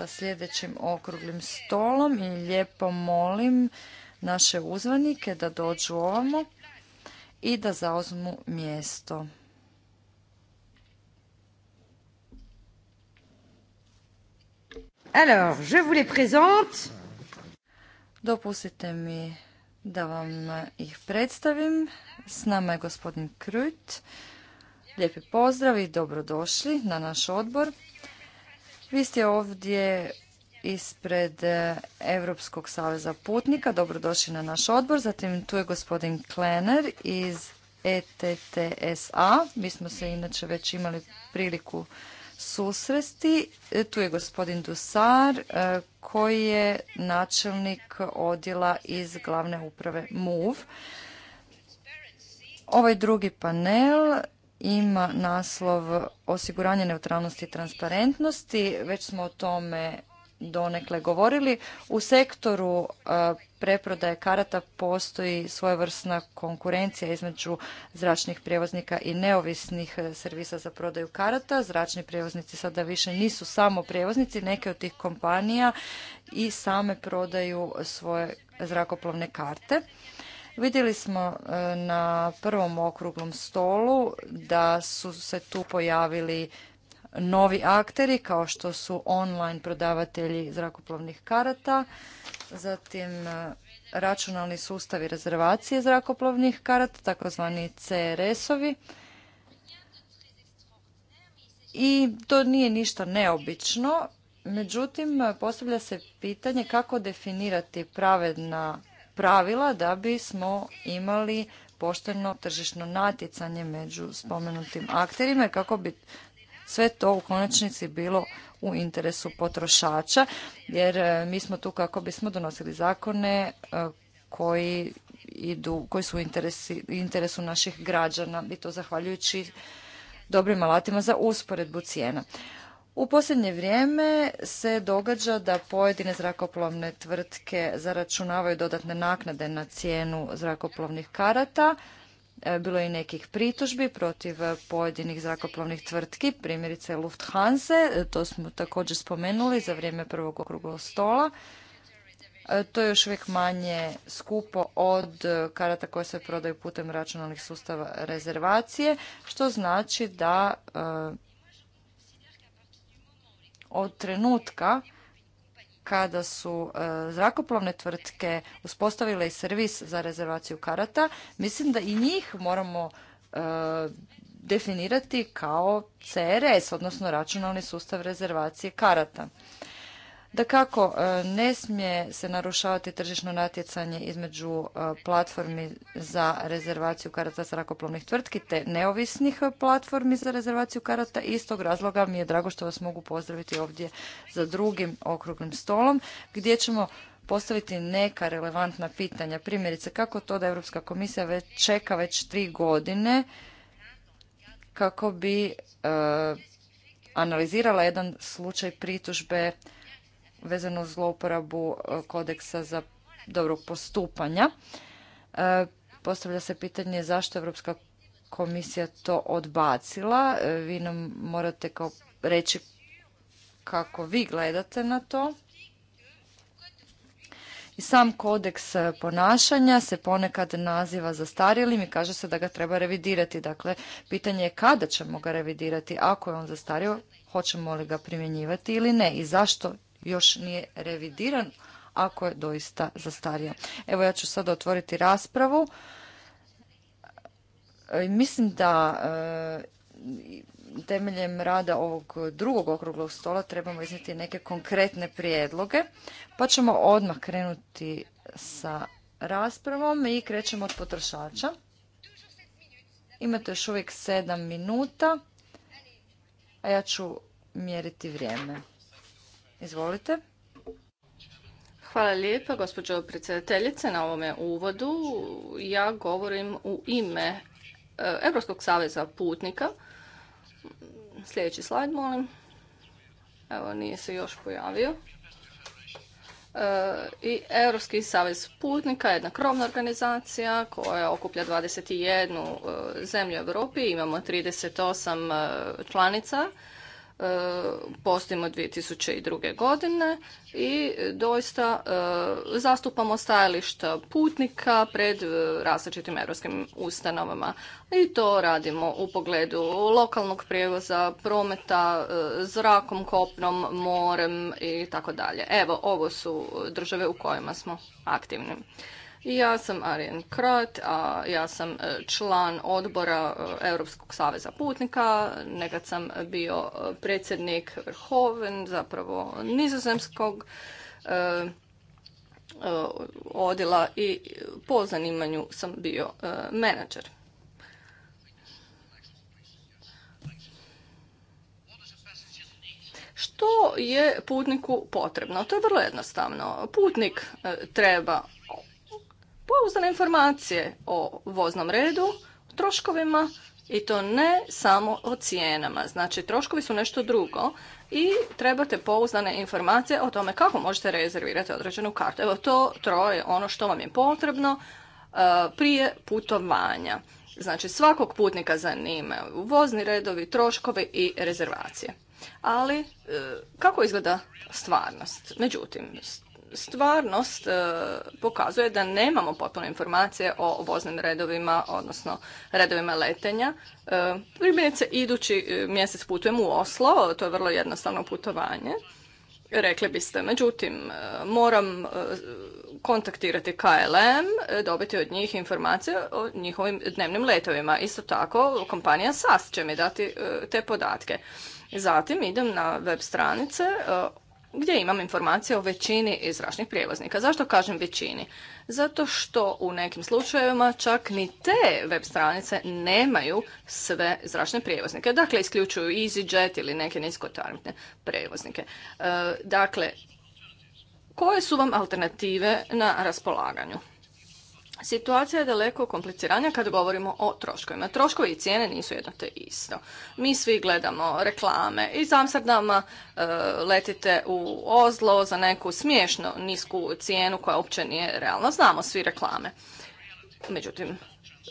sa sljedećim okruglim stolom i lijepo molim naše uzvanike da dođu ovamo i da zauzmu mjesto. Alors, je vous les Dopustite mi da vam ih predstavim. S nama je gospodin Krut. Lijepi pozdrav i dobrodošli na naš odbor. Vi ste ovdje ispred Europskog saveza putnika. Dobrodošli na naš odbor. Zatim tu je gospodin Klener iz ETTSA. Mi smo se inače već imali priliku susresti. E, tu je gospodin Dusar e, koji je načelnik odjela iz glavne uprave MUV. Ovaj drugi panel ima naslov osiguranje neutralnosti i transparentnosti. Već smo o tome donekle govorili. U sektoru e, preprodaje karata postoji svojevrsna konkurencija između zračnih prijevoznika i neovisnih e, servisa za prodaju karata. Zračni prijevoznici sada više nisu samo prijevoznici, neke od tih kompanija i same prodaju svoje zrakoplovne karte. Vidjeli smo e, na prvom okruglom stolu da su se tu pojavili novi akteri kao što su online prodavatelji zrakoplovnih karata, zatim e, računalni sustavi rezervacije zrakoplovnih karata, takozvani CRS-ovi. I to nije ništa neobično, međutim postavlja se pitanje kako definirati pravedna pravila da bismo imali pošteno tržišno natjecanje među spomenutim akterima i kako bi sve to u konačnici bilo u interesu potrošača jer e, mi smo tu kako bismo donosili zakone e, koji idu, koji su u interesu naših građana i to zahvaljujući dobrim alatima za usporedbu cijena. U posljednje vrijeme se događa da pojedine zrakoplovne tvrtke zaračunavaju dodatne naknade na cijenu zrakoplovnih karata. E, bilo je i nekih pritužbi protiv pojedinih zrakoplovnih tvrtki, primjerice Lufthansa, e, to smo također spomenuli za vrijeme prvog okruglog stola. E, to je još uvijek manje skupo od karata koje se prodaju putem računalnih sustava rezervacije, što znači da od trenutka kada su e, zrakoplovne tvrtke uspostavile i servis za rezervaciju karata, mislim da i njih moramo e, definirati kao CRS, odnosno računalni sustav rezervacije karata. Da kako, e, ne smije se narušavati tržišno natjecanje između e, platformi za rezervaciju karata zrakoplovnih tvrtki te neovisnih platformi za rezervaciju karata. Istog razloga mi je drago što vas mogu pozdraviti ovdje za drugim okruglim stolom gdje ćemo postaviti neka relevantna pitanja. Primjerice, kako to da Europska komisija već čeka već tri godine kako bi e, analizirala jedan slučaj pritužbe vezano uz zlouporabu e, kodeksa za dobrog postupanja. E, postavlja se pitanje zašto Europska komisija to odbacila. E, vi nam morate kao reći kako vi gledate na to. I sam kodeks ponašanja se ponekad naziva zastarjelim i kaže se da ga treba revidirati. Dakle, pitanje je kada ćemo ga revidirati, ako je on zastario, hoćemo li ga primjenjivati ili ne i zašto još nije revidiran ako je doista zastario. Evo ja ću sada otvoriti raspravu. E, mislim da e, temeljem rada ovog drugog okruglog stola trebamo iznijeti neke konkretne prijedloge, pa ćemo odmah krenuti sa raspravom i krećemo od potrošača. Imate još uvijek sedam minuta, a ja ću mjeriti vrijeme. Izvolite. Hvala lijepa, gospođo predsjedateljice, na ovome uvodu. Ja govorim u ime e, Europskog saveza putnika. Sljedeći slajd, molim. Evo, nije se još pojavio. E, I Europski savez putnika je jedna krovna organizacija koja okuplja 21 e, zemlju u Europi. Imamo 38 članica E, postojimo 2002. godine i doista e, zastupamo stajališta putnika pred e, različitim europskim ustanovama. I to radimo u pogledu lokalnog prijevoza, prometa, zrakom, kopnom, morem i tako dalje. Evo, ovo su države u kojima smo aktivni. Ja sam Arjen Krat, a ja sam e, član odbora e, Europskog saveza putnika. Nekad sam bio e, predsjednik Verhoven, zapravo nizozemskog odjela i po zanimanju sam bio menadžer. Što je putniku potrebno? To je vrlo jednostavno. Putnik treba pouzdane informacije o voznom redu, troškovima i to ne samo o cijenama. Znači, troškovi su nešto drugo i trebate pouzdane informacije o tome kako možete rezervirati određenu kartu. Evo, to troje ono što vam je potrebno e, prije putovanja. Znači, svakog putnika zanimaju vozni redovi, troškovi i rezervacije. Ali, e, kako izgleda stvarnost? Međutim, stvarnost e, pokazuje da nemamo potpuno informacije o voznim redovima, odnosno redovima letenja. E, primjerice, idući e, mjesec putujem u Oslo, to je vrlo jednostavno putovanje. Rekli biste, međutim, moram kontaktirati KLM, dobiti od njih informacije o njihovim dnevnim letovima. Isto tako, kompanija SAS će mi dati te podatke. Zatim idem na web stranice gdje imam informacije o većini zračnih prijevoznika. Zašto kažem većini? Zato što u nekim slučajevima čak ni te web stranice nemaju sve zračne prijevoznike. Dakle, isključuju EasyJet ili neke niskotarmitne prijevoznike. E, dakle, koje su vam alternative na raspolaganju? Situacija je daleko kompliciranja kad govorimo o troškovima. Troškovi i cijene nisu jedno te isto. Mi svi gledamo reklame. Iz Amsterdama e, letite u Ozlo za neku smiješno nisku cijenu koja uopće nije realna. Znamo svi reklame. Međutim,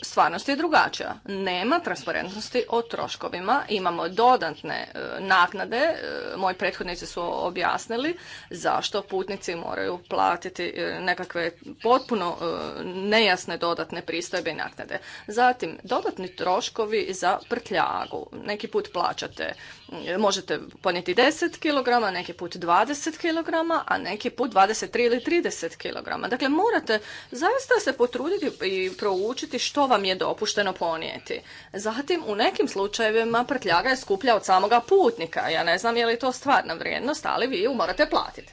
stvarnost je drugačija. Nema transparentnosti o troškovima, imamo dodatne e, naknade, e, moji prethodnici su objasnili zašto putnici moraju platiti e, nekakve potpuno nejasne dodatne pristojbe i naknade. Zatim, dodatni troškovi za prtljagu. Neki put plaćate možete ponijeti 10 kg, neki put 20 kg, a neki put 23 ili 30 kg. Dakle, morate zaista se potruditi i proučiti što vam je dopušteno ponijeti. Zatim, u nekim slučajevima prtljaga je skuplja od samoga putnika. Ja ne znam je li to stvarna vrijednost, ali vi ju morate platiti.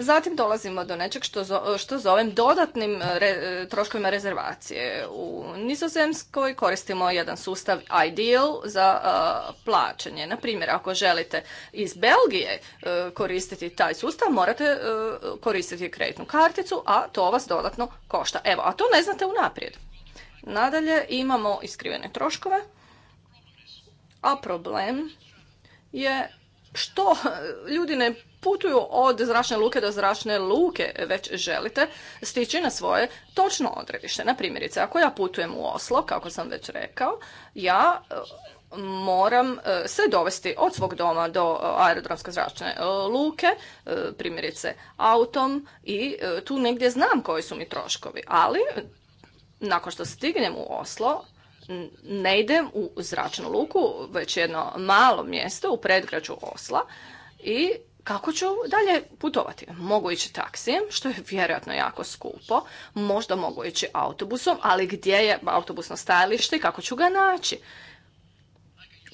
Zatim dolazimo do nečeg što, zo, što zovem dodatnim e, e, troškovima rezervacije. U Nizozemskoj koristimo jedan sustav Ideal za e, plaćanje. Na primjer, ako želite iz Belgije koristiti taj sustav, morate koristiti kreditnu karticu, a to vas dodatno košta. Evo, a to ne znate unaprijed. Nadalje imamo iskrivene troškove, a problem je što ljudi ne putuju od zračne luke do zračne luke, već želite stići na svoje točno odredište. Na primjerice, ako ja putujem u Oslo, kako sam već rekao, ja e, moram e, se dovesti od svog doma do e, aerodromske zračne luke, primjerice autom i tu negdje znam koji su mi troškovi, ali nakon što stignem u Oslo, ne idem u zračnu luku, već jedno malo mjesto u predgrađu Osla i kako ću dalje putovati? Mogu ići taksijem, što je vjerojatno jako skupo, možda mogu ići autobusom, ali gdje je autobusno stajalište i kako ću ga naći?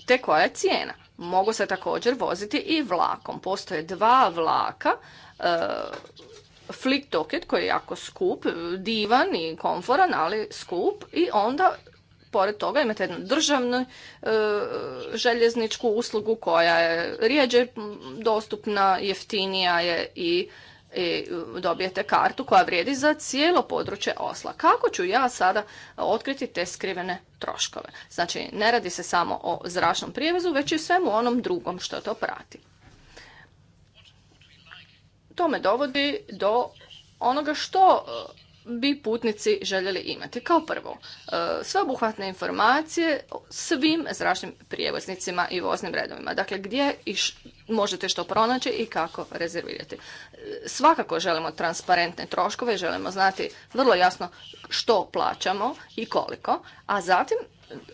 Te koja je cijena? Mogu se također voziti i vlakom. Postoje dva vlaka, uh, e, Flick Toket koji je jako skup, divan i komforan, ali skup i onda Pored toga imate jednu državnu e, željezničku uslugu koja je rijeđe dostupna, jeftinija je i dobijete kartu koja vrijedi za cijelo područje Osla. Kako ću ja sada otkriti te skrivene troškove? Znači, ne radi se samo o zračnom prijevozu, već i svemu onom drugom što to prati. To me dovodi do onoga što bi putnici željeli imati. Kao prvo, e, sveobuhvatne informacije svim zračnim prijevoznicima i voznim redovima. Dakle, gdje i š, možete što pronaći i kako rezervirati. E, svakako želimo transparentne troškove, želimo znati vrlo jasno što plaćamo i koliko, a zatim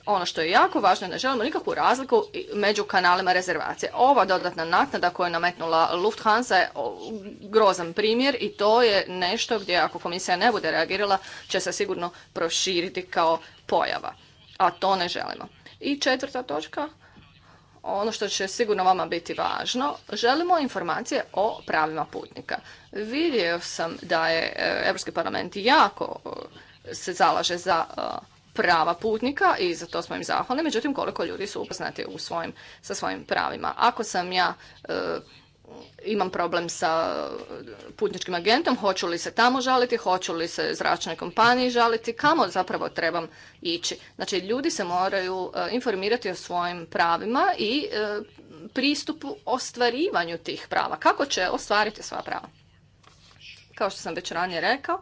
ono što je jako važno, ne želimo nikakvu razliku među kanalima rezervacije. Ova dodatna naknada koju je nametnula Lufthansa je grozan primjer i to je nešto gdje ako komisija ne bude reagirala će se sigurno proširiti kao pojava. A to ne želimo. I četvrta točka, ono što će sigurno vama biti važno, želimo informacije o pravima putnika. Vidio sam da je e, Europski parlament jako e, se zalaže za e, prava putnika i za to smo im zahvalni, međutim koliko ljudi su upoznati u svojim, sa svojim pravima. Ako sam ja e, imam problem sa putničkim agentom, hoću li se tamo žaliti, hoću li se zračnoj kompaniji žaliti, kamo zapravo trebam ići. Znači, ljudi se moraju e, informirati o svojim pravima i e, pristupu ostvarivanju tih prava. Kako će ostvariti sva prava? Kao što sam već ranije rekao,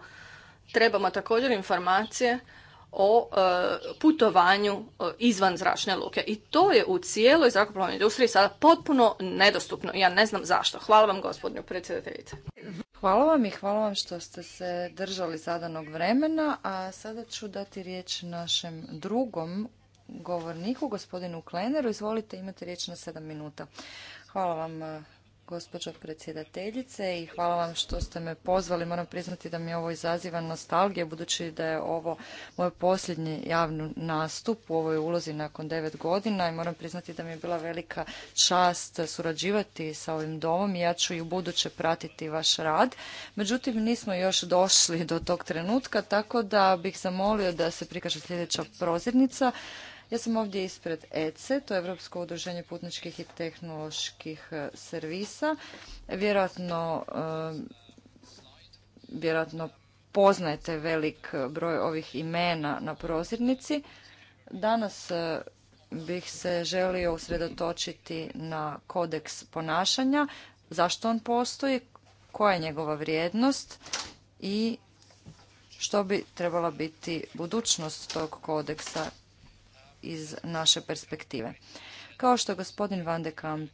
trebamo također informacije o e, putovanju e, izvan zračne luke. I to je u cijeloj zrakoplovnoj industriji sada potpuno nedostupno. Ja ne znam zašto. Hvala vam gospodinu predsjedateljice. Hvala vam i hvala vam što ste se držali zadanog vremena, a sada ću dati riječ našem drugom govorniku, gospodinu Kleneru. Izvolite, imate riječ na sedam minuta. Hvala vam gospođo predsjedateljice i hvala vam što ste me pozvali. Moram priznati da mi ovo izaziva nostalgije budući da je ovo moj posljednji javni nastup u ovoj ulozi nakon devet godina i moram priznati da mi je bila velika čast surađivati sa ovim domom i ja ću i u buduće pratiti vaš rad. Međutim, nismo još došli do tog trenutka tako da bih zamolio da se prikaže sljedeća prozirnica ja sam ovdje ispred ECE, e, to je Europsko udruženje putničkih i tehnoloških e, servisa. Vjerojatno, e, vjerojatno poznajete velik broj ovih imena na prozirnici. Danas bih se želio usredotočiti na kodeks ponašanja, zašto on postoji, koja je njegova vrijednost i što bi trebala biti budućnost tog kodeksa iz naše perspektive. Kao što je gospodin Van de Kamp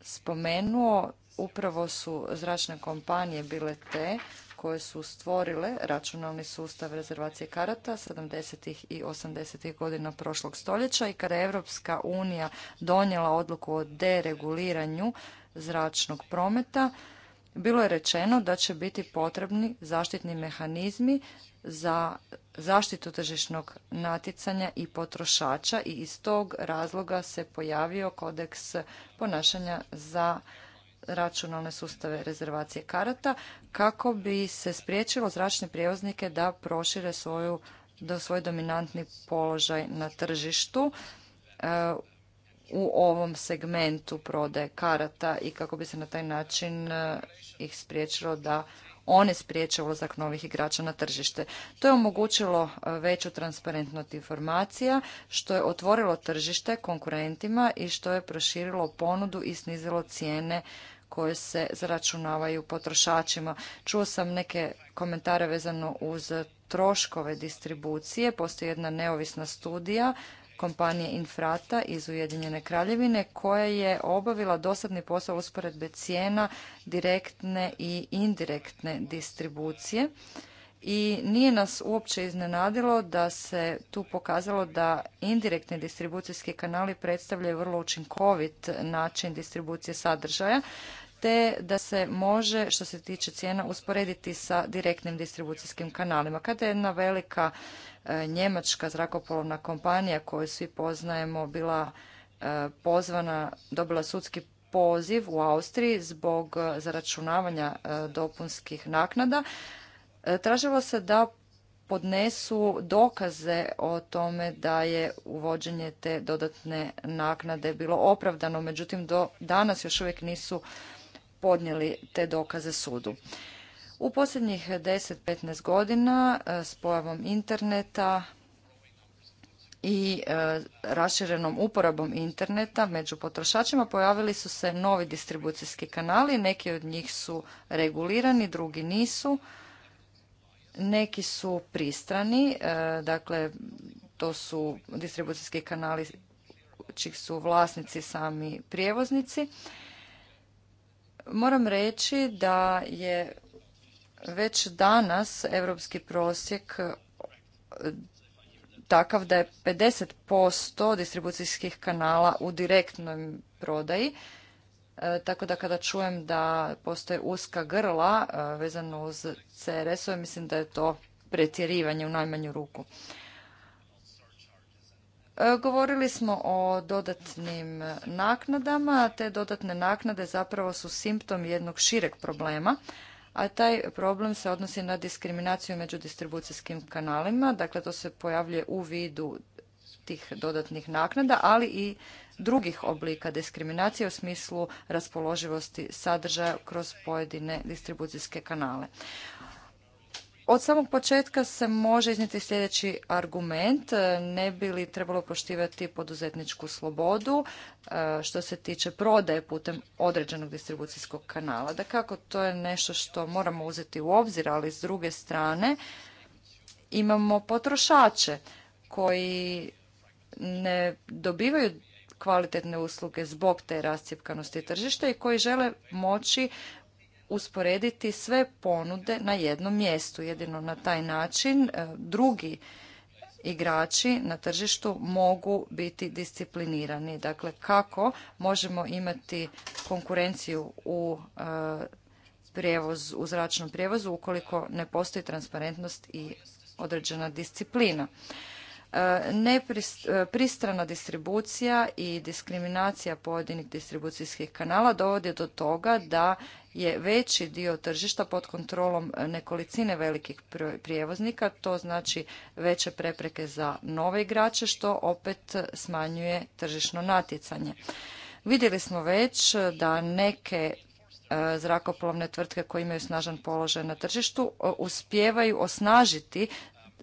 spomenuo, upravo su zračne kompanije bile te koje su stvorile računalni sustav rezervacije karata 70. i 80. godina prošlog stoljeća i kada je Europska unija donijela odluku o dereguliranju zračnog prometa, bilo je rečeno da će biti potrebni zaštitni mehanizmi za zaštitu tržišnog natjecanja i potrošača i iz tog razloga se pojavio kodeks ponašanja za računalne sustave rezervacije karata kako bi se spriječilo zračne prijevoznike da prošire svoju, svoj dominantni položaj na tržištu u ovom segmentu prodaje karata i kako bi se na taj način eh, ih spriječilo da one spriječe ulazak novih igrača na tržište. To je omogućilo eh, veću transparentnost informacija, što je otvorilo tržište konkurentima i što je proširilo ponudu i snizilo cijene koje se zaračunavaju potrošačima. Čuo sam neke komentare vezano uz troškove distribucije. Postoji jedna neovisna studija kompanije Infrata iz Ujedinjene kraljevine koja je obavila dosadni posao usporedbe cijena direktne i indirektne distribucije i nije nas uopće iznenadilo da se tu pokazalo da indirektni distribucijski kanali predstavljaju vrlo učinkovit način distribucije sadržaja te da se može što se tiče cijena usporediti sa direktnim distribucijskim kanalima. Kada je jedna velika e, njemačka zrakoplovna kompanija koju svi poznajemo bila e, pozvana, dobila sudski poziv u Austriji zbog e, zaračunavanja dopunskih naknada, tražilo se da podnesu dokaze o tome da je uvođenje te dodatne naknade bilo opravdano. Međutim, do danas još uvijek nisu podnijeli te dokaze sudu. U posljednjih 10-15 godina e, s pojavom interneta i e, raširenom uporabom interneta među potrošačima pojavili su se novi distribucijski kanali, neki od njih su regulirani, drugi nisu. Neki su pristrani, e, dakle to su distribucijski kanali čih su vlasnici sami prijevoznici Moram reći da je već danas europski prosjek e, takav da je 50% distribucijskih kanala u direktnoj prodaji. E, tako da kada čujem da postoje uska grla e, vezano uz CRS-ove, mislim da je to pretjerivanje u najmanju ruku. E, govorili smo o dodatnim naknadama, te dodatne naknade zapravo su simptom jednog šireg problema, a taj problem se odnosi na diskriminaciju među distribucijskim kanalima, dakle to se pojavljuje u vidu tih dodatnih naknada, ali i drugih oblika diskriminacije u smislu raspoloživosti sadržaja kroz pojedine distribucijske kanale. Od samog početka se može iznijeti sljedeći argument. E, ne bi li trebalo poštivati poduzetničku slobodu e, što se tiče prodaje putem određenog distribucijskog kanala. Da kako to je nešto što moramo uzeti u obzir, ali s druge strane imamo potrošače koji ne dobivaju kvalitetne usluge zbog te rascjepkanosti tržišta i koji žele moći usporediti sve ponude na jednom mjestu. Jedino na taj način e, drugi igrači na tržištu mogu biti disciplinirani. Dakle, kako možemo imati konkurenciju u e, prijevoz, u zračnom prijevozu ukoliko ne postoji transparentnost i određena disciplina. E, e, pristrana distribucija i diskriminacija pojedinih distribucijskih kanala dovodi do toga da je veći dio tržišta pod kontrolom nekolicine velikih prijevoznika, to znači veće prepreke za nove igrače, što opet smanjuje tržišno natjecanje. Vidjeli smo već da neke e, zrakoplovne tvrtke koje imaju snažan položaj na tržištu uspijevaju osnažiti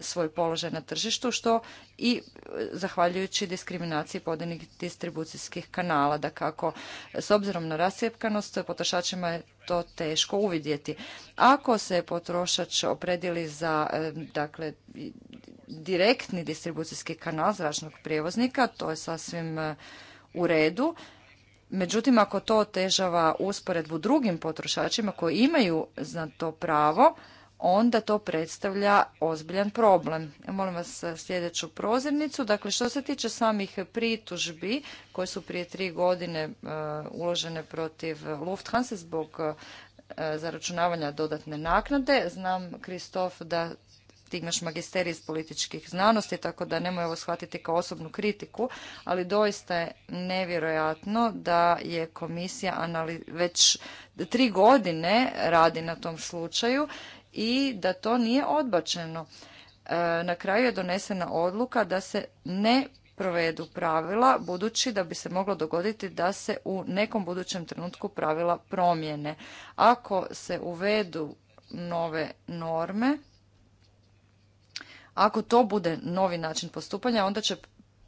svoj položaj na tržištu, što i e, zahvaljujući diskriminaciji pojedinih distribucijskih kanala, da kako s obzirom na rasjepkanost potrošačima je to teško uvidjeti. Ako se potrošač opredili za e, dakle, direktni distribucijski kanal zračnog prijevoznika, to je sasvim e, u redu. Međutim, ako to otežava usporedbu drugim potrošačima koji imaju za to pravo, onda to predstavlja ozbiljan problem. Molim vas e, sljedeću prozirnicu. Dakle, što se tiče samih pritužbi koje su prije tri godine e, uložene protiv Lufthansa zbog e, zaračunavanja dodatne naknade, znam, Kristof, da ti imaš magisterij iz političkih znanosti, tako da nemoj ovo shvatiti kao osobnu kritiku, ali doista je nevjerojatno da je komisija već tri godine radi na tom slučaju i da to nije odbačeno. E, na kraju je donesena odluka da se ne provedu pravila budući da bi se moglo dogoditi da se u nekom budućem trenutku pravila promijene. Ako se uvedu nove norme, ako to bude novi način postupanja, onda će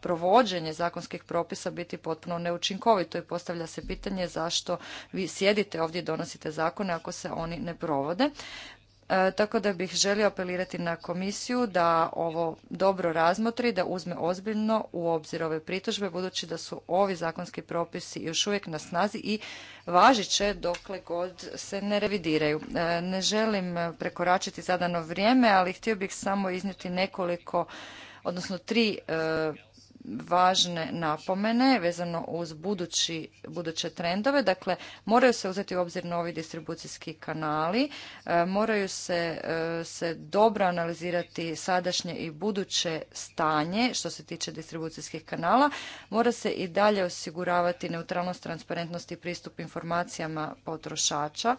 provođenje zakonskih propisa biti potpuno neučinkovito i postavlja se pitanje zašto vi sjedite ovdje i donosite zakone ako se oni ne provode. E, tako da bih želio apelirati na komisiju da ovo dobro razmotri, da uzme ozbiljno u obzir ove pritužbe, budući da su ovi zakonski propisi još uvijek na snazi i važit će dokle god se ne revidiraju. E, ne želim prekoračiti zadano vrijeme, ali htio bih samo iznijeti nekoliko, odnosno tri e, važne napomene vezano uz budući, buduće trendove. Dakle, moraju se uzeti u obzir novi distribucijski kanali, e, moraju se, e, se dobro analizirati sadašnje i buduće stanje što se tiče distribucijskih kanala, mora se i dalje osiguravati neutralnost, transparentnost i pristup informacijama potrošača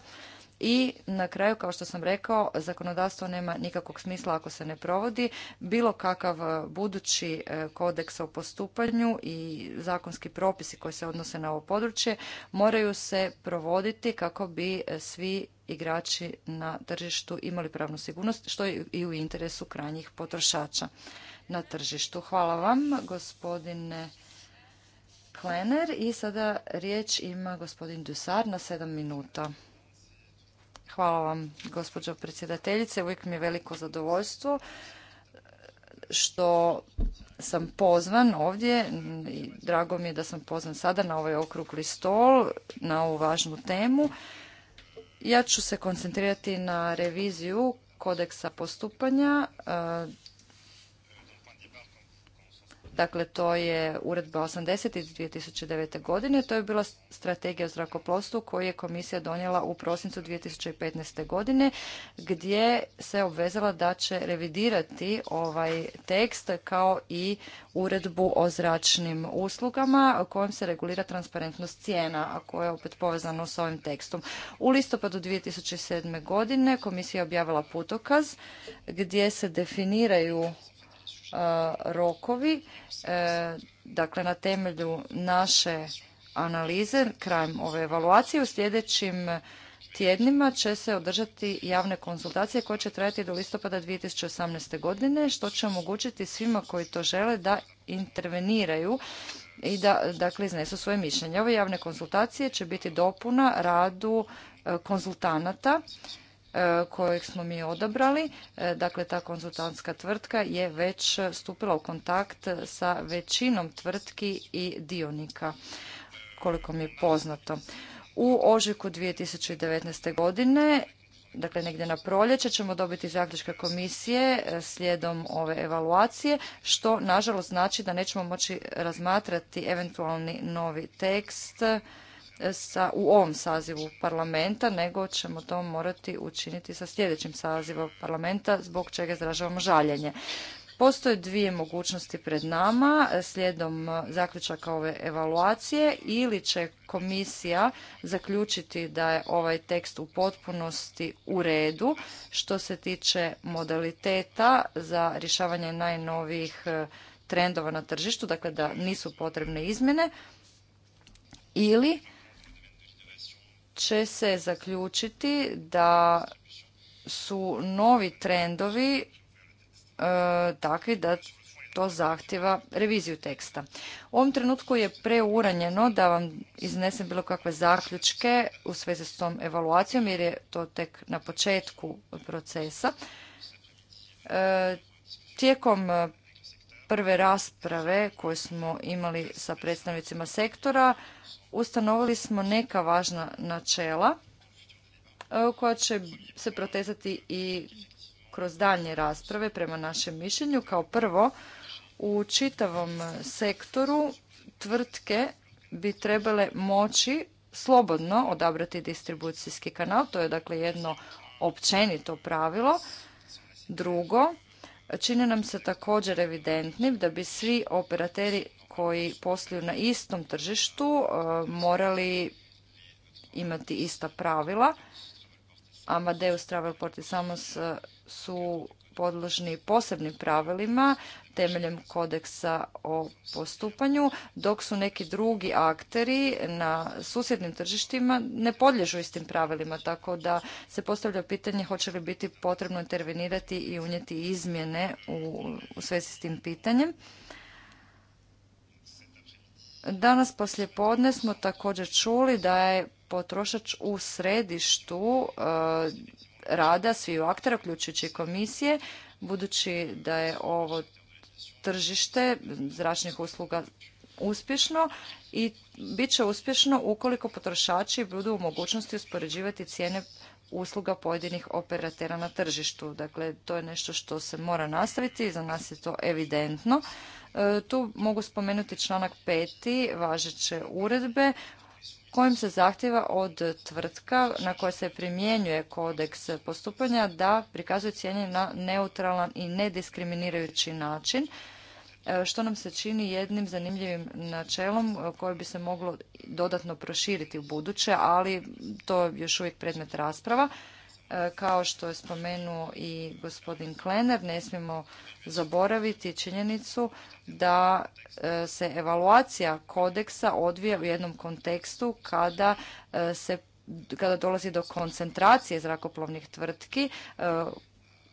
i na kraju, kao što sam rekao, zakonodavstvo nema nikakvog smisla ako se ne provodi. Bilo kakav e, budući e, kodeks o postupanju i zakonski propisi koji se odnose na ovo područje moraju se provoditi kako bi e, svi igrači na tržištu imali pravnu sigurnost, što je i u interesu krajnjih potrošača na tržištu. Hvala vam, gospodine Klener. I sada riječ ima gospodin Dusar na sedam minuta. Hvala vam, gospođo predsjedateljice. Uvijek mi je veliko zadovoljstvo što sam pozvan ovdje i drago mi je da sam pozvan sada na ovaj okrugli stol, na ovu važnu temu. Ja ću se koncentrirati na reviziju kodeksa postupanja Dakle, to je uredba 80 iz 2009. godine. To je bila strategija o zrakoplovstvu koju je komisija donijela u prosincu 2015. godine gdje se obvezala da će revidirati ovaj tekst kao i uredbu o zračnim uslugama kojom se regulira transparentnost cijena, a koja je opet povezano s ovim tekstom. U listopadu 2007. godine komisija je objavila putokaz gdje se definiraju rokovi. E, dakle, na temelju naše analize, krajem ove evaluacije, u sljedećim tjednima će se održati javne konzultacije koje će trajati do listopada 2018. godine, što će omogućiti svima koji to žele da interveniraju i da dakle, iznesu svoje mišljenje. Ove javne konzultacije će biti dopuna radu e, konzultanata E, kojeg smo mi odabrali, e, dakle ta konzultantska tvrtka je već stupila u kontakt sa većinom tvrtki i dionika, koliko mi je poznato. U ožujku 2019. godine dakle negdje na proljeće ćemo dobiti zaključke komisije e, slijedom ove evaluacije, što nažalost znači da nećemo moći razmatrati eventualni novi tekst u ovom sazivu parlamenta, nego ćemo to morati učiniti sa sljedećim sazivom parlamenta, zbog čega izražavamo žaljenje. Postoje dvije mogućnosti pred nama slijedom zaključaka ove evaluacije ili će komisija zaključiti da je ovaj tekst u potpunosti u redu što se tiče modaliteta za rješavanje najnovijih e, trendova na tržištu, dakle da nisu potrebne izmjene ili će se zaključiti da su novi trendovi e, takvi da to zahtjeva reviziju teksta. U ovom trenutku je preuranjeno da vam iznesem bilo kakve zaključke u svezi s tom evaluacijom jer je to tek na početku procesa. E, tijekom prve rasprave koje smo imali sa predstavnicima sektora ustanovili smo neka važna načela e, koja će se protezati i kroz daljnje rasprave prema našem mišljenju. Kao prvo, u čitavom sektoru tvrtke bi trebale moći slobodno odabrati distribucijski kanal, to je dakle jedno općenito pravilo. Drugo, čini nam se također evidentnim da bi svi operateri koji posluju na istom tržištu e, morali imati ista pravila. Amadeus Travel Port i Samos e, su podložni posebnim pravilima temeljem kodeksa o postupanju, dok su neki drugi akteri na susjednim tržištima ne podlježu istim pravilima, tako da se postavlja pitanje hoće li biti potrebno intervenirati i unijeti izmjene u, u svezi s tim pitanjem. Danas poslijepodne smo također čuli da je potrošač u središtu e, rada sviju aktera, uključujući komisije, budući da je ovo tržište zračnih usluga uspješno i bit će uspješno ukoliko potrošači budu u mogućnosti uspoređivati cijene usluga pojedinih operatera na tržištu. Dakle, to je nešto što se mora nastaviti i za nas je to evidentno. E, tu mogu spomenuti članak 5. važeće uredbe kojim se zahtjeva od tvrtka na koje se primjenjuje kodeks postupanja da prikazuje cijene na neutralan i nediskriminirajući način, e, što nam se čini jednim zanimljivim načelom e, koje bi se moglo dodatno proširiti u buduće, ali to je još uvijek predmet rasprava. E, kao što je spomenuo i gospodin Klener, ne smijemo zaboraviti činjenicu da e, se evaluacija kodeksa odvija u jednom kontekstu kada e, kada dolazi do koncentracije zrakoplovnih tvrtki,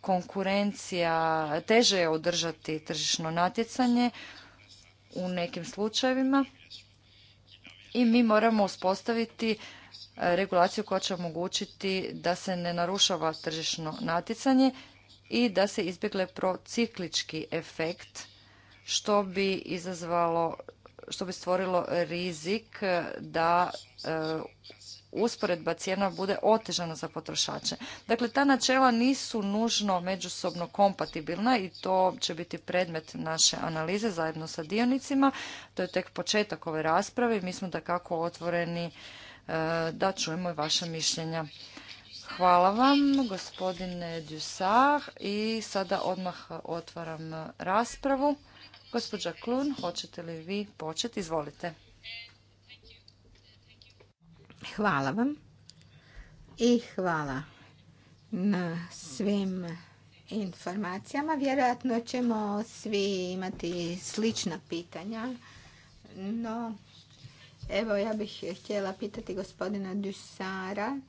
konkurencija, teže je održati tržišno natjecanje u nekim slučajevima i mi moramo uspostaviti regulaciju koja će omogućiti da se ne narušava tržišno natjecanje i da se izbjegle prociklički efekt što bi izazvalo što bi stvorilo rizik da e, usporedba cijena bude otežana za potrošače. Dakle, ta načela nisu nužno međusobno kompatibilna i to će biti predmet naše analize zajedno sa dionicima. To je tek početak ove rasprave i mi smo da kako otvoreni E, da čujemo i vaša mišljenja. Hvala vam, gospodine Dusar. I sada odmah otvaram raspravu. Gospođa Klun, hoćete li vi početi? Izvolite. Hvala vam i hvala na svim informacijama. Vjerojatno ćemo svi imati slična pitanja, no Evo, ja bih htjela pitati gospodina Dusara.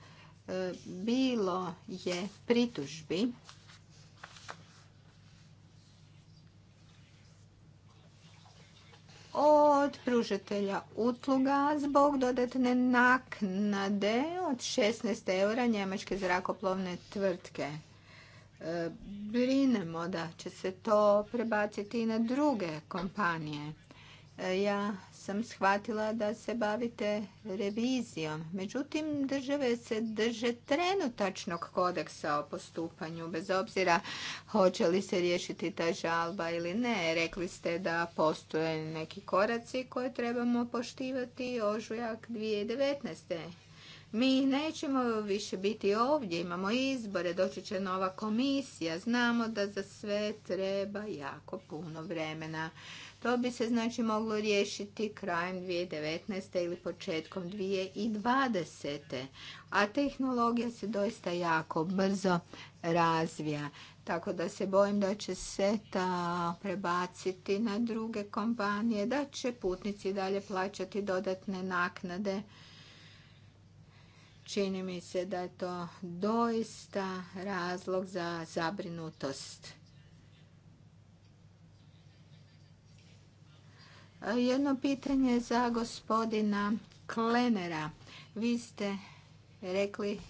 E, bilo je pritužbi od pružatelja utluga zbog dodatne naknade od 16 eura njemačke zrakoplovne tvrtke. E, brinemo da će se to prebaciti i na druge kompanije. E, ja sam shvatila da se bavite revizijom. Međutim, države se drže trenutačnog kodeksa o postupanju, bez obzira hoće li se riješiti ta žalba ili ne. Rekli ste da postoje neki koraci koje trebamo poštivati ožujak 2019. Mi nećemo više biti ovdje, imamo izbore, doći će nova komisija, znamo da za sve treba jako puno vremena. To bi se znači moglo riješiti krajem 2019. ili početkom 2020. A tehnologija se doista jako brzo razvija. Tako da se bojim da će se ta prebaciti na druge kompanije, da će putnici dalje plaćati dodatne naknade. Čini mi se da je to doista razlog za zabrinutost Jedno pitanje za gospodina Klenera. Vi ste rekli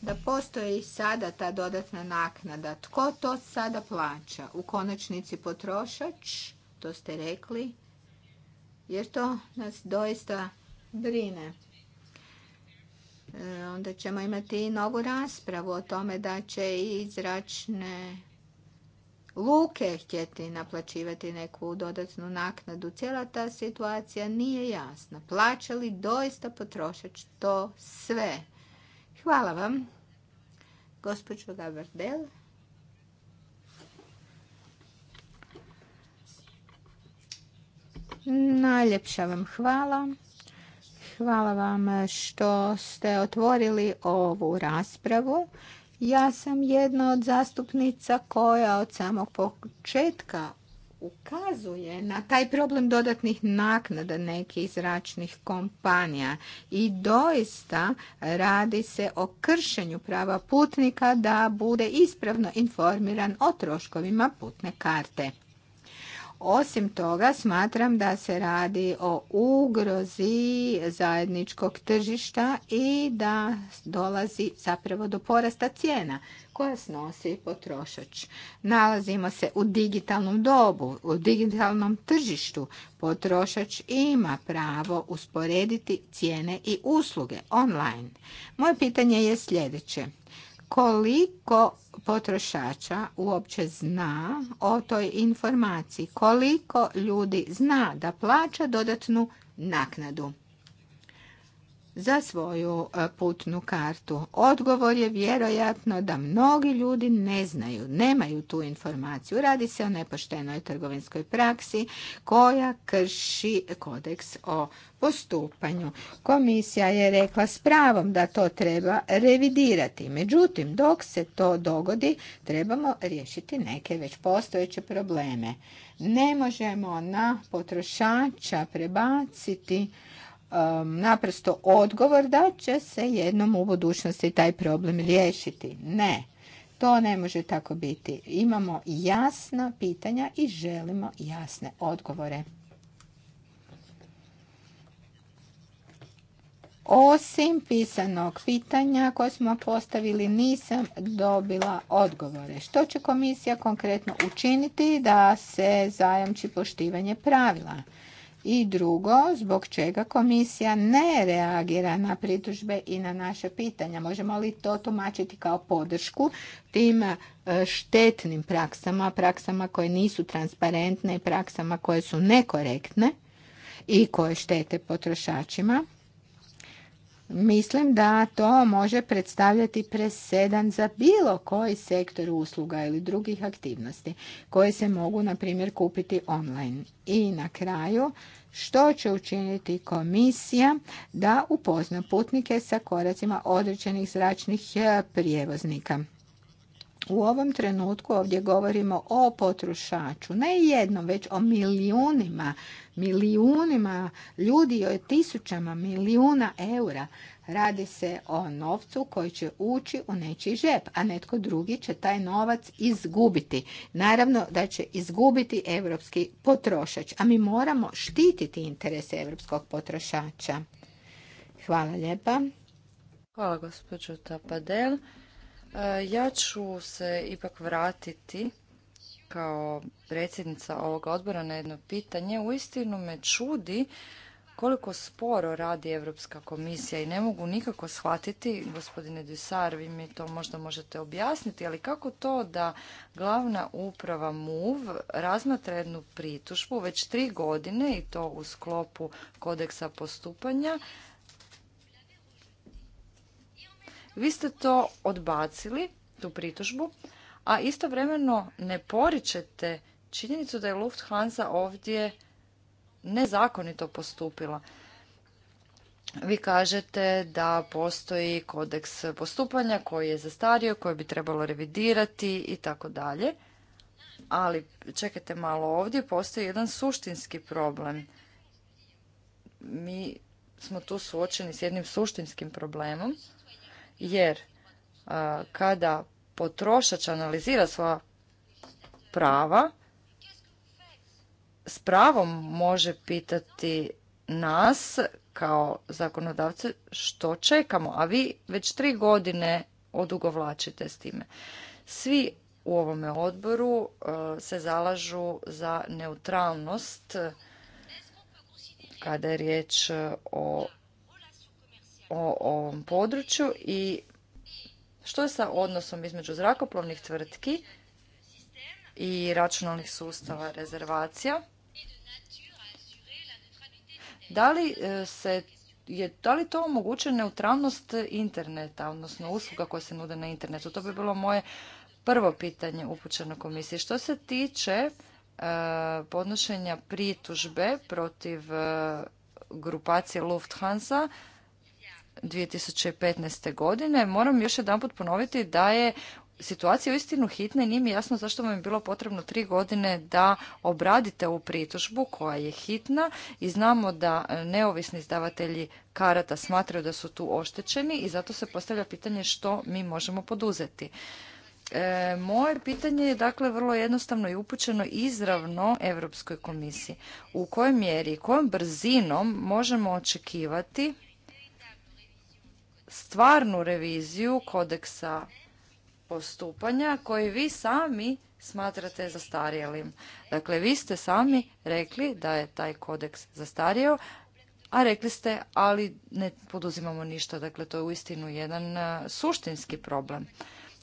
da postoji sada ta dodatna naknada. Tko to sada plaća? U konačnici potrošač, to ste rekli, jer to nas doista brine. E, onda ćemo imati i novu raspravu o tome da će i zračne luke htjeti naplaćivati neku dodatnu naknadu. Cijela ta situacija nije jasna. Plaća li doista potrošač to sve? Hvala vam, gospođo Gabardel. Najljepša vam hvala. Hvala vam što ste otvorili ovu raspravu. Ja sam jedna od zastupnica koja od samog početka ukazuje na taj problem dodatnih naknada nekih zračnih kompanija i doista radi se o kršenju prava putnika da bude ispravno informiran o troškovima putne karte. Osim toga, smatram da se radi o ugrozi zajedničkog tržišta i da dolazi zapravo do porasta cijena koja snosi potrošač. Nalazimo se u digitalnom dobu, u digitalnom tržištu. Potrošač ima pravo usporediti cijene i usluge online. Moje pitanje je sljedeće koliko potrošača uopće zna o toj informaciji, koliko ljudi zna da plaća dodatnu naknadu za svoju e, putnu kartu. Odgovor je vjerojatno da mnogi ljudi ne znaju, nemaju tu informaciju. Radi se o nepoštenoj trgovinskoj praksi koja krši kodeks o postupanju. Komisija je rekla s pravom da to treba revidirati. Međutim, dok se to dogodi, trebamo riješiti neke već postojeće probleme. Ne možemo na potrošača prebaciti Um, naprosto odgovor da će se jednom u budućnosti taj problem riješiti. Ne, to ne može tako biti. Imamo jasna pitanja i želimo jasne odgovore. Osim pisanog pitanja koje smo postavili nisam dobila odgovore. Što će komisija konkretno učiniti da se zajamči poštivanje pravila? I drugo, zbog čega komisija ne reagira na pritužbe i na naše pitanja? Možemo li to tumačiti kao podršku tim e, štetnim praksama, praksama koje nisu transparentne i praksama koje su nekorektne i koje štete potrošačima? Mislim da to može predstavljati presedan za bilo koji sektor usluga ili drugih aktivnosti koje se mogu, na primjer, kupiti online. I na kraju, što će učiniti komisija da upozna putnike sa koracima određenih zračnih e, prijevoznika? U ovom trenutku ovdje govorimo o potrošaču, ne jednom, već o milijunima, milijunima ljudi, o tisućama milijuna eura. Radi se o novcu koji će ući u nečiji žep, a netko drugi će taj novac izgubiti. Naravno da će izgubiti evropski potrošač, a mi moramo štititi interese evropskog potrošača. Hvala lijepa. Hvala gospođo Tapadel. E, ja ću se ipak vratiti kao predsjednica ovog odbora na jedno pitanje. Uistinu me čudi koliko sporo radi Europska komisija i ne mogu nikako shvatiti, gospodine Dusar, vi mi to možda možete objasniti, ali kako to da glavna uprava MUV razmatra jednu pritužbu već tri godine i to u sklopu kodeksa postupanja Vi ste to odbacili, tu pritužbu, a istovremeno ne poričete činjenicu da je Lufthansa ovdje nezakonito postupila. Vi kažete da postoji kodeks postupanja koji je zastario, koji bi trebalo revidirati i tako dalje. Ali čekajte malo ovdje, postoji jedan suštinski problem. Mi smo tu suočeni s jednim suštinskim problemom jer kada potrošač analizira svoja prava, s pravom može pitati nas kao zakonodavce što čekamo, a vi već tri godine odugovlačite s time. Svi u ovome odboru se zalažu za neutralnost kada je riječ o o ovom području i što je sa odnosom između zrakoplovnih tvrtki i računalnih sustava rezervacija? Da li, e, se, je, da li to omogućuje neutralnost interneta, odnosno usluga koje se nude na internetu? To bi bilo moje prvo pitanje upućeno komisiji. Što se tiče e, podnošenja pritužbe protiv e, grupacije Lufthansa 2015. godine. Moram još jedanput ponoviti da je situacija istinu hitna i nije mi jasno zašto vam je bilo potrebno tri godine da obradite ovu pritužbu koja je hitna i znamo da e, neovisni izdavatelji karata smatraju da su tu oštećeni i zato se postavlja pitanje što mi možemo poduzeti. E, moje pitanje je dakle vrlo jednostavno i upućeno izravno Europskoj komisiji. U kojoj mjeri i kojom brzinom možemo očekivati stvarnu reviziju kodeksa postupanja koji vi sami smatrate zastarijelim. Dakle, vi ste sami rekli da je taj kodeks zastario, a rekli ste, ali ne poduzimamo ništa. Dakle, to je uistinu jedan e, suštinski problem.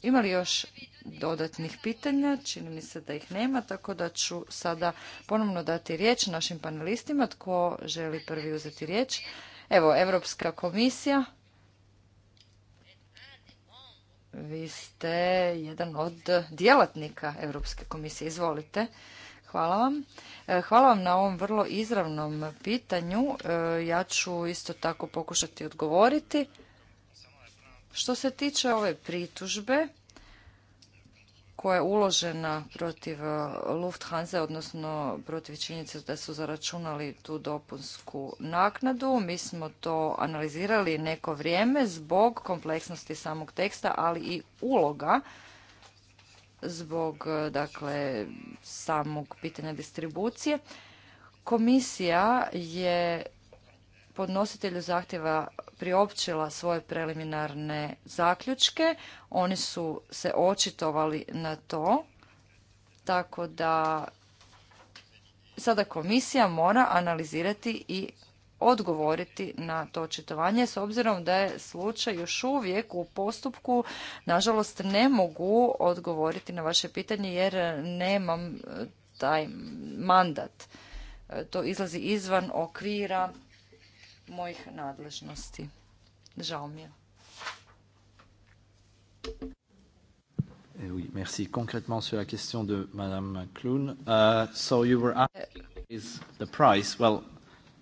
Ima li još dodatnih pitanja? Čini mi se da ih nema, tako da ću sada ponovno dati riječ našim panelistima. Tko želi prvi uzeti riječ? Evo, Europska komisija. Vi ste jedan od djelatnika Europske komisije. Izvolite. Hvala vam. E, hvala vam na ovom vrlo izravnom pitanju. E, ja ću isto tako pokušati odgovoriti. Što se tiče ove pritužbe, koja je uložena protiv eh, Lufthansa, odnosno protiv činjenice da su zaračunali tu dopunsku naknadu. Mi smo to analizirali neko vrijeme zbog kompleksnosti samog teksta, ali i uloga zbog eh, dakle, samog pitanja distribucije. Komisija je podnositelju zahtjeva priopćila svoje preliminarne zaključke. Oni su se očitovali na to, tako da sada komisija mora analizirati i odgovoriti na to očitovanje s obzirom da je slučaj još uvijek u postupku. Nažalost ne mogu odgovoriti na vaše pitanje jer nemam eh, taj mandat. Eh, to izlazi izvan okvira mojih nadležnosti. Žao mi je. Eh oui, merci. Concrètement sur la question de Madame Kloon, uh, so you were asking is the price? Well,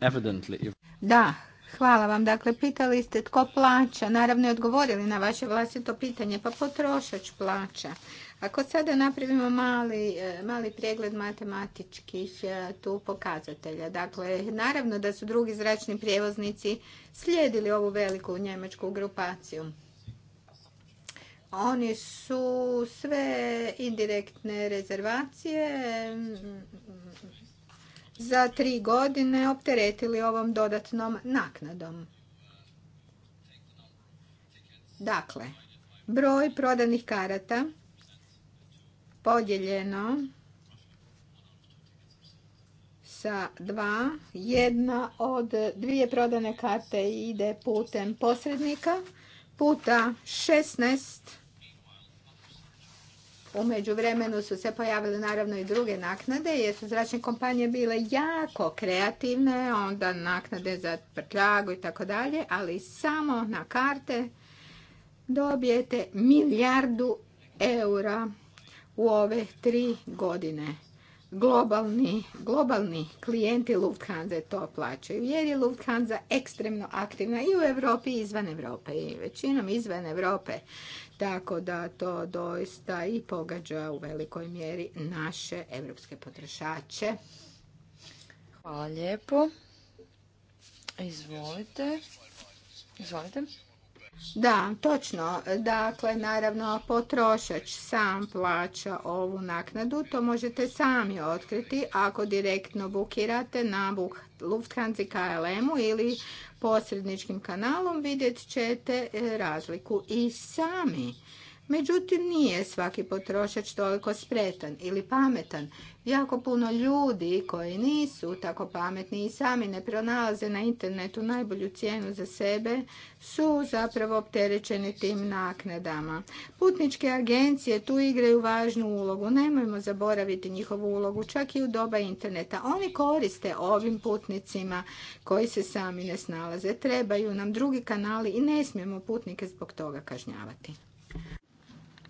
evidently. Da, hvala vam. Dakle, pitali ste tko plaća. Naravno, odgovorili na vaše vlastito pitanje, pa potrošač plaća. Ako sada napravimo mali, e, pregled matematičkih e, tu pokazatelja, dakle, naravno da su drugi zračni prijevoznici slijedili ovu veliku njemačku grupaciju. Oni su sve indirektne rezervacije za tri godine opteretili ovom dodatnom naknadom. Dakle, broj prodanih karata podijeljeno sa dva. Jedna od dvije prodane karte ide putem posrednika puta 16. Umeđu vremenu su se pojavile naravno i druge naknade jer su zračne kompanije bile jako kreativne, onda naknade za prtljagu i tako dalje, ali samo na karte dobijete milijardu eura u ove tri godine. Globalni, globalni klijenti Lufthansa to plaćaju jer je Lufthansa ekstremno aktivna i u Europi i izvan Europe i većinom izvan Europe. Tako da to doista i pogađa u velikoj mjeri naše evropske potrošače. Hvala lijepo. Izvolite. Izvolite. Da, točno. Dakle, naravno, potrošač sam plaća ovu naknadu. To možete sami otkriti ako direktno bukirate na Lufthansa KLM-u ili posredničkim kanalom. Vidjet ćete e, razliku i sami. Međutim, nije svaki potrošač toliko spretan ili pametan. Jako puno ljudi koji nisu tako pametni i sami ne pronalaze na internetu najbolju cijenu za sebe su zapravo opterećeni tim naknadama. Putničke agencije tu igraju važnu ulogu. Nemojmo zaboraviti njihovu ulogu čak i u doba interneta. Oni koriste ovim putnicima koji se sami ne snalaze. Trebaju nam drugi kanali i ne smijemo putnike zbog toga kažnjavati.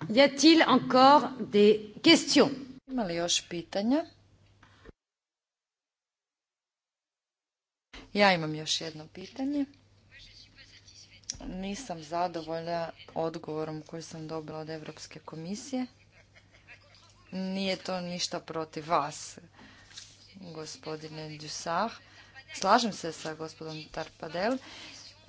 Y il Ima li još pitanja? Ja imam još jedno pitanje. Nisam zadovoljna odgovorom koji sam dobila od Europske komisije. Nije to ništa protiv vas, gospodine Dussard. Slažem se sa gospodom Tarpadel.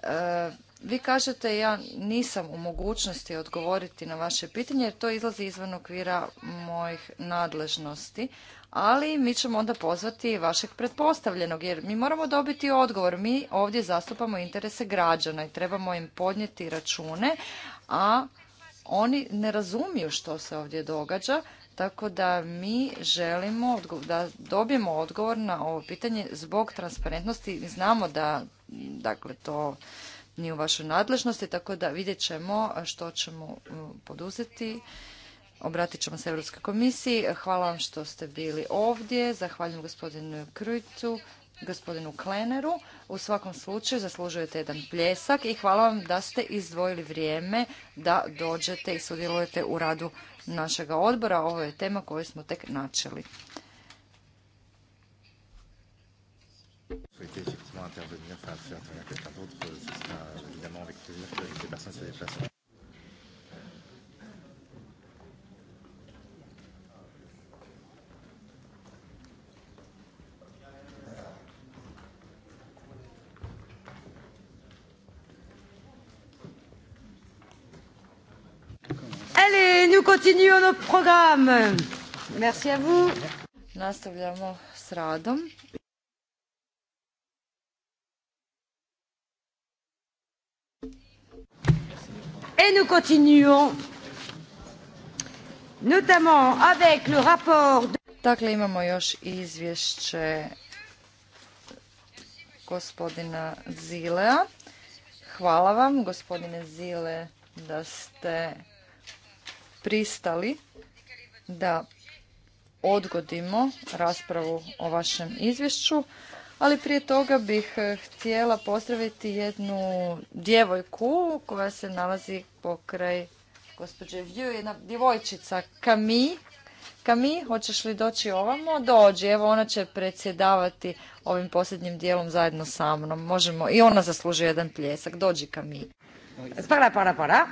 E, vi kažete ja nisam u mogućnosti odgovoriti na vaše pitanje jer to izlazi izvan okvira mojih nadležnosti, ali mi ćemo onda pozvati vašeg pretpostavljenog jer mi moramo dobiti odgovor. Mi ovdje zastupamo interese građana i trebamo im podnijeti račune, a oni ne razumiju što se ovdje događa, tako da mi želimo da dobijemo odgovor na ovo pitanje zbog transparentnosti. Znamo da dakle to nije u vašoj nadležnosti, tako da vidjet ćemo što ćemo poduzeti. Obratit ćemo se Europskoj komisiji. Hvala vam što ste bili ovdje. Zahvaljujem gospodinu Krujcu, gospodinu Kleneru. U svakom slučaju zaslužujete jedan pljesak i hvala vam da ste izdvojili vrijeme da dođete i sudjelujete u radu našega odbora. Ovo je tema koju smo tek načeli. Allez, nous continuons notre programme. Merci à vous. Nastavljamo s radom. Et nous continuons, notamment avec le rapport... Dakle, imamo još izvješće gospodina Zilea. Hvala vam, gospodine Zile, da ste pristali da odgodimo raspravu o vašem izvješću. Ali prije toga bih e, htjela pozdraviti jednu djevojku koja se nalazi pokraj gospođe Vju, jedna djevojčica, Kami. Kami, hoćeš li doći ovamo? Dođi, evo ona će predsjedavati ovim posljednjim dijelom zajedno sa mnom. Možemo, i ona zaslužuje jedan pljesak. Dođi, Kami. Para, para, para.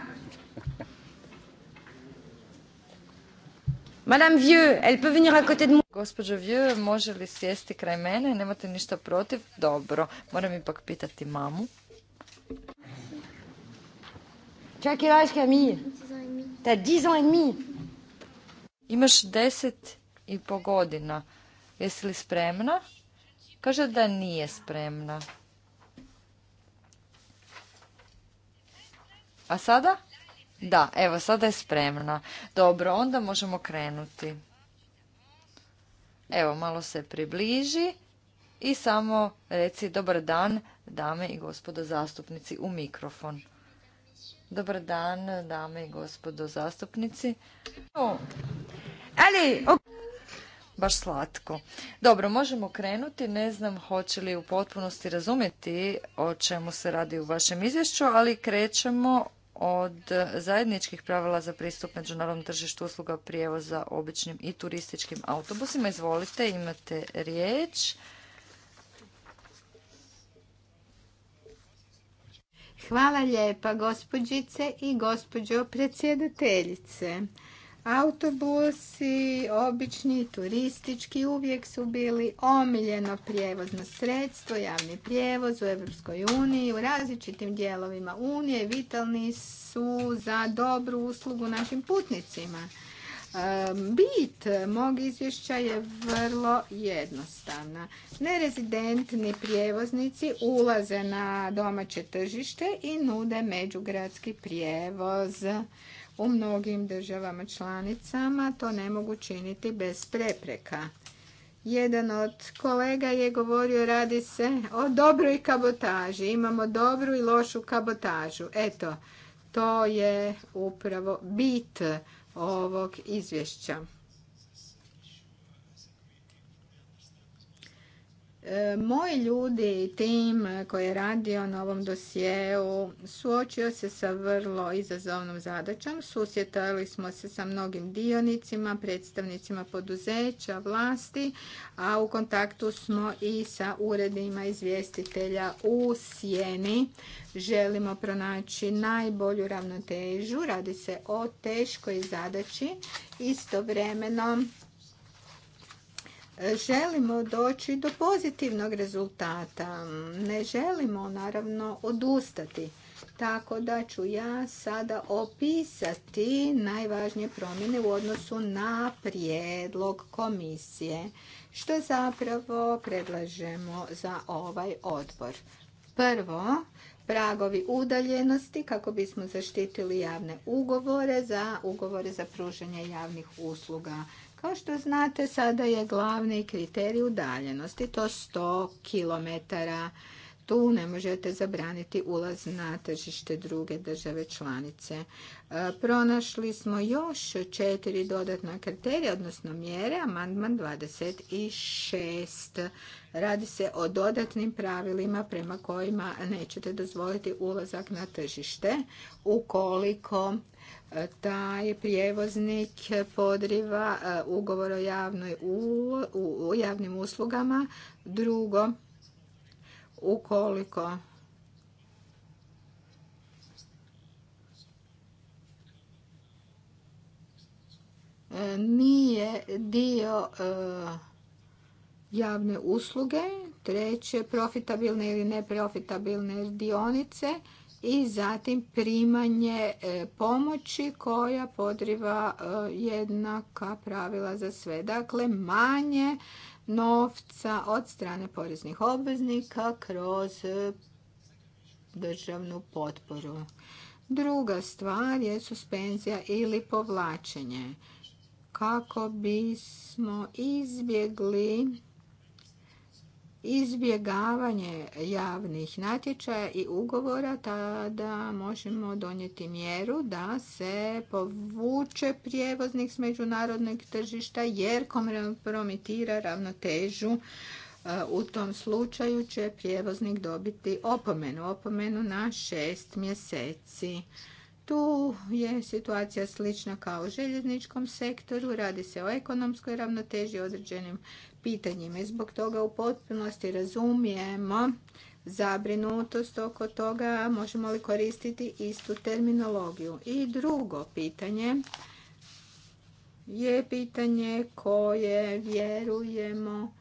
Madame Vieux, elle peut venir à côté de moi. Gospođo Vieux, može li sjesti kraj mene? Nemate ništa protiv? Dobro. Moram ipak pitati mamu. Tu as quel âge, Camille? je 10 ans et demi. Imaš 10 i po godina. Jesi li spremna? Kaže da nije spremna. A sada? Da, evo, sada je spremna. Dobro, onda možemo krenuti. Evo, malo se približi i samo reci dobar dan, dame i gospodo zastupnici, u mikrofon. Dobar dan, dame i gospodo zastupnici. Ali, baš slatko. Dobro, možemo krenuti. Ne znam hoće li u potpunosti razumjeti o čemu se radi u vašem izvješću, ali krećemo od zajedničkih pravila za pristup međunarodnom tržištu usluga prijevoza običnim i turističkim autobusima. Izvolite, imate riječ. Hvala lijepa gospođice i gospođo predsjedateljice. Autobusi, obični, turistički, uvijek su bili omiljeno prijevozno sredstvo, javni prijevoz u EU, uniji, u različitim dijelovima Unije, vitalni su za dobru uslugu našim putnicima. Bit mog izvješća je vrlo jednostavna. Nerezidentni prijevoznici ulaze na domaće tržište i nude međugradski prijevoz u mnogim državama članicama to ne mogu činiti bez prepreka. Jedan od kolega je govorio radi se o dobroj kabotaži. Imamo dobru i lošu kabotažu. Eto, to je upravo bit ovog izvješća. E, moji ljudi i tim koji je radio na ovom dosjeu suočio se sa vrlo izazovnom zadaćom. Susjetali smo se sa mnogim dionicima, predstavnicima poduzeća, vlasti, a u kontaktu smo i sa uredima izvjestitelja u Sjeni. Želimo pronaći najbolju ravnotežu. Radi se o teškoj zadaći. Istovremeno želimo doći do pozitivnog rezultata. Ne želimo naravno odustati. Tako da ću ja sada opisati najvažnije promjene u odnosu na prijedlog komisije. Što zapravo predlažemo za ovaj odbor? Prvo, pragovi udaljenosti kako bismo zaštitili javne ugovore za ugovore za pruženje javnih usluga. Kao što znate, sada je glavni kriterij udaljenosti, to 100 km. Tu ne možete zabraniti ulaz na tržište druge države članice. E, pronašli smo još četiri dodatna kriterija, odnosno mjere, amandman 26. Radi se o dodatnim pravilima prema kojima nećete dozvoliti ulazak na tržište ukoliko taj prijevoznik podriva e, ugovor o javnim uslugama. Drugo, ukoliko nije dio e, javne usluge, treće profitabilne ili neprofitabilne dionice i zatim primanje e, pomoći koja podriva e, jednaka pravila za sve. Dakle, manje novca od strane poreznih obveznika kroz e, državnu potporu. Druga stvar je suspenzija ili povlačenje kako bismo izbjegli izbjegavanje javnih natječaja i ugovora, tada možemo donijeti mjeru da se povuče prijevoznik s međunarodnog tržišta jer kompromitira ravnotežu e, u tom slučaju će prijevoznik dobiti opomenu, opomenu na šest mjeseci. Tu je situacija slična kao u željezničkom sektoru, radi se o ekonomskoj ravnoteži, određenim pitanjima i zbog toga u potpunosti razumijemo zabrinutost oko toga možemo li koristiti istu terminologiju. I drugo pitanje je pitanje koje vjerujemo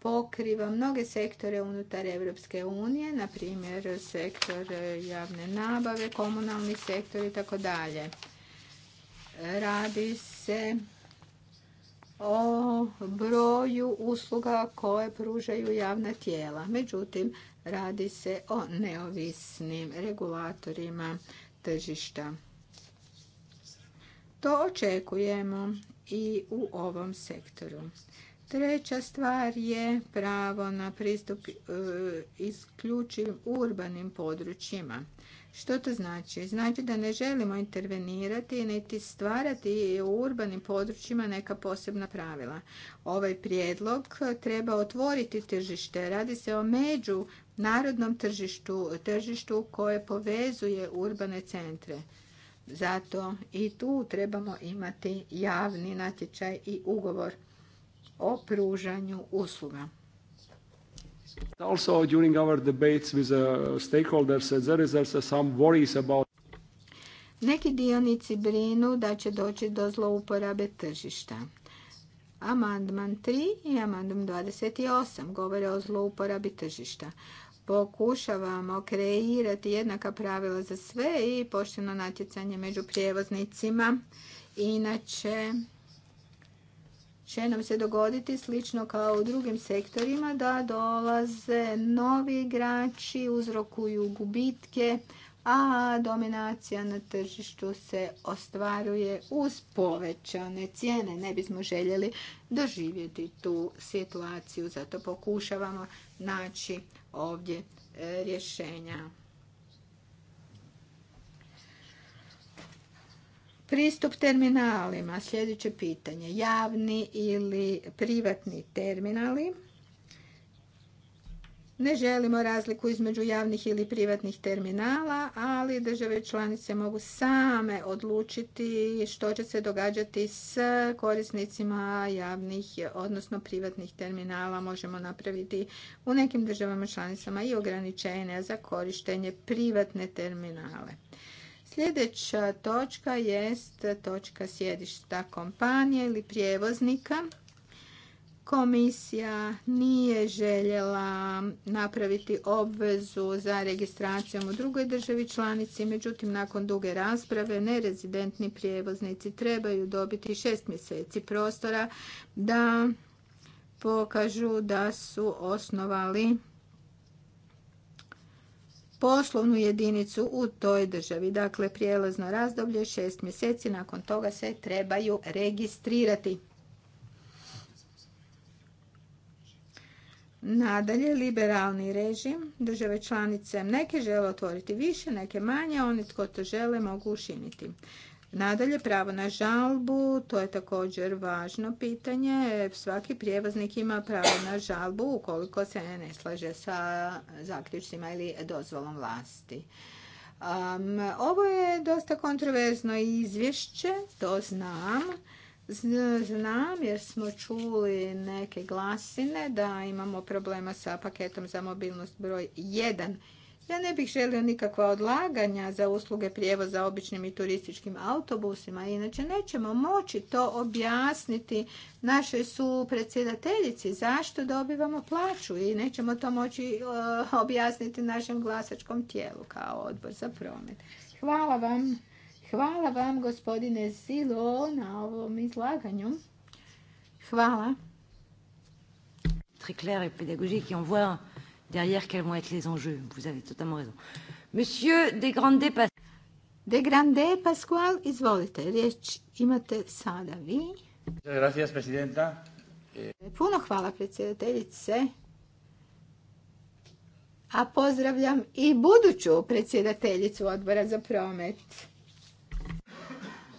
pokriva mnoge sektore unutar Europske unije, na primjer sektor javne nabave, komunalni sektor i tako dalje. Radi se o broju usluga koje pružaju javna tijela. Međutim, radi se o neovisnim regulatorima tržišta. To očekujemo i u ovom sektoru. Treća stvar je pravo na pristup e, isključivim urbanim područjima. Što to znači? Znači da ne želimo intervenirati niti stvarati u urbanim područjima neka posebna pravila. Ovaj prijedlog treba otvoriti tržište. Radi se o među narodnom tržištu, tržištu koje povezuje urbane centre. Zato i tu trebamo imati javni natječaj i ugovor o pružanju usluga. Also during our debates with uh, stakeholders uh, some worries neki dionici brinu da će doći do zlouporabe tržišta. Amandman 3 i amandman 28 govore o zlouporabi tržišta. Pokušavamo kreirati jednaka pravila za sve i pošteno natjecanje među prijevoznicima. Inače, će nam se dogoditi slično kao u drugim sektorima da dolaze novi igrači, uzrokuju gubitke, a dominacija na tržištu se ostvaruje uz povećane cijene. Ne bismo željeli doživjeti tu situaciju, zato pokušavamo naći ovdje e, rješenja. Pristup terminalima, sljedeće pitanje, javni ili privatni terminali. Ne želimo razliku između javnih ili privatnih terminala, ali države članice mogu same odlučiti što će se događati s korisnicima javnih, odnosno privatnih terminala. Možemo napraviti u nekim državama članicama i ograničenja za korištenje privatne terminale. Sljedeća točka jest točka sjedišta kompanije ili prijevoznika. Komisija nije željela napraviti obvezu za registracijom u drugoj državi članici, međutim nakon duge rasprave nerezidentni prijevoznici trebaju dobiti šest mjeseci prostora da pokažu da su osnovali poslovnu jedinicu u toj državi. Dakle, prijelazno razdoblje šest mjeseci, nakon toga se trebaju registrirati. Nadalje, liberalni režim. Države članice neke žele otvoriti više, neke manje. Oni tko to žele mogu učiniti. Nadalje, pravo na žalbu, to je također važno pitanje. Svaki prijevoznik ima pravo na žalbu ukoliko se ne slaže sa zaključcima ili dozvolom vlasti. ovo je dosta kontroverzno izvješće, to znam. Znam jer smo čuli neke glasine da imamo problema sa paketom za mobilnost broj 1 ja ne bih želio nikakva odlaganja za usluge prijevoza običnim i turističkim autobusima, inače nećemo moći to objasniti našoj su zašto dobivamo plaću i nećemo to moći e, objasniti našem glasačkom tijelu kao odbor za promet. Hvala vam. Hvala vam gospodine Zilo na ovom izlaganju. Hvala. Très derrière quels vont être les enjeux. Vous avez totalement raison. Monsieur De Grande Pasquale. De Pasquale, izvolite, riječ imate sada vi. Gracias, presidenta. E, puno hvala predsjedateljice. A pozdravljam i buduću predsjedateljicu odbora za promet.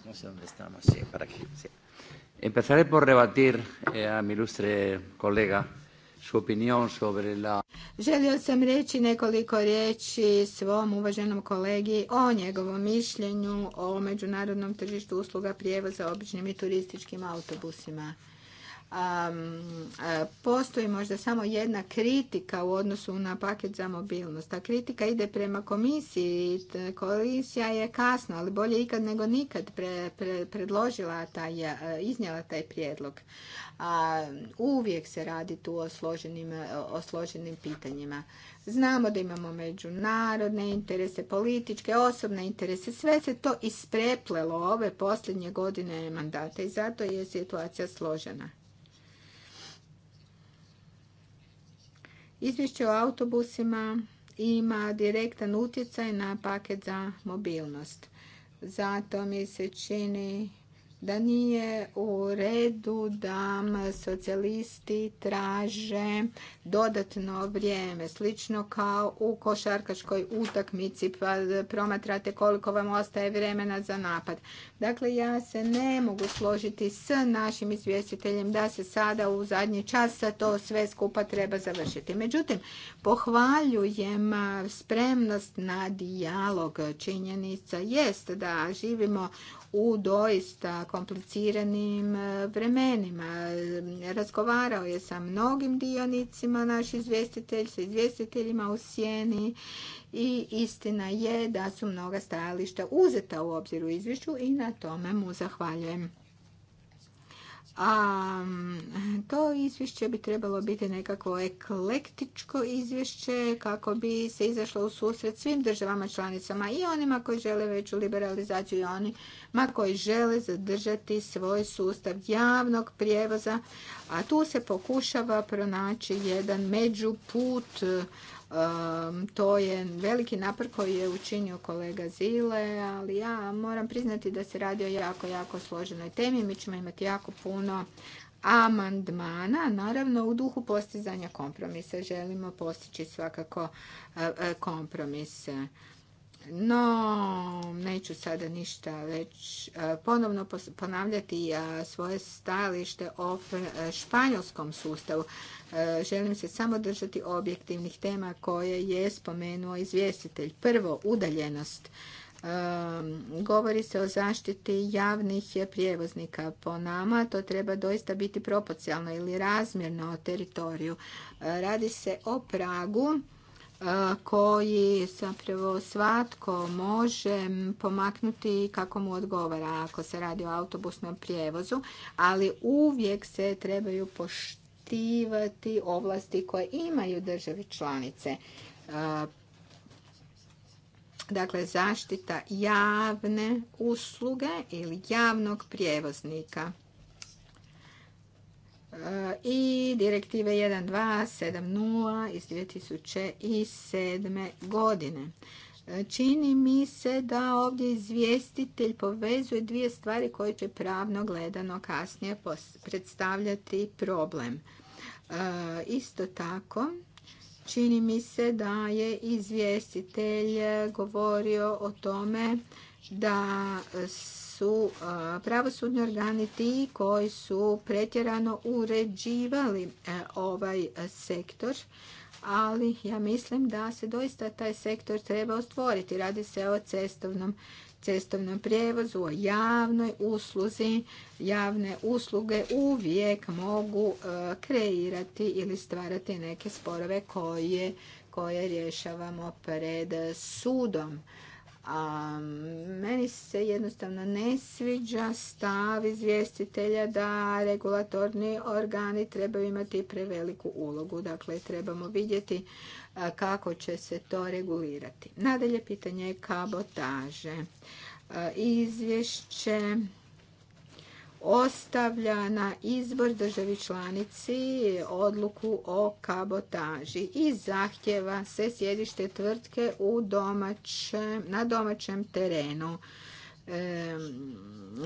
No sé dónde estamos, sí, para aquí. Sí. Empezaré por rebatir eh, a mi ilustre colega Želio sam reći nekoliko riječi svom uvaženom kolegi o njegovom mišljenju o međunarodnom tržištu usluga prijevoza običnim i turističkim autobusima. E, postoji možda samo jedna kritika u odnosu na paket za mobilnost. Ta kritika ide prema komisiji. Komisija je kasno, ali bolje ikad nego nikad predložila taj, e, iznijela taj prijedlog. A, uvijek se radi tu o složenim, e, o složenim pitanjima. Znamo da imamo međunarodne interese, političke, osobne interese. Sve se to ispreplelo ove posljednje godine mandata i zato je situacija složena. Izvješće o autobusima ima direktan utjecaj na paket za mobilnost. Zato mi se čini da nije u redu da socijalisti traže dodatno vrijeme. Slično kao u košarkaškoj utakmici pa e, promatrate koliko vam ostaje vremena za napad. Dakle, ja se ne mogu složiti s našim izvjestiteljem da se sada u zadnji čas to sve skupa treba završiti. Međutim, pohvaljujem e, spremnost na dijalog. Činjenica jest da živimo u doista kompliciranim e, vremenima. Razgovarao je sa mnogim dionicima naš izvjestitelj, sa izvjestiteljima u sjeni i istina je da su mnoga stajališta uzeta u obzir u izvješću i na tome mu zahvaljujem. A mm, to izvješće bi trebalo biti nekako eklektičko izvješće kako bi se izašlo u susret svim državama članicama i onima koji žele veću liberalizaciju i onima koji žele zadržati svoj sustav javnog prijevoza. A tu se pokušava pronaći jedan međuput to je veliki napor koji je učinio kolega Zile, ali ja moram priznati da se radi o jako, jako složenoj temi. Mi ćemo imati jako puno amandmana, naravno u duhu postizanja kompromisa. Želimo postići svakako e, e, kompromise. No, neću sada ništa već e, ponovno ponavljati svoje stajalište o e, španjolskom sustavu. E, želim se samo držati objektivnih tema koje je spomenuo izvjestitelj. Prvo, udaljenost. Govori se o zaštiti javnih prijevoznika. Po nama to treba doista biti proporcionalno ili razmjerno o teritoriju. Radi se o pragu koji zapravo svatko može pomaknuti kako mu odgovara ako se radi o autobusnom prijevozu, ali uvijek se trebaju poštivati ovlasti koje imaju države članice. Dakle, zaštita javne usluge ili javnog prijevoznika. E, i direktive 1270 iz 2007. godine. E, čini mi se da ovdje izvjestitelj povezuje dvije stvari koje će pravno gledano kasnije predstavljati problem. E, isto tako, čini mi se da je izvjestitelj govorio o tome da su pravosudni organi ti koji su pretjerano uređivali e, ovaj sektor ali ja mislim da se doista taj sektor treba ostvoriti. Radi se o cestovnom cestovnom prijevozu, o javnoj usluzi. Javne usluge uvijek mogu e, kreirati ili stvarati neke sporove koje, koje rješavamo pred sudom. A meni se jednostavno ne sviđa stav izvjestitelja da regulatorni organi trebaju imati preveliku ulogu. Dakle, trebamo vidjeti kako će se to regulirati. Nadalje, pitanje je kabotaže. Izvješće ostavlja na izbor državi članici odluku o kabotaži i zahtjeva se sjedište tvrtke u na domaćem terenu.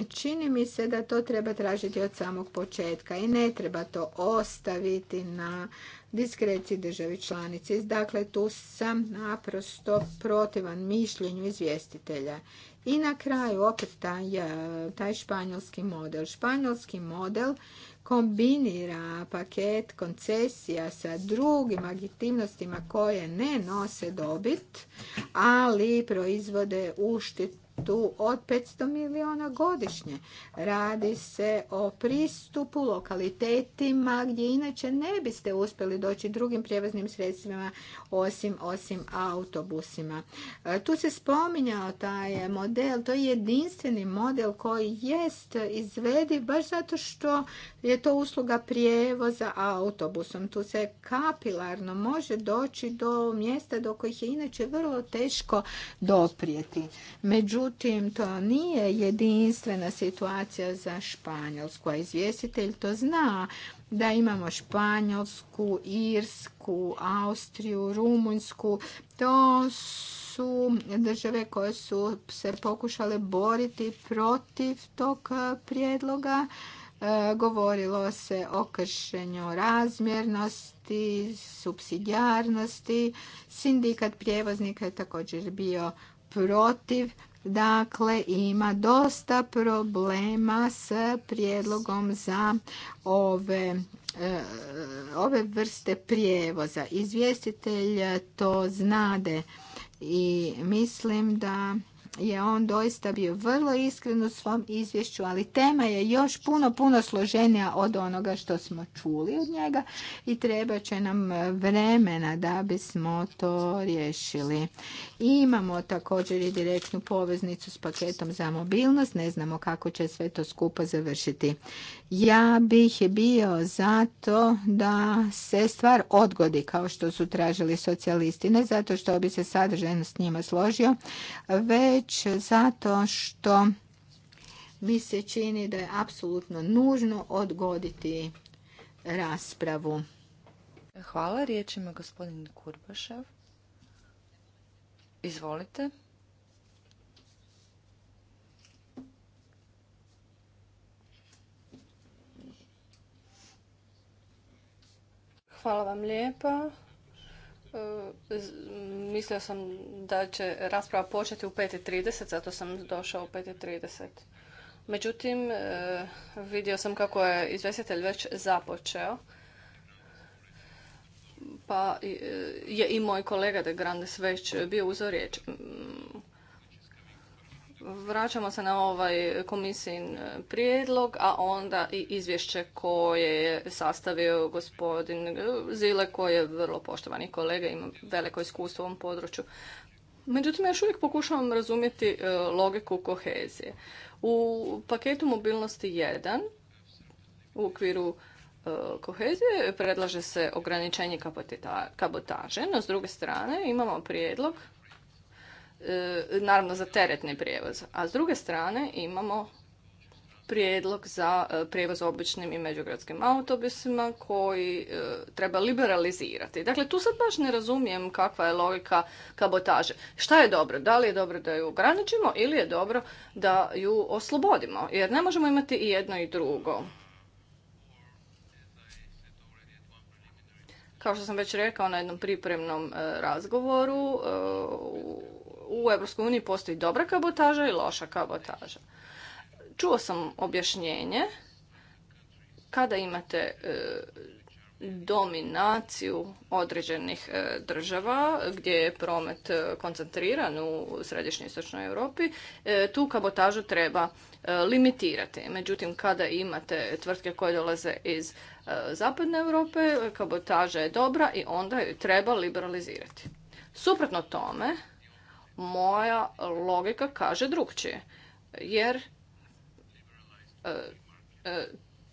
Čini mi se da to treba tražiti od samog početka i ne treba to ostaviti na diskreciji državi članici. Dakle, tu sam naprosto protivan mišljenju izvjestitelja i na kraju opet taj, e, taj španjolski model. Španjolski model kombinira paket koncesija sa drugim aktivnostima koje ne nose dobit, ali proizvode uštit, tu od 500 miliona godišnje. Radi se o pristupu lokalitetima gdje inače ne biste uspjeli doći drugim prijevoznim sredstvima osim, osim autobusima. E, tu se spominjao taj model, to je jedinstveni model koji jest izvedi baš zato što je to usluga prijevoza autobusom. Tu se kapilarno može doći do mjesta do kojih je inače vrlo teško doprijeti. Međutim, Međutim, to nije jedinstvena situacija za Španjolsku, a izvjestitelj to zna da imamo Španjolsku, Irsku, Austriju, Rumunjsku. To su države koje su se pokušale boriti protiv tog e, prijedloga. E, govorilo se o kršenju razmjernosti, subsidijarnosti. Sindikat prijevoznika je također bio protiv Dakle, ima dosta problema s prijedlogom za ove e, ove vrste prijevoza. Izvjestitelj to znade i mislim da je on doista bio vrlo iskren u svom izvješću, ali tema je još puno, puno složenija od onoga što smo čuli od njega i treba će nam vremena da bismo to riješili. Imamo također i direktnu poveznicu s paketom za mobilnost, ne znamo kako će sve to skupa završiti. Ja bih bio zato da se stvar odgodi kao što su tražili socijalisti. Ne zato što bi se sadržajno s njima složio, već zato što mi se čini da je apsolutno nužno odgoditi raspravu. Hvala. Riječ ima gospodin Kurbašev. Izvolite. Hvala vam lijepa. E, mislio sam da će rasprava početi u 5.30, zato sam došao u 5.30. Međutim, e, vidio sam kako je izvjestitelj već započeo. Pa e, je i moj kolega De Grandes već bio uzor riječ. Mm, vraćamo se na ovaj komisijin e, prijedlog, a onda i izvješće koje je sastavio gospodin Zile, koji je vrlo poštovani kolega, ima veliko iskustvo u ovom području. Međutim, još uvijek pokušavam razumjeti e, logiku kohezije. U paketu mobilnosti 1 u okviru e, kohezije predlaže se ograničenje kabotaže, no s druge strane imamo prijedlog E, naravno za teretni prijevoz. A s druge strane imamo prijedlog za e, prijevoz običnim i međugradskim autobusima koji e, treba liberalizirati. Dakle, tu sad baš ne razumijem kakva je logika kabotaže. Šta je dobro? Da li je dobro da ju ograničimo ili je dobro da ju oslobodimo? Jer ne možemo imati i jedno i drugo. Kao što sam već rekao na jednom pripremnom razgovoru, u u EU postoji dobra kabotaža i loša kabotaža. Čuo sam objašnjenje kada imate e, dominaciju određenih e, država gdje je promet e, koncentriran u središnjoj istočnoj Europi, tu kabotažu treba limitirati. Međutim, kada imate tvrtke koje dolaze iz zapadne Europe, kabotaža je dobra i onda ju treba liberalizirati. Suprotno tome, moja logika kaže drugčije. Jer e, e,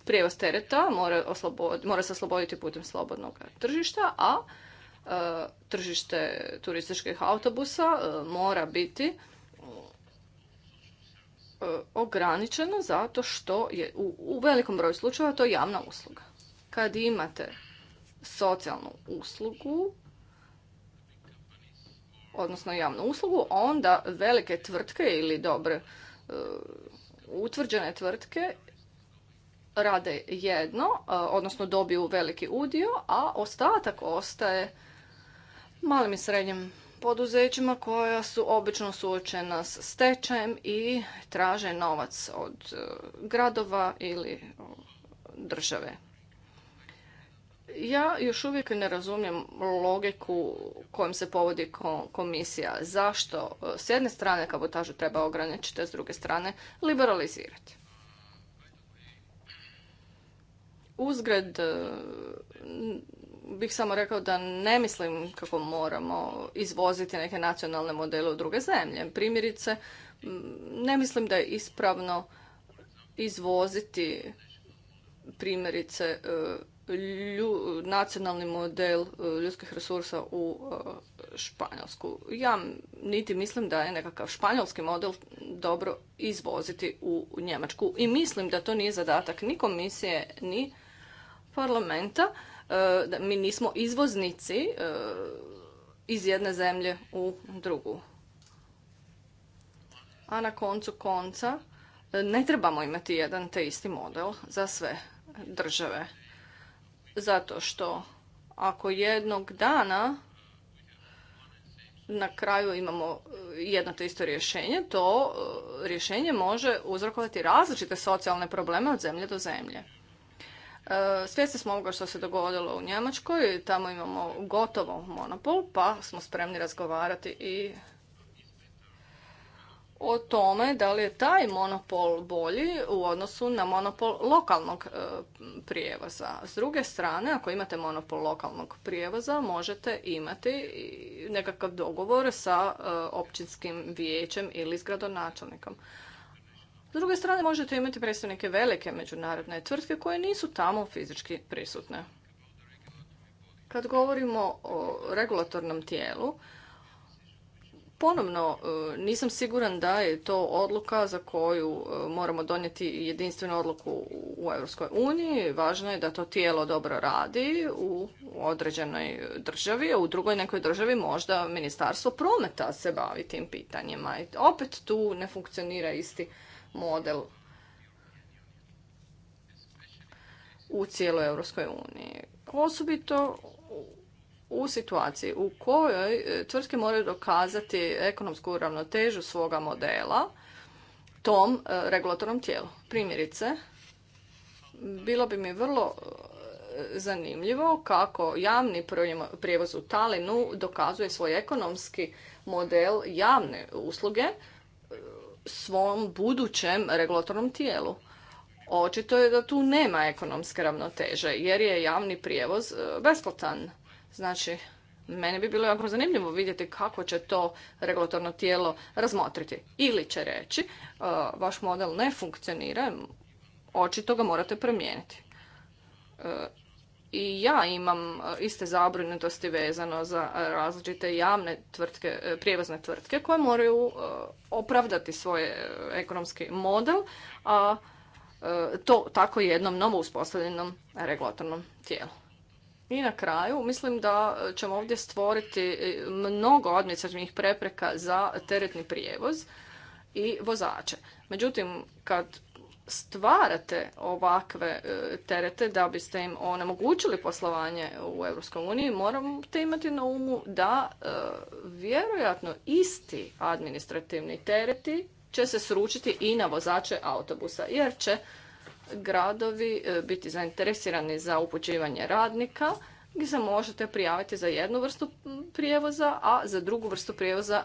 prijevoz tereta mora, se osloboditi putem slobodnog tržišta, a e, tržište turističkih autobusa mora biti ograničeno zato što je u, u velikom broju slučajeva to javna usluga. Kad imate socijalnu uslugu odnosno javnu uslugu, onda velike tvrtke ili dobre e, utvrđene tvrtke rade jedno, e, odnosno dobiju veliki udio, a ostatak ostaje malim i srednjim poduzećima koja su obično suočena s stečajem i traže novac od e, gradova ili države. Ja još uvijek ne razumijem logiku kojom se povodi komisija. Zašto s jedne strane kabotažu treba ograničiti, a s druge strane liberalizirati? Uzgred e, bih samo rekao da ne mislim kako moramo izvoziti neke nacionalne modele u druge zemlje. Primjerice, ne mislim da je ispravno izvoziti primjerice e, nacionalni model e, ljudskih resursa u e, Španjolsku. Ja niti mislim da je nekakav španjolski model dobro izvoziti u Njemačku i mislim da to nije zadatak ni komisije ni parlamenta. E, da mi nismo izvoznici iz jedne zemlje u drugu. A na koncu konca ne trebamo imati jedan te isti model za sve države zato što ako jednog dana na kraju imamo e, jedno to isto rješenje, to e, rješenje može uzrokovati različite socijalne probleme od zemlje do zemlje. E, svjesni smo ovoga što se dogodilo u Njemačkoj, tamo imamo gotovo monopol, pa smo spremni razgovarati i o tome da li je taj monopol bolji u odnosu na monopol lokalnog e, prijevoza. S druge strane, ako imate monopol lokalnog prijevoza, možete imati nekakav dogovor sa e, općinskim vijećem ili s gradonačelnikom. S druge strane, možete imati predstavnike velike međunarodne tvrtke koje nisu tamo fizički prisutne. Kad govorimo o regulatornom tijelu, ponovno e, nisam siguran da je to odluka za koju e, moramo donijeti jedinstvenu odluku u Europskoj uniji. Važno je da to tijelo dobro radi u određenoj državi, a u drugoj nekoj državi možda ministarstvo prometa se bavi tim pitanjima. I opet tu ne funkcionira isti model u cijeloj Europskoj uniji. Osobito u situaciji u kojoj e, tvrtke moraju dokazati ekonomsku ravnotežu svoga modela tom e, regulatornom tijelu. Primjerice, bilo bi mi vrlo e, zanimljivo kako javni prijevoz u Talinu dokazuje svoj ekonomski model javne usluge svom budućem regulatornom tijelu. Očito je da tu nema ekonomske ravnoteže jer je javni prijevoz besplatan Znači, mene bi bilo jako zanimljivo vidjeti kako će to regulatorno tijelo razmotriti. Ili će reći, e, vaš model ne funkcionira, očito ga morate promijeniti. E, I ja imam e, iste zabrinutosti vezano za različite javne tvrtke, prijevozne tvrtke koje moraju opravdati svoj ekonomski model, a to tako jednom novo uspostavljenom regulatornom tijelu. I na kraju, mislim da ćemo ovdje stvoriti mnogo administrativnih prepreka za teretni prijevoz i vozače. Međutim, kad stvarate ovakve e, terete da biste im onemogućili poslovanje u EU, morate imati na umu da e, vjerojatno isti administrativni tereti će se sručiti i na vozače autobusa, jer će gradovi e, biti zainteresirani za upućivanje radnika gdje se možete prijaviti za jednu vrstu prijevoza, a za drugu vrstu prijevoza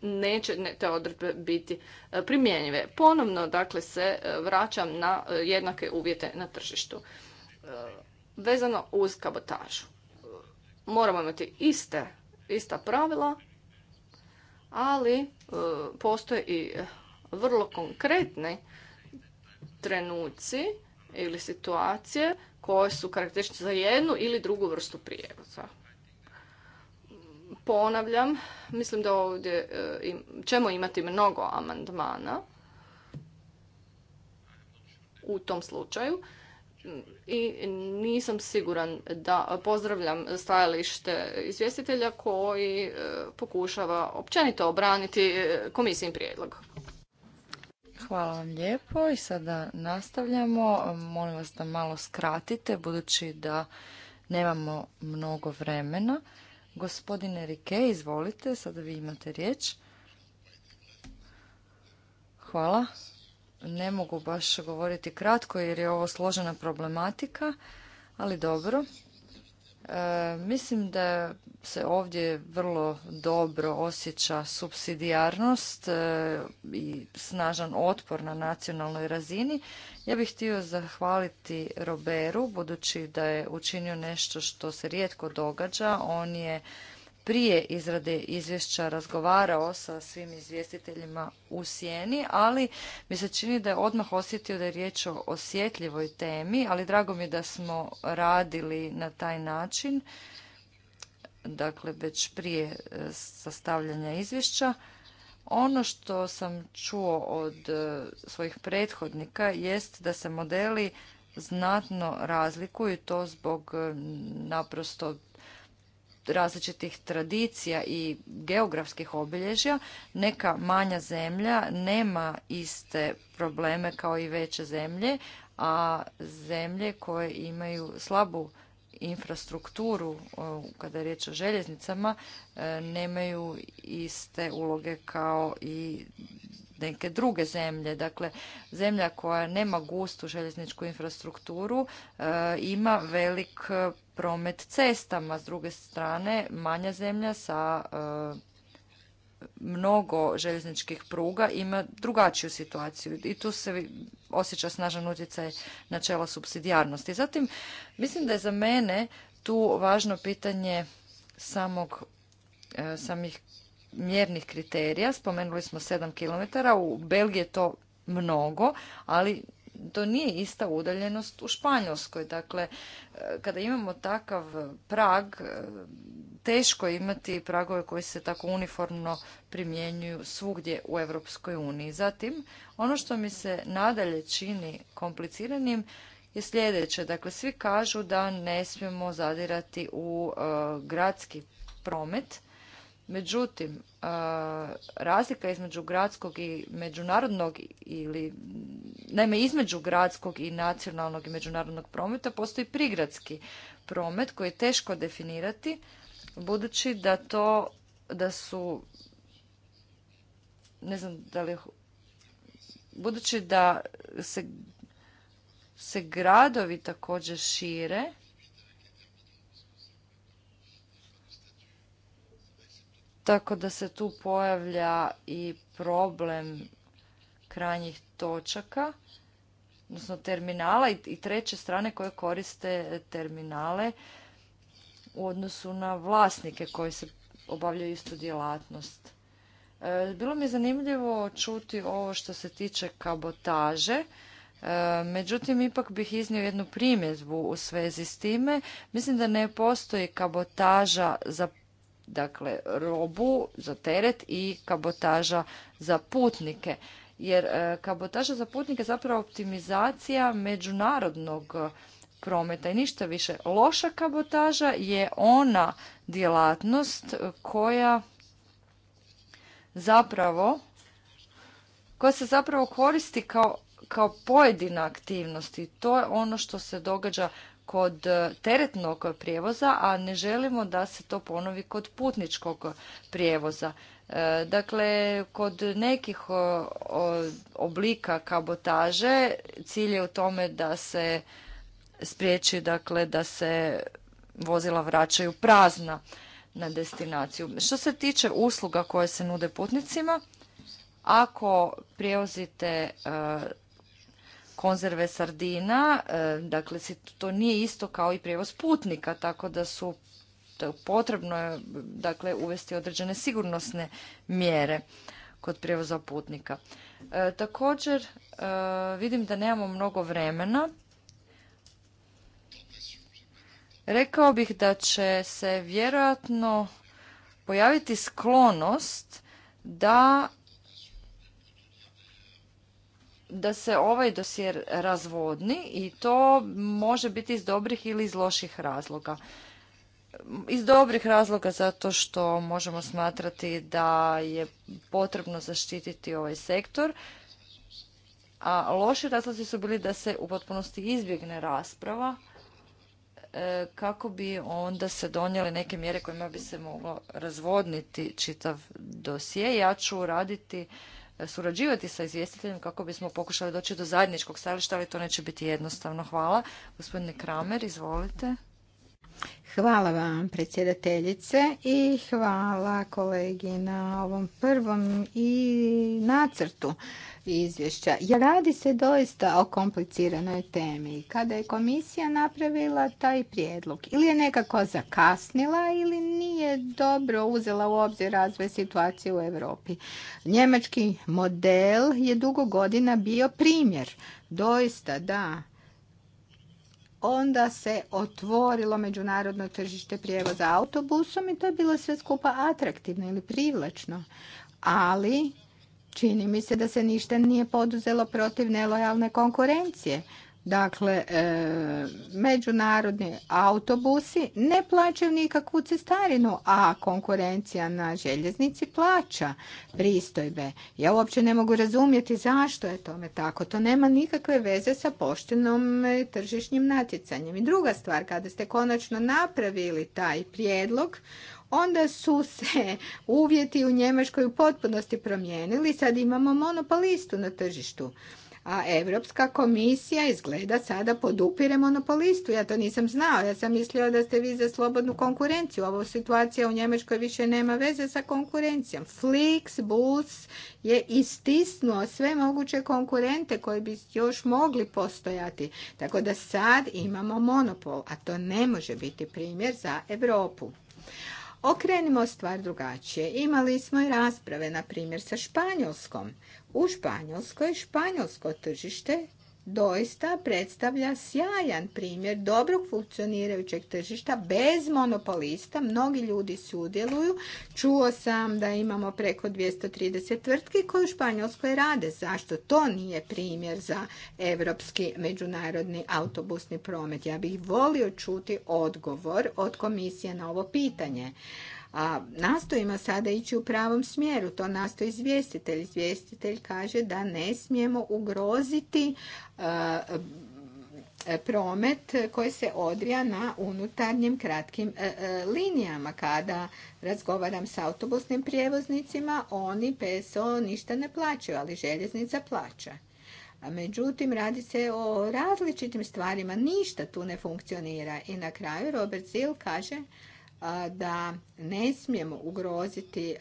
neće te odredbe biti e, primjenjive. Ponovno dakle se e, vraćam na jednake uvjete na tržištu. Vezano uz kabotažu. Moramo imati iste, ista pravila, ali postoje i vrlo konkretni trenuci ili situacije koje su karakteristične za jednu ili drugu vrstu prijevoza. Ponavljam, mislim da ovdje e, ćemo imati mnogo amandmana u tom slučaju i nisam siguran da pozdravljam stajalište izvjestitelja koji e, pokušava općenito obraniti e, komisijim prijedlog. Hvala vam lijepo i sada nastavljamo. Molim vas da malo skratite, budući da nemamo mnogo vremena. Gospodine Rike, izvolite, sada vi imate riječ. Hvala. Ne mogu baš govoriti kratko jer je ovo složena problematika, ali dobro. E, mislim da se ovdje vrlo dobro osjeća subsidijarnost e, i snažan otpor na nacionalnoj razini. Ja bih htio zahvaliti Roberu budući da je učinio nešto što se rijetko događa. On je prije izrade izvješća razgovarao sa svim izvjestiteljima u sjeni, ali mi se čini da je odmah osjetio da je riječ o osjetljivoj temi, ali drago mi je da smo radili na taj način, dakle već prije e, sastavljanja izvješća. Ono što sam čuo od e, svojih prethodnika jest da se modeli znatno razlikuju to zbog e, naprosto različitih tradicija i geografskih obilježja, neka manja zemlja nema iste probleme kao i veće zemlje, a zemlje koje imaju slabu infrastrukturu e, kada je riječ o željeznicama e, nemaju iste uloge kao i neke druge zemlje. Dakle, zemlja koja nema gustu željezničku infrastrukturu e, ima velik promet cestama. S druge strane, manja zemlja sa e, mnogo željezničkih pruga ima drugačiju situaciju i tu se osjeća snažan utjecaj načela subsidijarnosti. Zatim, mislim da je za mene tu važno pitanje samog e, samih mjernih kriterija. Spomenuli smo 7 km, u Belgiji je to mnogo, ali to nije ista udaljenost u Španjolskoj. Dakle, e, kada imamo takav prag, e, teško je imati pragove koji se tako uniformno primjenjuju svugdje u Europskoj uniji. Zatim, ono što mi se nadalje čini kompliciranim je sljedeće. Dakle, svi kažu da ne smijemo zadirati u e, gradski promet, Međutim, e, razlika između gradskog i međunarodnog ili naime između gradskog i nacionalnog i međunarodnog prometa postoji prigradski promet koji je teško definirati budući da to da su ne znam da li budući da se, se gradovi također šire Tako da se tu pojavlja i problem krajnjih točaka, odnosno terminala i treće strane koje koriste terminale u odnosu na vlasnike koji se obavljaju istu djelatnost. E, bilo mi je zanimljivo čuti ovo što se tiče kabotaže. E, međutim, ipak bih iznio jednu primjedbu u svezi s time. Mislim da ne postoji kabotaža za dakle robu za teret i kabotaža za putnike. Jer e, kabotaža za putnike je zapravo optimizacija međunarodnog e, prometa i ništa više. Loša kabotaža je ona djelatnost koja zapravo koja se zapravo koristi kao, pojedina aktivnost i to je ono što se događa kod e, teretnog prijevoza, a ne želimo da se to ponovi kod putničkog prijevoza. E, dakle, kod nekih oblika kabotaže cilj je u tome da se spriječi dakle, da se vozila vraćaju prazna na destinaciju. Što se tiče usluga koje se nude putnicima, ako prijevozite e, konzerve sardina, e, dakle to nije isto kao i prijevoz putnika, tako da su potrebno je dakle uvesti određene sigurnosne mjere kod prijevoza putnika. E, također e, vidim da nemamo mnogo vremena. Rekao bih da će se vjerojatno pojaviti sklonost da da se ovaj dosjer razvodni i to može biti iz dobrih ili iz loših razloga. Iz dobrih razloga zato što možemo smatrati da je potrebno zaštititi ovaj sektor, a loši razlozi su bili da se u potpunosti izbjegne rasprava e, kako bi onda se donijele neke mjere kojima bi se moglo razvodniti čitav dosje. Ja ću raditi surađivati sa izvjestiteljem kako bismo pokušali doći do zajedničkog stajališta, ali to neće biti jednostavno. Hvala. Gospodine Kramer, izvolite. Hvala vam predsjedateljice i hvala kolegi na ovom prvom i nacrtu izvješća. Ja radi se doista o kompliciranoj temi. Kada je komisija napravila taj prijedlog, ili je nekako zakasnila ili nije dobro uzela u obzir razvoj situacije u Europi. Njemački model je dugo godina bio primjer. Doista, da, onda se otvorilo međunarodno tržište prijevoza autobusom i to je bilo sve skupa atraktivno ili privlačno. Ali Čini mi se da se ništa nije poduzelo protiv nelojalne konkurencije. Dakle, e, međunarodni autobusi ne plaćaju nikakvu cestarinu, a konkurencija na željeznici plaća pristojbe. Ja uopće ne mogu razumjeti zašto je tome tako. To nema nikakve veze sa poštenom e, tržišnim natjecanjem. I druga stvar, kada ste konačno napravili taj prijedlog, onda su se uvjeti u Njemačkoj u potpunosti promijenili. Sad imamo monopolistu na tržištu. A Europska komisija izgleda sada podupire monopolistu. Ja to nisam znao. Ja sam mislio da ste vi za slobodnu konkurenciju. Ovo situacija u Njemačkoj više nema veze sa konkurencijom. Flix, Bus je istisnuo sve moguće konkurente koji bi još mogli postojati. Tako da sad imamo monopol, a to ne može biti primjer za Europu. Okrenimo stvar drugačije. Imali smo i rasprave, na primjer, sa Španjolskom. U Španjolskoj španjolsko tržište doista predstavlja sjajan primjer dobrog funkcionirajućeg tržišta bez monopolista. Mnogi ljudi sudjeluju. Čuo sam da imamo preko 230 tvrtki koje u Španjolskoj rade. Zašto to nije primjer za evropski međunarodni autobusni promet? Ja bih volio čuti odgovor od komisije na ovo pitanje. A nastojimo sada ići u pravom smjeru, to nastoji izvjestitelj. Izvjestitelj kaže da ne smijemo ugroziti e, e, promet koji se odvija na unutarnjim kratkim e, linijama. Kada razgovaram s autobusnim prijevoznicima, oni PSO ništa ne plaćaju, ali željeznica plaća. Međutim, radi se o različitim stvarima, ništa tu ne funkcionira. I na kraju Robert Zill kaže, da ne smijemo ugroziti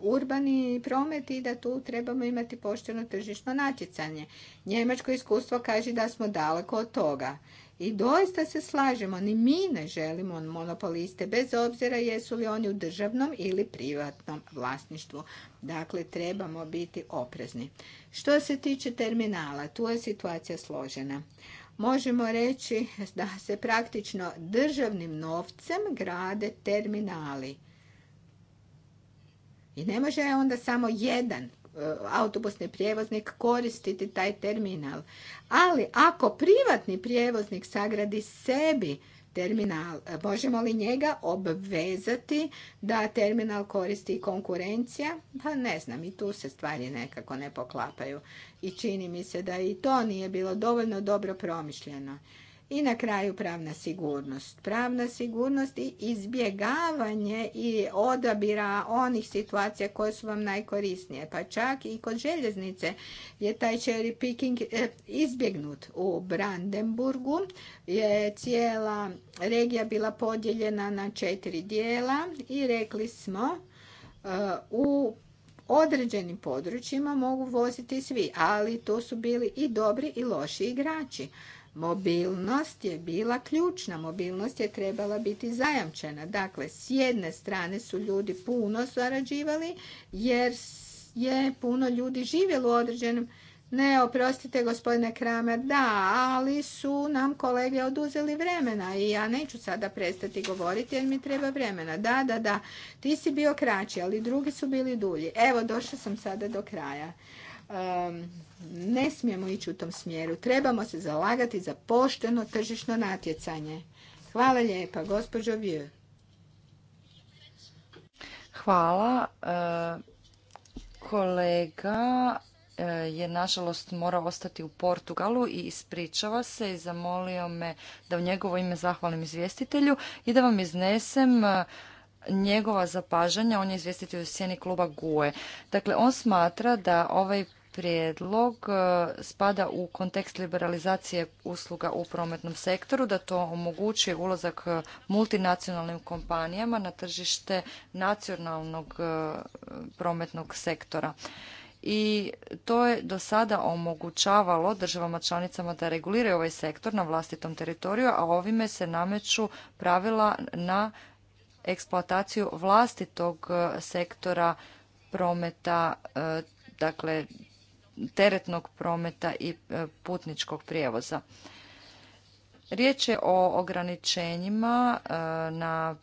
urbani promet i da tu trebamo imati pošteno tržišno natjecanje. Njemačko iskustvo kaže da smo daleko od toga. I doista se slažemo, ni mi ne želimo monopoliste, bez obzira jesu li oni u državnom ili privatnom vlasništvu. Dakle, trebamo biti oprezni. Što se tiče terminala, tu je situacija složena možemo reći da se praktično državnim novcem grade terminali. I ne može onda samo jedan e, autobusni prijevoznik koristiti taj terminal. Ali ako privatni prijevoznik sagradi sebi terminal. E, možemo li njega obvezati da terminal koristi konkurencija? Pa ne znam, i tu se stvari nekako ne poklapaju. I čini mi se da i to nije bilo dovoljno dobro promišljeno. I na kraju pravna sigurnost. Pravna sigurnost i izbjegavanje i odabira onih situacija koje su vam najkorisnije. Pa čak i kod željeznice je taj cherry picking e, izbjegnut. U Brandenburgu je cijela regija bila podijeljena na četiri dijela i rekli smo e, u određenim područjima mogu voziti svi, ali to su bili i dobri i loši igrači. Mobilnost je bila ključna, mobilnost je trebala biti zajamčena. Dakle, s jedne strane su ljudi puno zarađivali jer je puno ljudi živjelo u određenom ne, oprostite gospodine Kramer, da, ali su nam kolege oduzeli vremena i ja neću sada prestati govoriti jer mi treba vremena. Da, da, da, ti si bio kraći, ali drugi su bili dulji. Evo, došla sam sada do kraja ne smijemo ići u tom smjeru. Trebamo se zalagati za pošteno tržišno natjecanje. Hvala lijepa, gospođo Vjö. Hvala. E, kolega e, je nažalost morao ostati u Portugalu i ispričava se i zamolio me da u njegovo ime zahvalim izvjestitelju i da vam iznesem e, njegova zapažanja. On je izvjestitelj u sjeni kluba GUE. Dakle, on smatra da ovaj prijedlog e, spada u kontekst liberalizacije usluga u prometnom sektoru, da to omogućuje ulazak e, multinacionalnim kompanijama na tržište nacionalnog e, prometnog sektora. I to je do sada omogućavalo državama članicama da reguliraju ovaj sektor na vlastitom teritoriju, a ovime se nameću pravila na eksploataciju vlastitog sektora prometa dakle teretnog prometa i e, putničkog prijevoza. Riječ je o ograničenjima e, na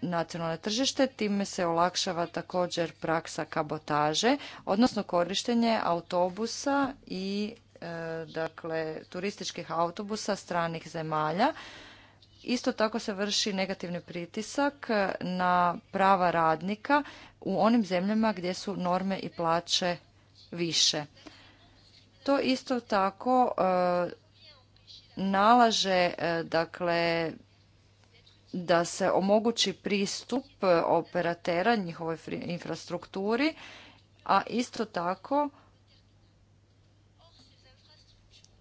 nacionalne tržište, time se olakšava također praksa kabotaže, odnosno korištenje autobusa i e, dakle turističkih autobusa stranih zemalja. Isto tako se vrši negativni pritisak na prava radnika u onim zemljama gdje su norme i plaće više. To isto tako e, nalaže e, dakle da se omogući pristup e, operatera njihovoj infrastrukturi, a isto tako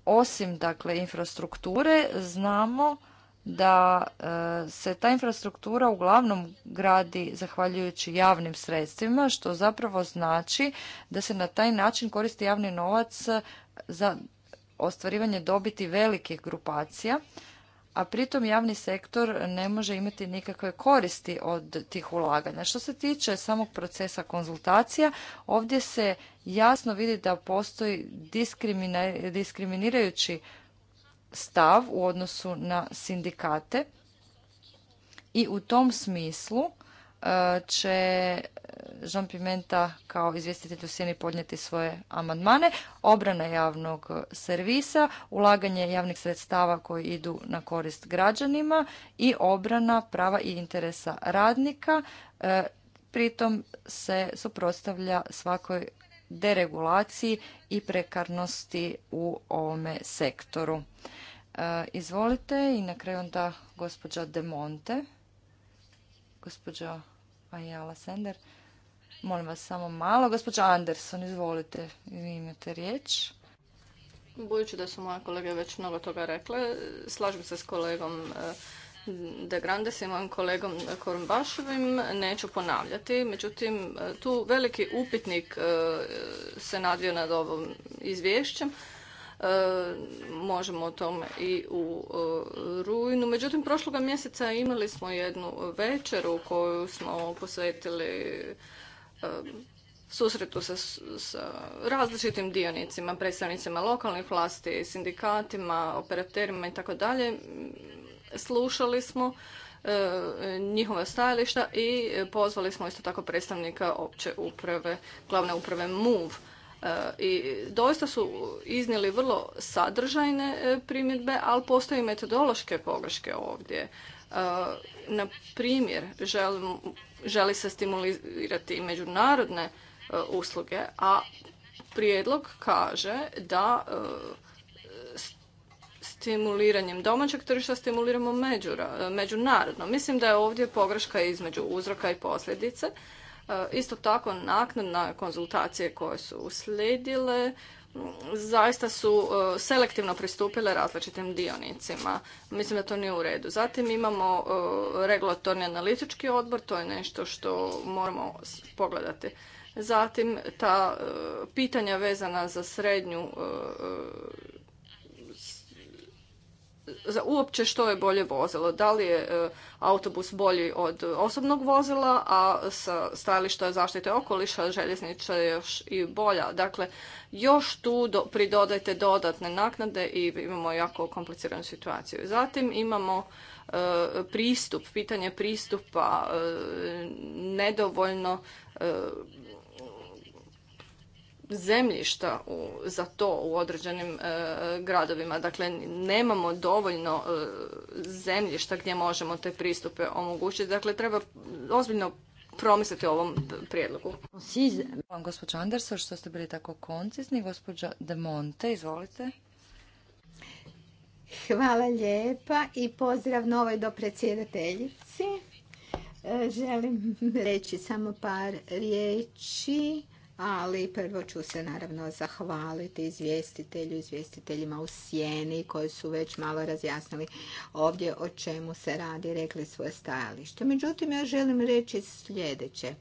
osim dakle infrastrukture znamo da e, se ta infrastruktura uglavnom gradi zahvaljujući javnim sredstvima, što zapravo znači da se na taj način koristi javni novac za ostvarivanje dobiti velikih grupacija, a pritom javni sektor ne može imati nikakve koristi od tih ulaganja. Što se tiče samog procesa konzultacija, ovdje se jasno vidi da postoji diskriminirajući stav u odnosu na sindikate i u tom smislu e, će Jean Pimenta kao izvjestitelj u sjeni podnijeti svoje amandmane, obrana javnog servisa, ulaganje javnih sredstava koji idu na korist građanima i obrana prava i interesa radnika, e, pritom se suprotstavlja svakoj deregulaciji i prekarnosti u ovome sektoru. E, izvolite i na kraju onda gospođa De Monte, gospođa Ajala Sender. Molim vas samo malo. Gospođa Anderson, izvolite, vi imate riječ. Budući da su moje kolege već mnogo toga rekle, slažem se s kolegom e, De Grande, s mojim kolegom Korumbaševim, neću ponavljati. Međutim, e, tu veliki upitnik se nadvio nad ovom izvješćem E, možemo o tom i u e, rujnu. Međutim, prošloga mjeseca imali smo jednu večeru koju smo posvetili e, susretu sa, različitim dionicima, predstavnicima lokalnih vlasti, sindikatima, operaterima i tako dalje. Slušali smo njihova stajališta i pozvali smo isto tako predstavnika opće uprave, glavne uprave MUV E, i doista su iznijeli vrlo sadržajne e, primjedbe, ali postoje i metodološke pogreške ovdje. E, na primjer, želi se stimulirati i međunarodne usluge, a prijedlog kaže da stimuliranjem domaćeg tržišta stimuliramo međunarodno. Mislim da je ovdje pogreška između uzroka i posljedice E, isto tako, na konzultacije koje su uslijedile zaista su e, selektivno pristupile različitim dionicima. Mislim da to nije u redu. Zatim imamo e, regulatorni analitički odbor, to je nešto što moramo pogledati. Zatim ta pitanja vezana za srednju za uopće što je bolje vozilo. Da li je e, autobus bolji od osobnog vozila, a sa stajališta zaštite okoliša željeznica je još i bolja. Dakle, još tu pridodajte dodatne naknade i imamo jako kompliciranu situaciju. Zatim imamo e, pristup, pitanje pristupa, e, nedovoljno zemljišta za to u određenim e, gradovima. Dakle, nemamo dovoljno e, zemljišta gdje možemo te pristupe omogućiti. Dakle, treba ozbiljno promisliti o ovom prijedlogu. Hvala gospođa Anderso, što ste bili tako koncizni. Gospođa De Monte, izvolite. Hvala lijepa i pozdrav novoj do predsjedateljici. E, želim reći samo par riječi ali prvo ću se naravno zahvaliti izvjestitelju, izvjestiteljima u sjeni koji su već malo razjasnili ovdje o čemu se radi, rekli svoje stajalište. Međutim, ja želim reći sljedeće.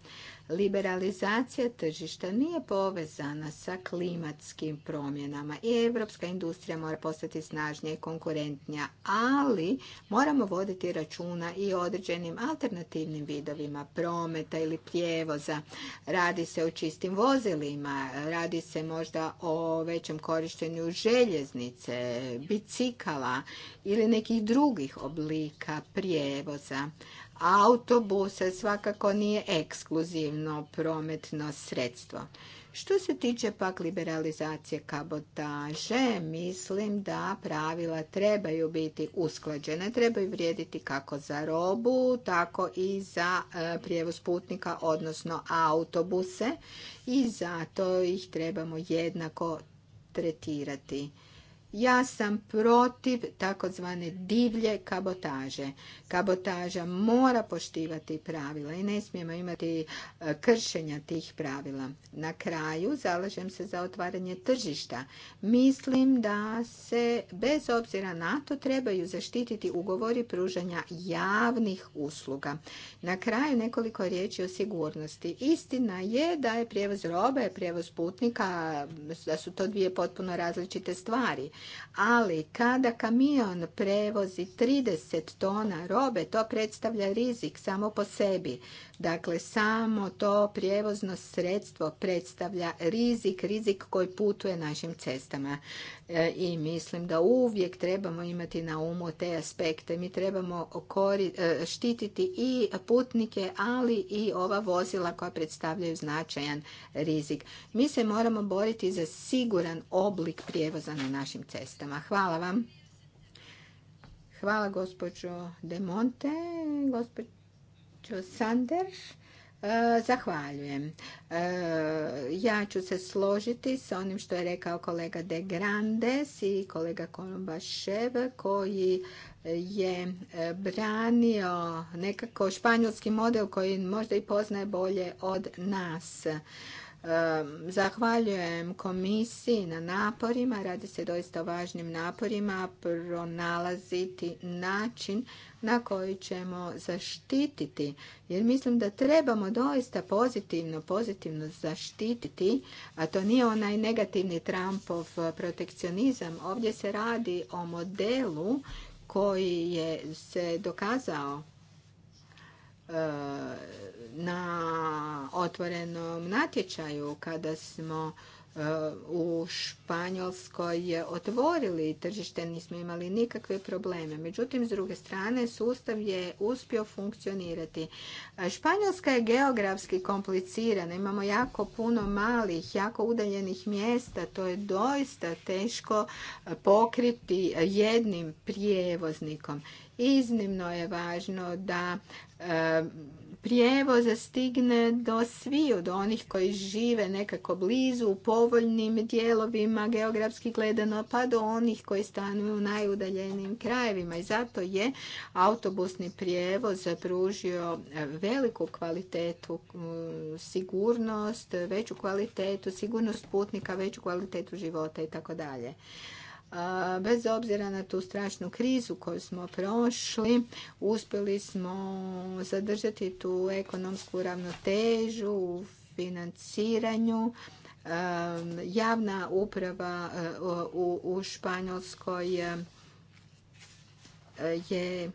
Liberalizacija tržišta nije povezana sa klimatskim promjenama i evropska industrija mora postati snažnija i konkurentnija, ali moramo voditi računa i o određenim alternativnim vidovima prometa ili prijevoza. Radi se o čistim vozilima, radi se možda o većem korištenju željeznice, bicikala ili nekih drugih oblika prijevoza autobuse svakako nije ekskluzivno prometno sredstvo. Što se tiče pak liberalizacije kabotaže, mislim da pravila trebaju biti usklađene, trebaju vrijediti kako za robu, tako i za e, prijevoz putnika, odnosno autobuse i zato ih trebamo jednako tretirati. Ja sam protiv takozvane divlje kabotaže. Kabotaža mora poštivati pravila i ne smijemo imati e, kršenja tih pravila. Na kraju zalažem se za otvaranje tržišta. Mislim da se bez obzira na to trebaju zaštititi ugovori pružanja javnih usluga. Na kraju nekoliko riječi o sigurnosti. Istina je da je prijevoz robe, prijevoz putnika, da su to dvije potpuno različite stvari. Ali kada kamion prevozi 30 tona robe, to predstavlja rizik samo po sebi. Dakle, samo to prijevozno sredstvo predstavlja rizik, rizik koji putuje našim cestama. E, I mislim da uvijek trebamo imati na umu te aspekte. Mi trebamo e, štititi i putnike, ali i ova vozila koja predstavljaju značajan rizik. Mi se moramo boriti za siguran oblik prijevoza na našim cestama. Hvala vam. Hvala gospođo De Gospođo gospođo Sander. E, zahvaljujem. E, ja ću se složiti s onim što je rekao kolega De Grandes i kolega Kolombašev koji je e, branio nekako španjolski model koji možda i poznaje bolje od nas. Zahvaljujem komisiji na naporima, radi se doista o važnim naporima, pronalaziti način na koji ćemo zaštititi, jer mislim da trebamo doista pozitivno, pozitivno zaštititi, a to nije onaj negativni Trumpov protekcionizam, ovdje se radi o modelu koji je se dokazao na otvorenom natječaju kada smo e, u Španjolskoj otvorili tržište, nismo imali nikakve probleme. Međutim, s druge strane, sustav je uspio funkcionirati. Španjolska je geografski komplicirana, imamo jako puno malih, jako udaljenih mjesta, to je doista teško pokriti jednim prijevoznikom. Iznimno je važno da prijevoza stigne do sviju, do onih koji žive nekako blizu, u povoljnim dijelovima, geografski gledano, pa do onih koji stanuju u najudaljenijim krajevima. I zato je autobusni prijevoz pružio veliku kvalitetu, mm, sigurnost, veću kvalitetu, sigurnost putnika, veću kvalitetu života i tako dalje. Bez obzira na tu strašnu krizu koju smo prošli, uspjeli smo zadržati tu ekonomsku ravnotežu u financiranju javna uprava u Španjolskoj je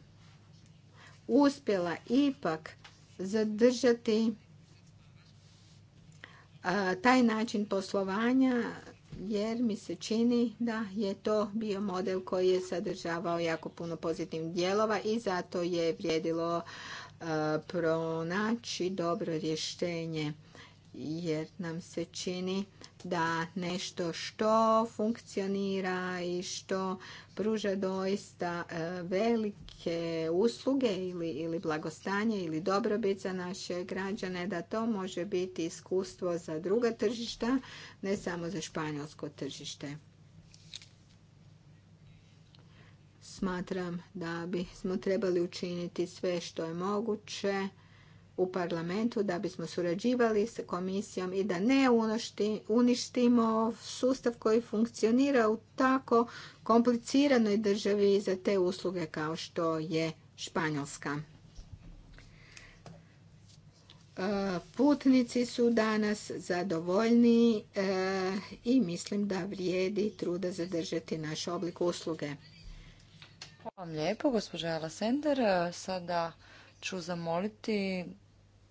uspjela ipak zadržati taj način poslovanja jer mi se čini da je to bio model koji je sadržavao jako puno pozitivnih dijelova i zato je vrijedilo e, pronaći dobro rješenje jer nam se čini da nešto što funkcionira i što pruža doista e, velike usluge ili, ili blagostanje ili dobrobit za naše građane, da to može biti iskustvo za druga tržišta, ne samo za španjolsko tržište. Smatram da bismo trebali učiniti sve što je moguće u parlamentu da bismo surađivali sa komisijom i da ne uništimo sustav koji funkcionira u tako kompliciranoj državi za te usluge kao što je Španjolska. E, putnici su danas zadovoljni e, i mislim da vrijedi truda zadržati naš oblik usluge. Hvala vam lijepo, gospođa Alasender. E, sada ću zamoliti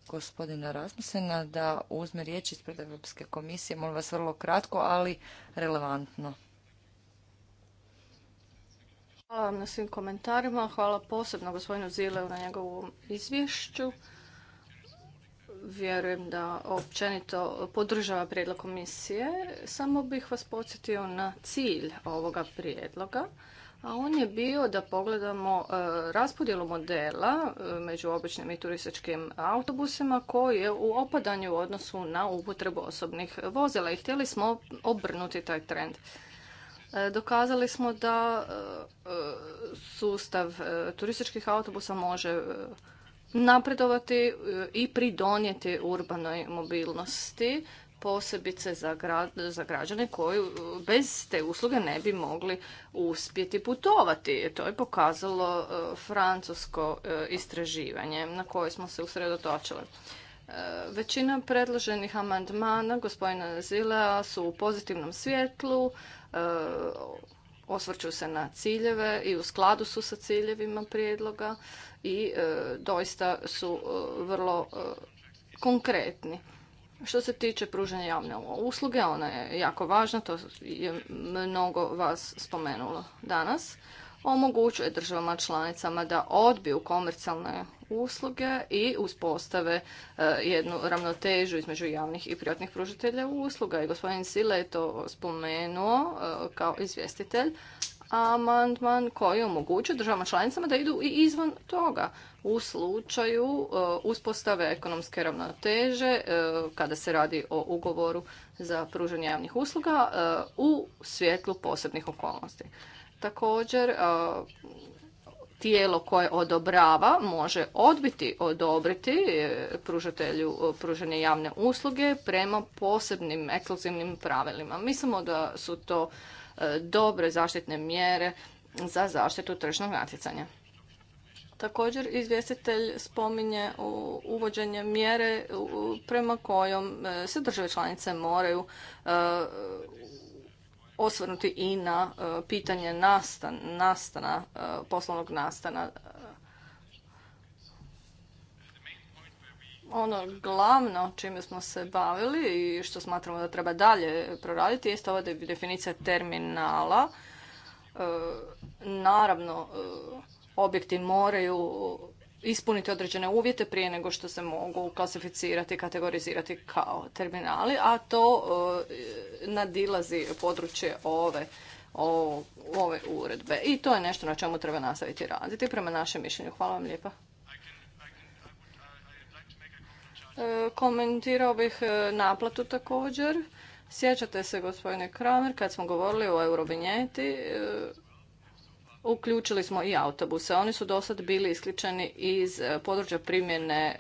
gospodina Rasmusena da uzme riječ ispred Europske komisije. Molim vas vrlo kratko, ali relevantno. Hvala vam na svim komentarima. Hvala posebno gospodinu Zileu na njegovom izvješću. Vjerujem da općenito podržava prijedlog komisije. Samo bih vas podsjetio na cilj ovoga prijedloga a on je bio da pogledamo e, raspodjelu modela e, među običnim i turističkim autobusima koji je u opadanju u odnosu na upotrebu osobnih vozila i htjeli smo obrnuti taj trend. E, dokazali smo da sustav turističkih autobusa može napredovati i pridonijeti urbanoj mobilnosti posebice za, građane koji bez te usluge ne bi mogli uspjeti putovati. To je pokazalo e, francusko e, istraživanje na koje smo se usredotočili. E, većina predloženih amandmana gospodina Zilea su u pozitivnom svjetlu, osvrću se na ciljeve i u skladu su sa ciljevima prijedloga i doista su vrlo konkretni. Što se tiče pružanja javne usluge, ona je jako važna, to je mnogo vas spomenulo danas. Omogućuje državama članicama da odbiju komercijalne usluge i uspostave e, jednu ravnotežu između javnih i privatnih pružatelja usluga. I gospodin Sile je to spomenuo e, kao izvjestitelj, amandman koji omogućuje državama članicama da idu i izvan toga u slučaju e, uspostave ekonomske ravnoteže e, kada se radi o ugovoru za pružanje javnih usluga e, u svjetlu posebnih okolnosti. Također, tijelo koje odobrava može odbiti odobriti pružatelju pružanje javne usluge prema posebnim ekskluzivnim pravilima. Mislimo da su to E, dobre zaštitne mjere za zaštitu tržnog natjecanja. Također izvjestitelj spominje uvođenje mjere prema kojom e, se države članice moraju e, osvrnuti i na pitanje nastana, nastana poslovnog nastana ono glavno čime smo se bavili i što smatramo da treba dalje proraditi jest ova definicija terminala. E, naravno, e, objekti moraju ispuniti određene uvjete prije nego što se mogu klasificirati, i kategorizirati kao terminali, a to e, nadilazi područje ove ove uredbe. I to je nešto na čemu treba nastaviti raditi prema našem mišljenju. Hvala vam lijepa. E, komentirao bih e, naplatu također. Sjećate se, gospodine Kramer, kad smo govorili o Eurobinjeti, e, uključili smo i autobuse. Oni su do sad bili isključeni iz područja primjene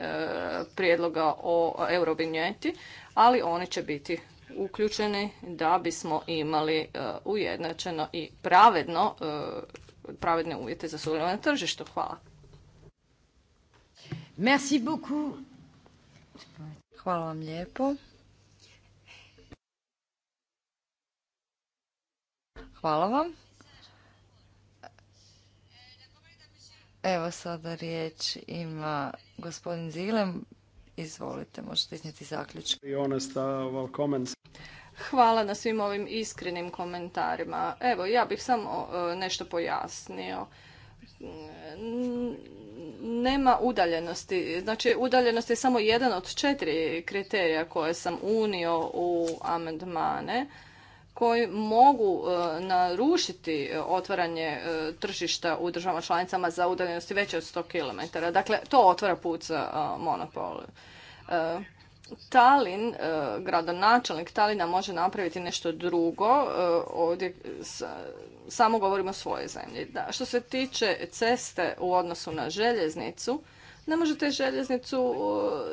prijedloga o Eurobinjeti, ali oni će biti uključeni da bismo imali ujednačeno i pravedno pravedne uvjete za sudjelovanje na tržištu. Hvala. Merci beaucoup. Hvala vam lijepo. Hvala vam. Evo sada riječ ima gospodin Zilem. Izvolite, možete iznijeti zaključak. Hvala na svim ovim iskrenim komentarima. Evo, ja bih samo e, nešto pojasnio nema udaljenosti. Znači, udaljenost je samo jedan od četiri kriterija koje sam unio u amandmane koji mogu e, narušiti e, otvaranje e, tržišta u državama članicama za udaljenosti veće od 100 km. Dakle, to otvara put za monopol. Talin, e, gradonačelnik Talina može napraviti nešto drugo, e, ovdje samo govorimo o svojoj zemlji. Da, što se tiče ceste u odnosu na željeznicu, ne možete željeznicu e,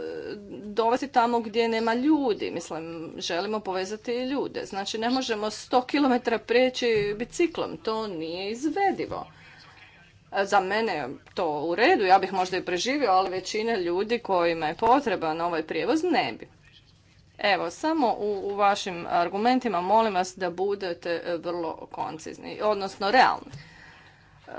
dovesti tamo gdje nema ljudi. Mislim, želimo povezati i ljude. Znači, ne možemo 100 km prijeći biciklom. To nije izvedivo. E, za mene to u redu, ja bih možda i preživio, ali većina ljudi kojima je potreban ovaj prijevoz ne bi. Evo, samo u, u vašim argumentima molim vas da budete e, vrlo koncizni, odnosno realni. E,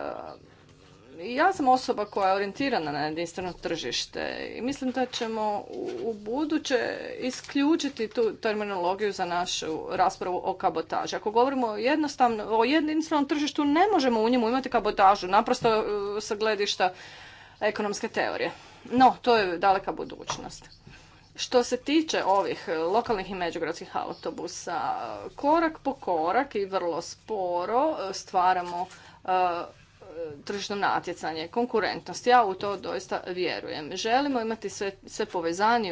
ja sam osoba koja je orijentirana na jedinstveno tržište i mislim da ćemo u buduće isključiti tu terminologiju za našu raspravu o kabotaži. Ako govorimo jednostavno o jedinstvenom tržištu, ne možemo u njemu imati kabotažu, naprosto e, sa gledišta ekonomske teorije. No, to je daleka budućnost. Što se tiče ovih lokalnih i međugradskih autobusa, korak po korak i vrlo sporo stvaramo e, Tržišno natjecanje, konkurentnost. Ja u to doista vjerujem. Želimo imati sve, sve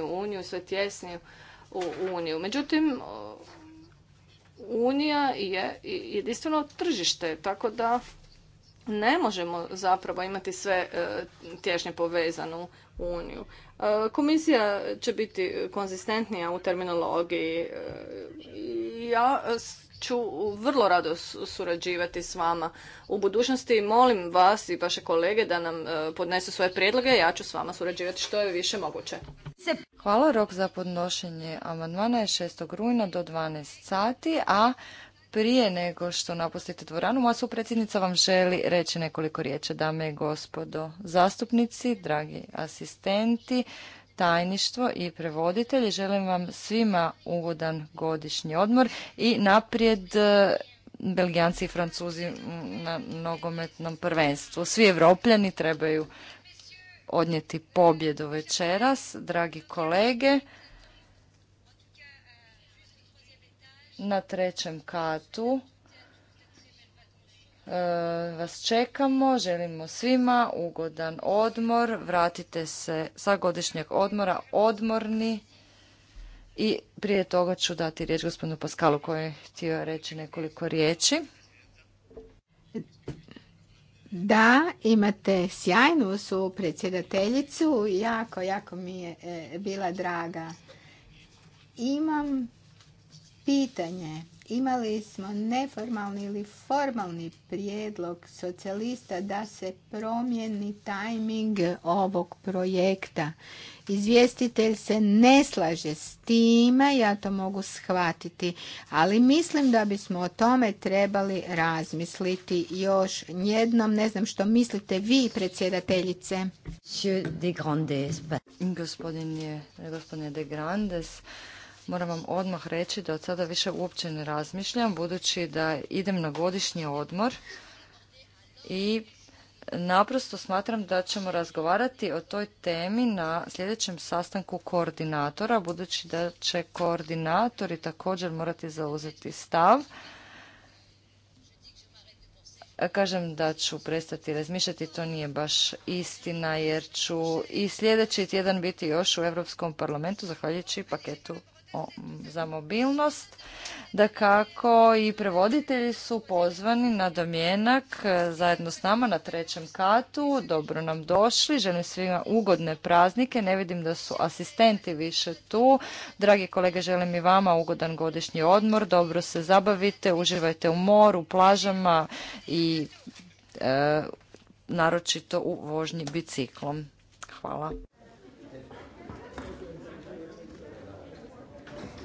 u uniju, sve tjesniju u uniju. Međutim, unija je jedinstveno tržište, tako da ne možemo zapravo imati sve e, tješnje povezanu uniju. E, komisija će biti konzistentnija u terminologiji. E, ja ću vrlo rado surađivati s vama u budućnosti. Molim vas i vaše kolege da nam e, podnesu svoje prijedloge. Ja ću s vama surađivati što je više moguće. Hvala. Rok za podnošenje amandmana je 6. rujna do 12 sati, a prije nego što napustite dvoranu, moja supredsjednica vam želi reći nekoliko riječi, dame i gospodo zastupnici, dragi asistenti, tajništvo i prevoditelji. Želim vam svima ugodan godišnji odmor i naprijed e, Belgijanci i Francuzi na nogometnom prvenstvu. Svi Evropljani trebaju odnijeti pobjedu večeras, dragi kolege. Na trećem katu vas čekamo. Želimo svima ugodan odmor. Vratite se sa godišnjeg odmora odmorni. I prije toga ću dati riječ gospodinu Paskalu koji je htio reći nekoliko riječi. Da, imate sjajnu su predsjedateljicu. Jako, jako mi je e, bila draga. Imam pitanje Imali smo neformalni ili formalni prijedlog socijalista da se promijeni tajming ovog projekta. Izvjestitelj se ne slaže s time, ja to mogu shvatiti, ali mislim da bismo o tome trebali razmisliti još jednom. Ne znam što mislite vi, predsjedateljice. Gospodin je, gospodine de Grandes, Moram vam odmah reći da od sada više uopće ne razmišljam, budući da idem na godišnji odmor i naprosto smatram da ćemo razgovarati o toj temi na sljedećem sastanku koordinatora, budući da će koordinatori također morati zauzeti stav. Kažem da ću prestati razmišljati, to nije baš istina jer ću i sljedeći tjedan biti još u Europskom parlamentu zahvaljujući paketu za mobilnost. Da kako i prevoditelji su pozvani na domjenak e, zajedno s nama na trećem katu. Dobro nam došli, želim svima ugodne praznike. Ne vidim da su asistenti više tu. Dragi kolege, želim i vama ugodan godišnji odmor. Dobro se zabavite, uživajte u moru, plažama i e, naročito u vožnji biciklom. Hvala.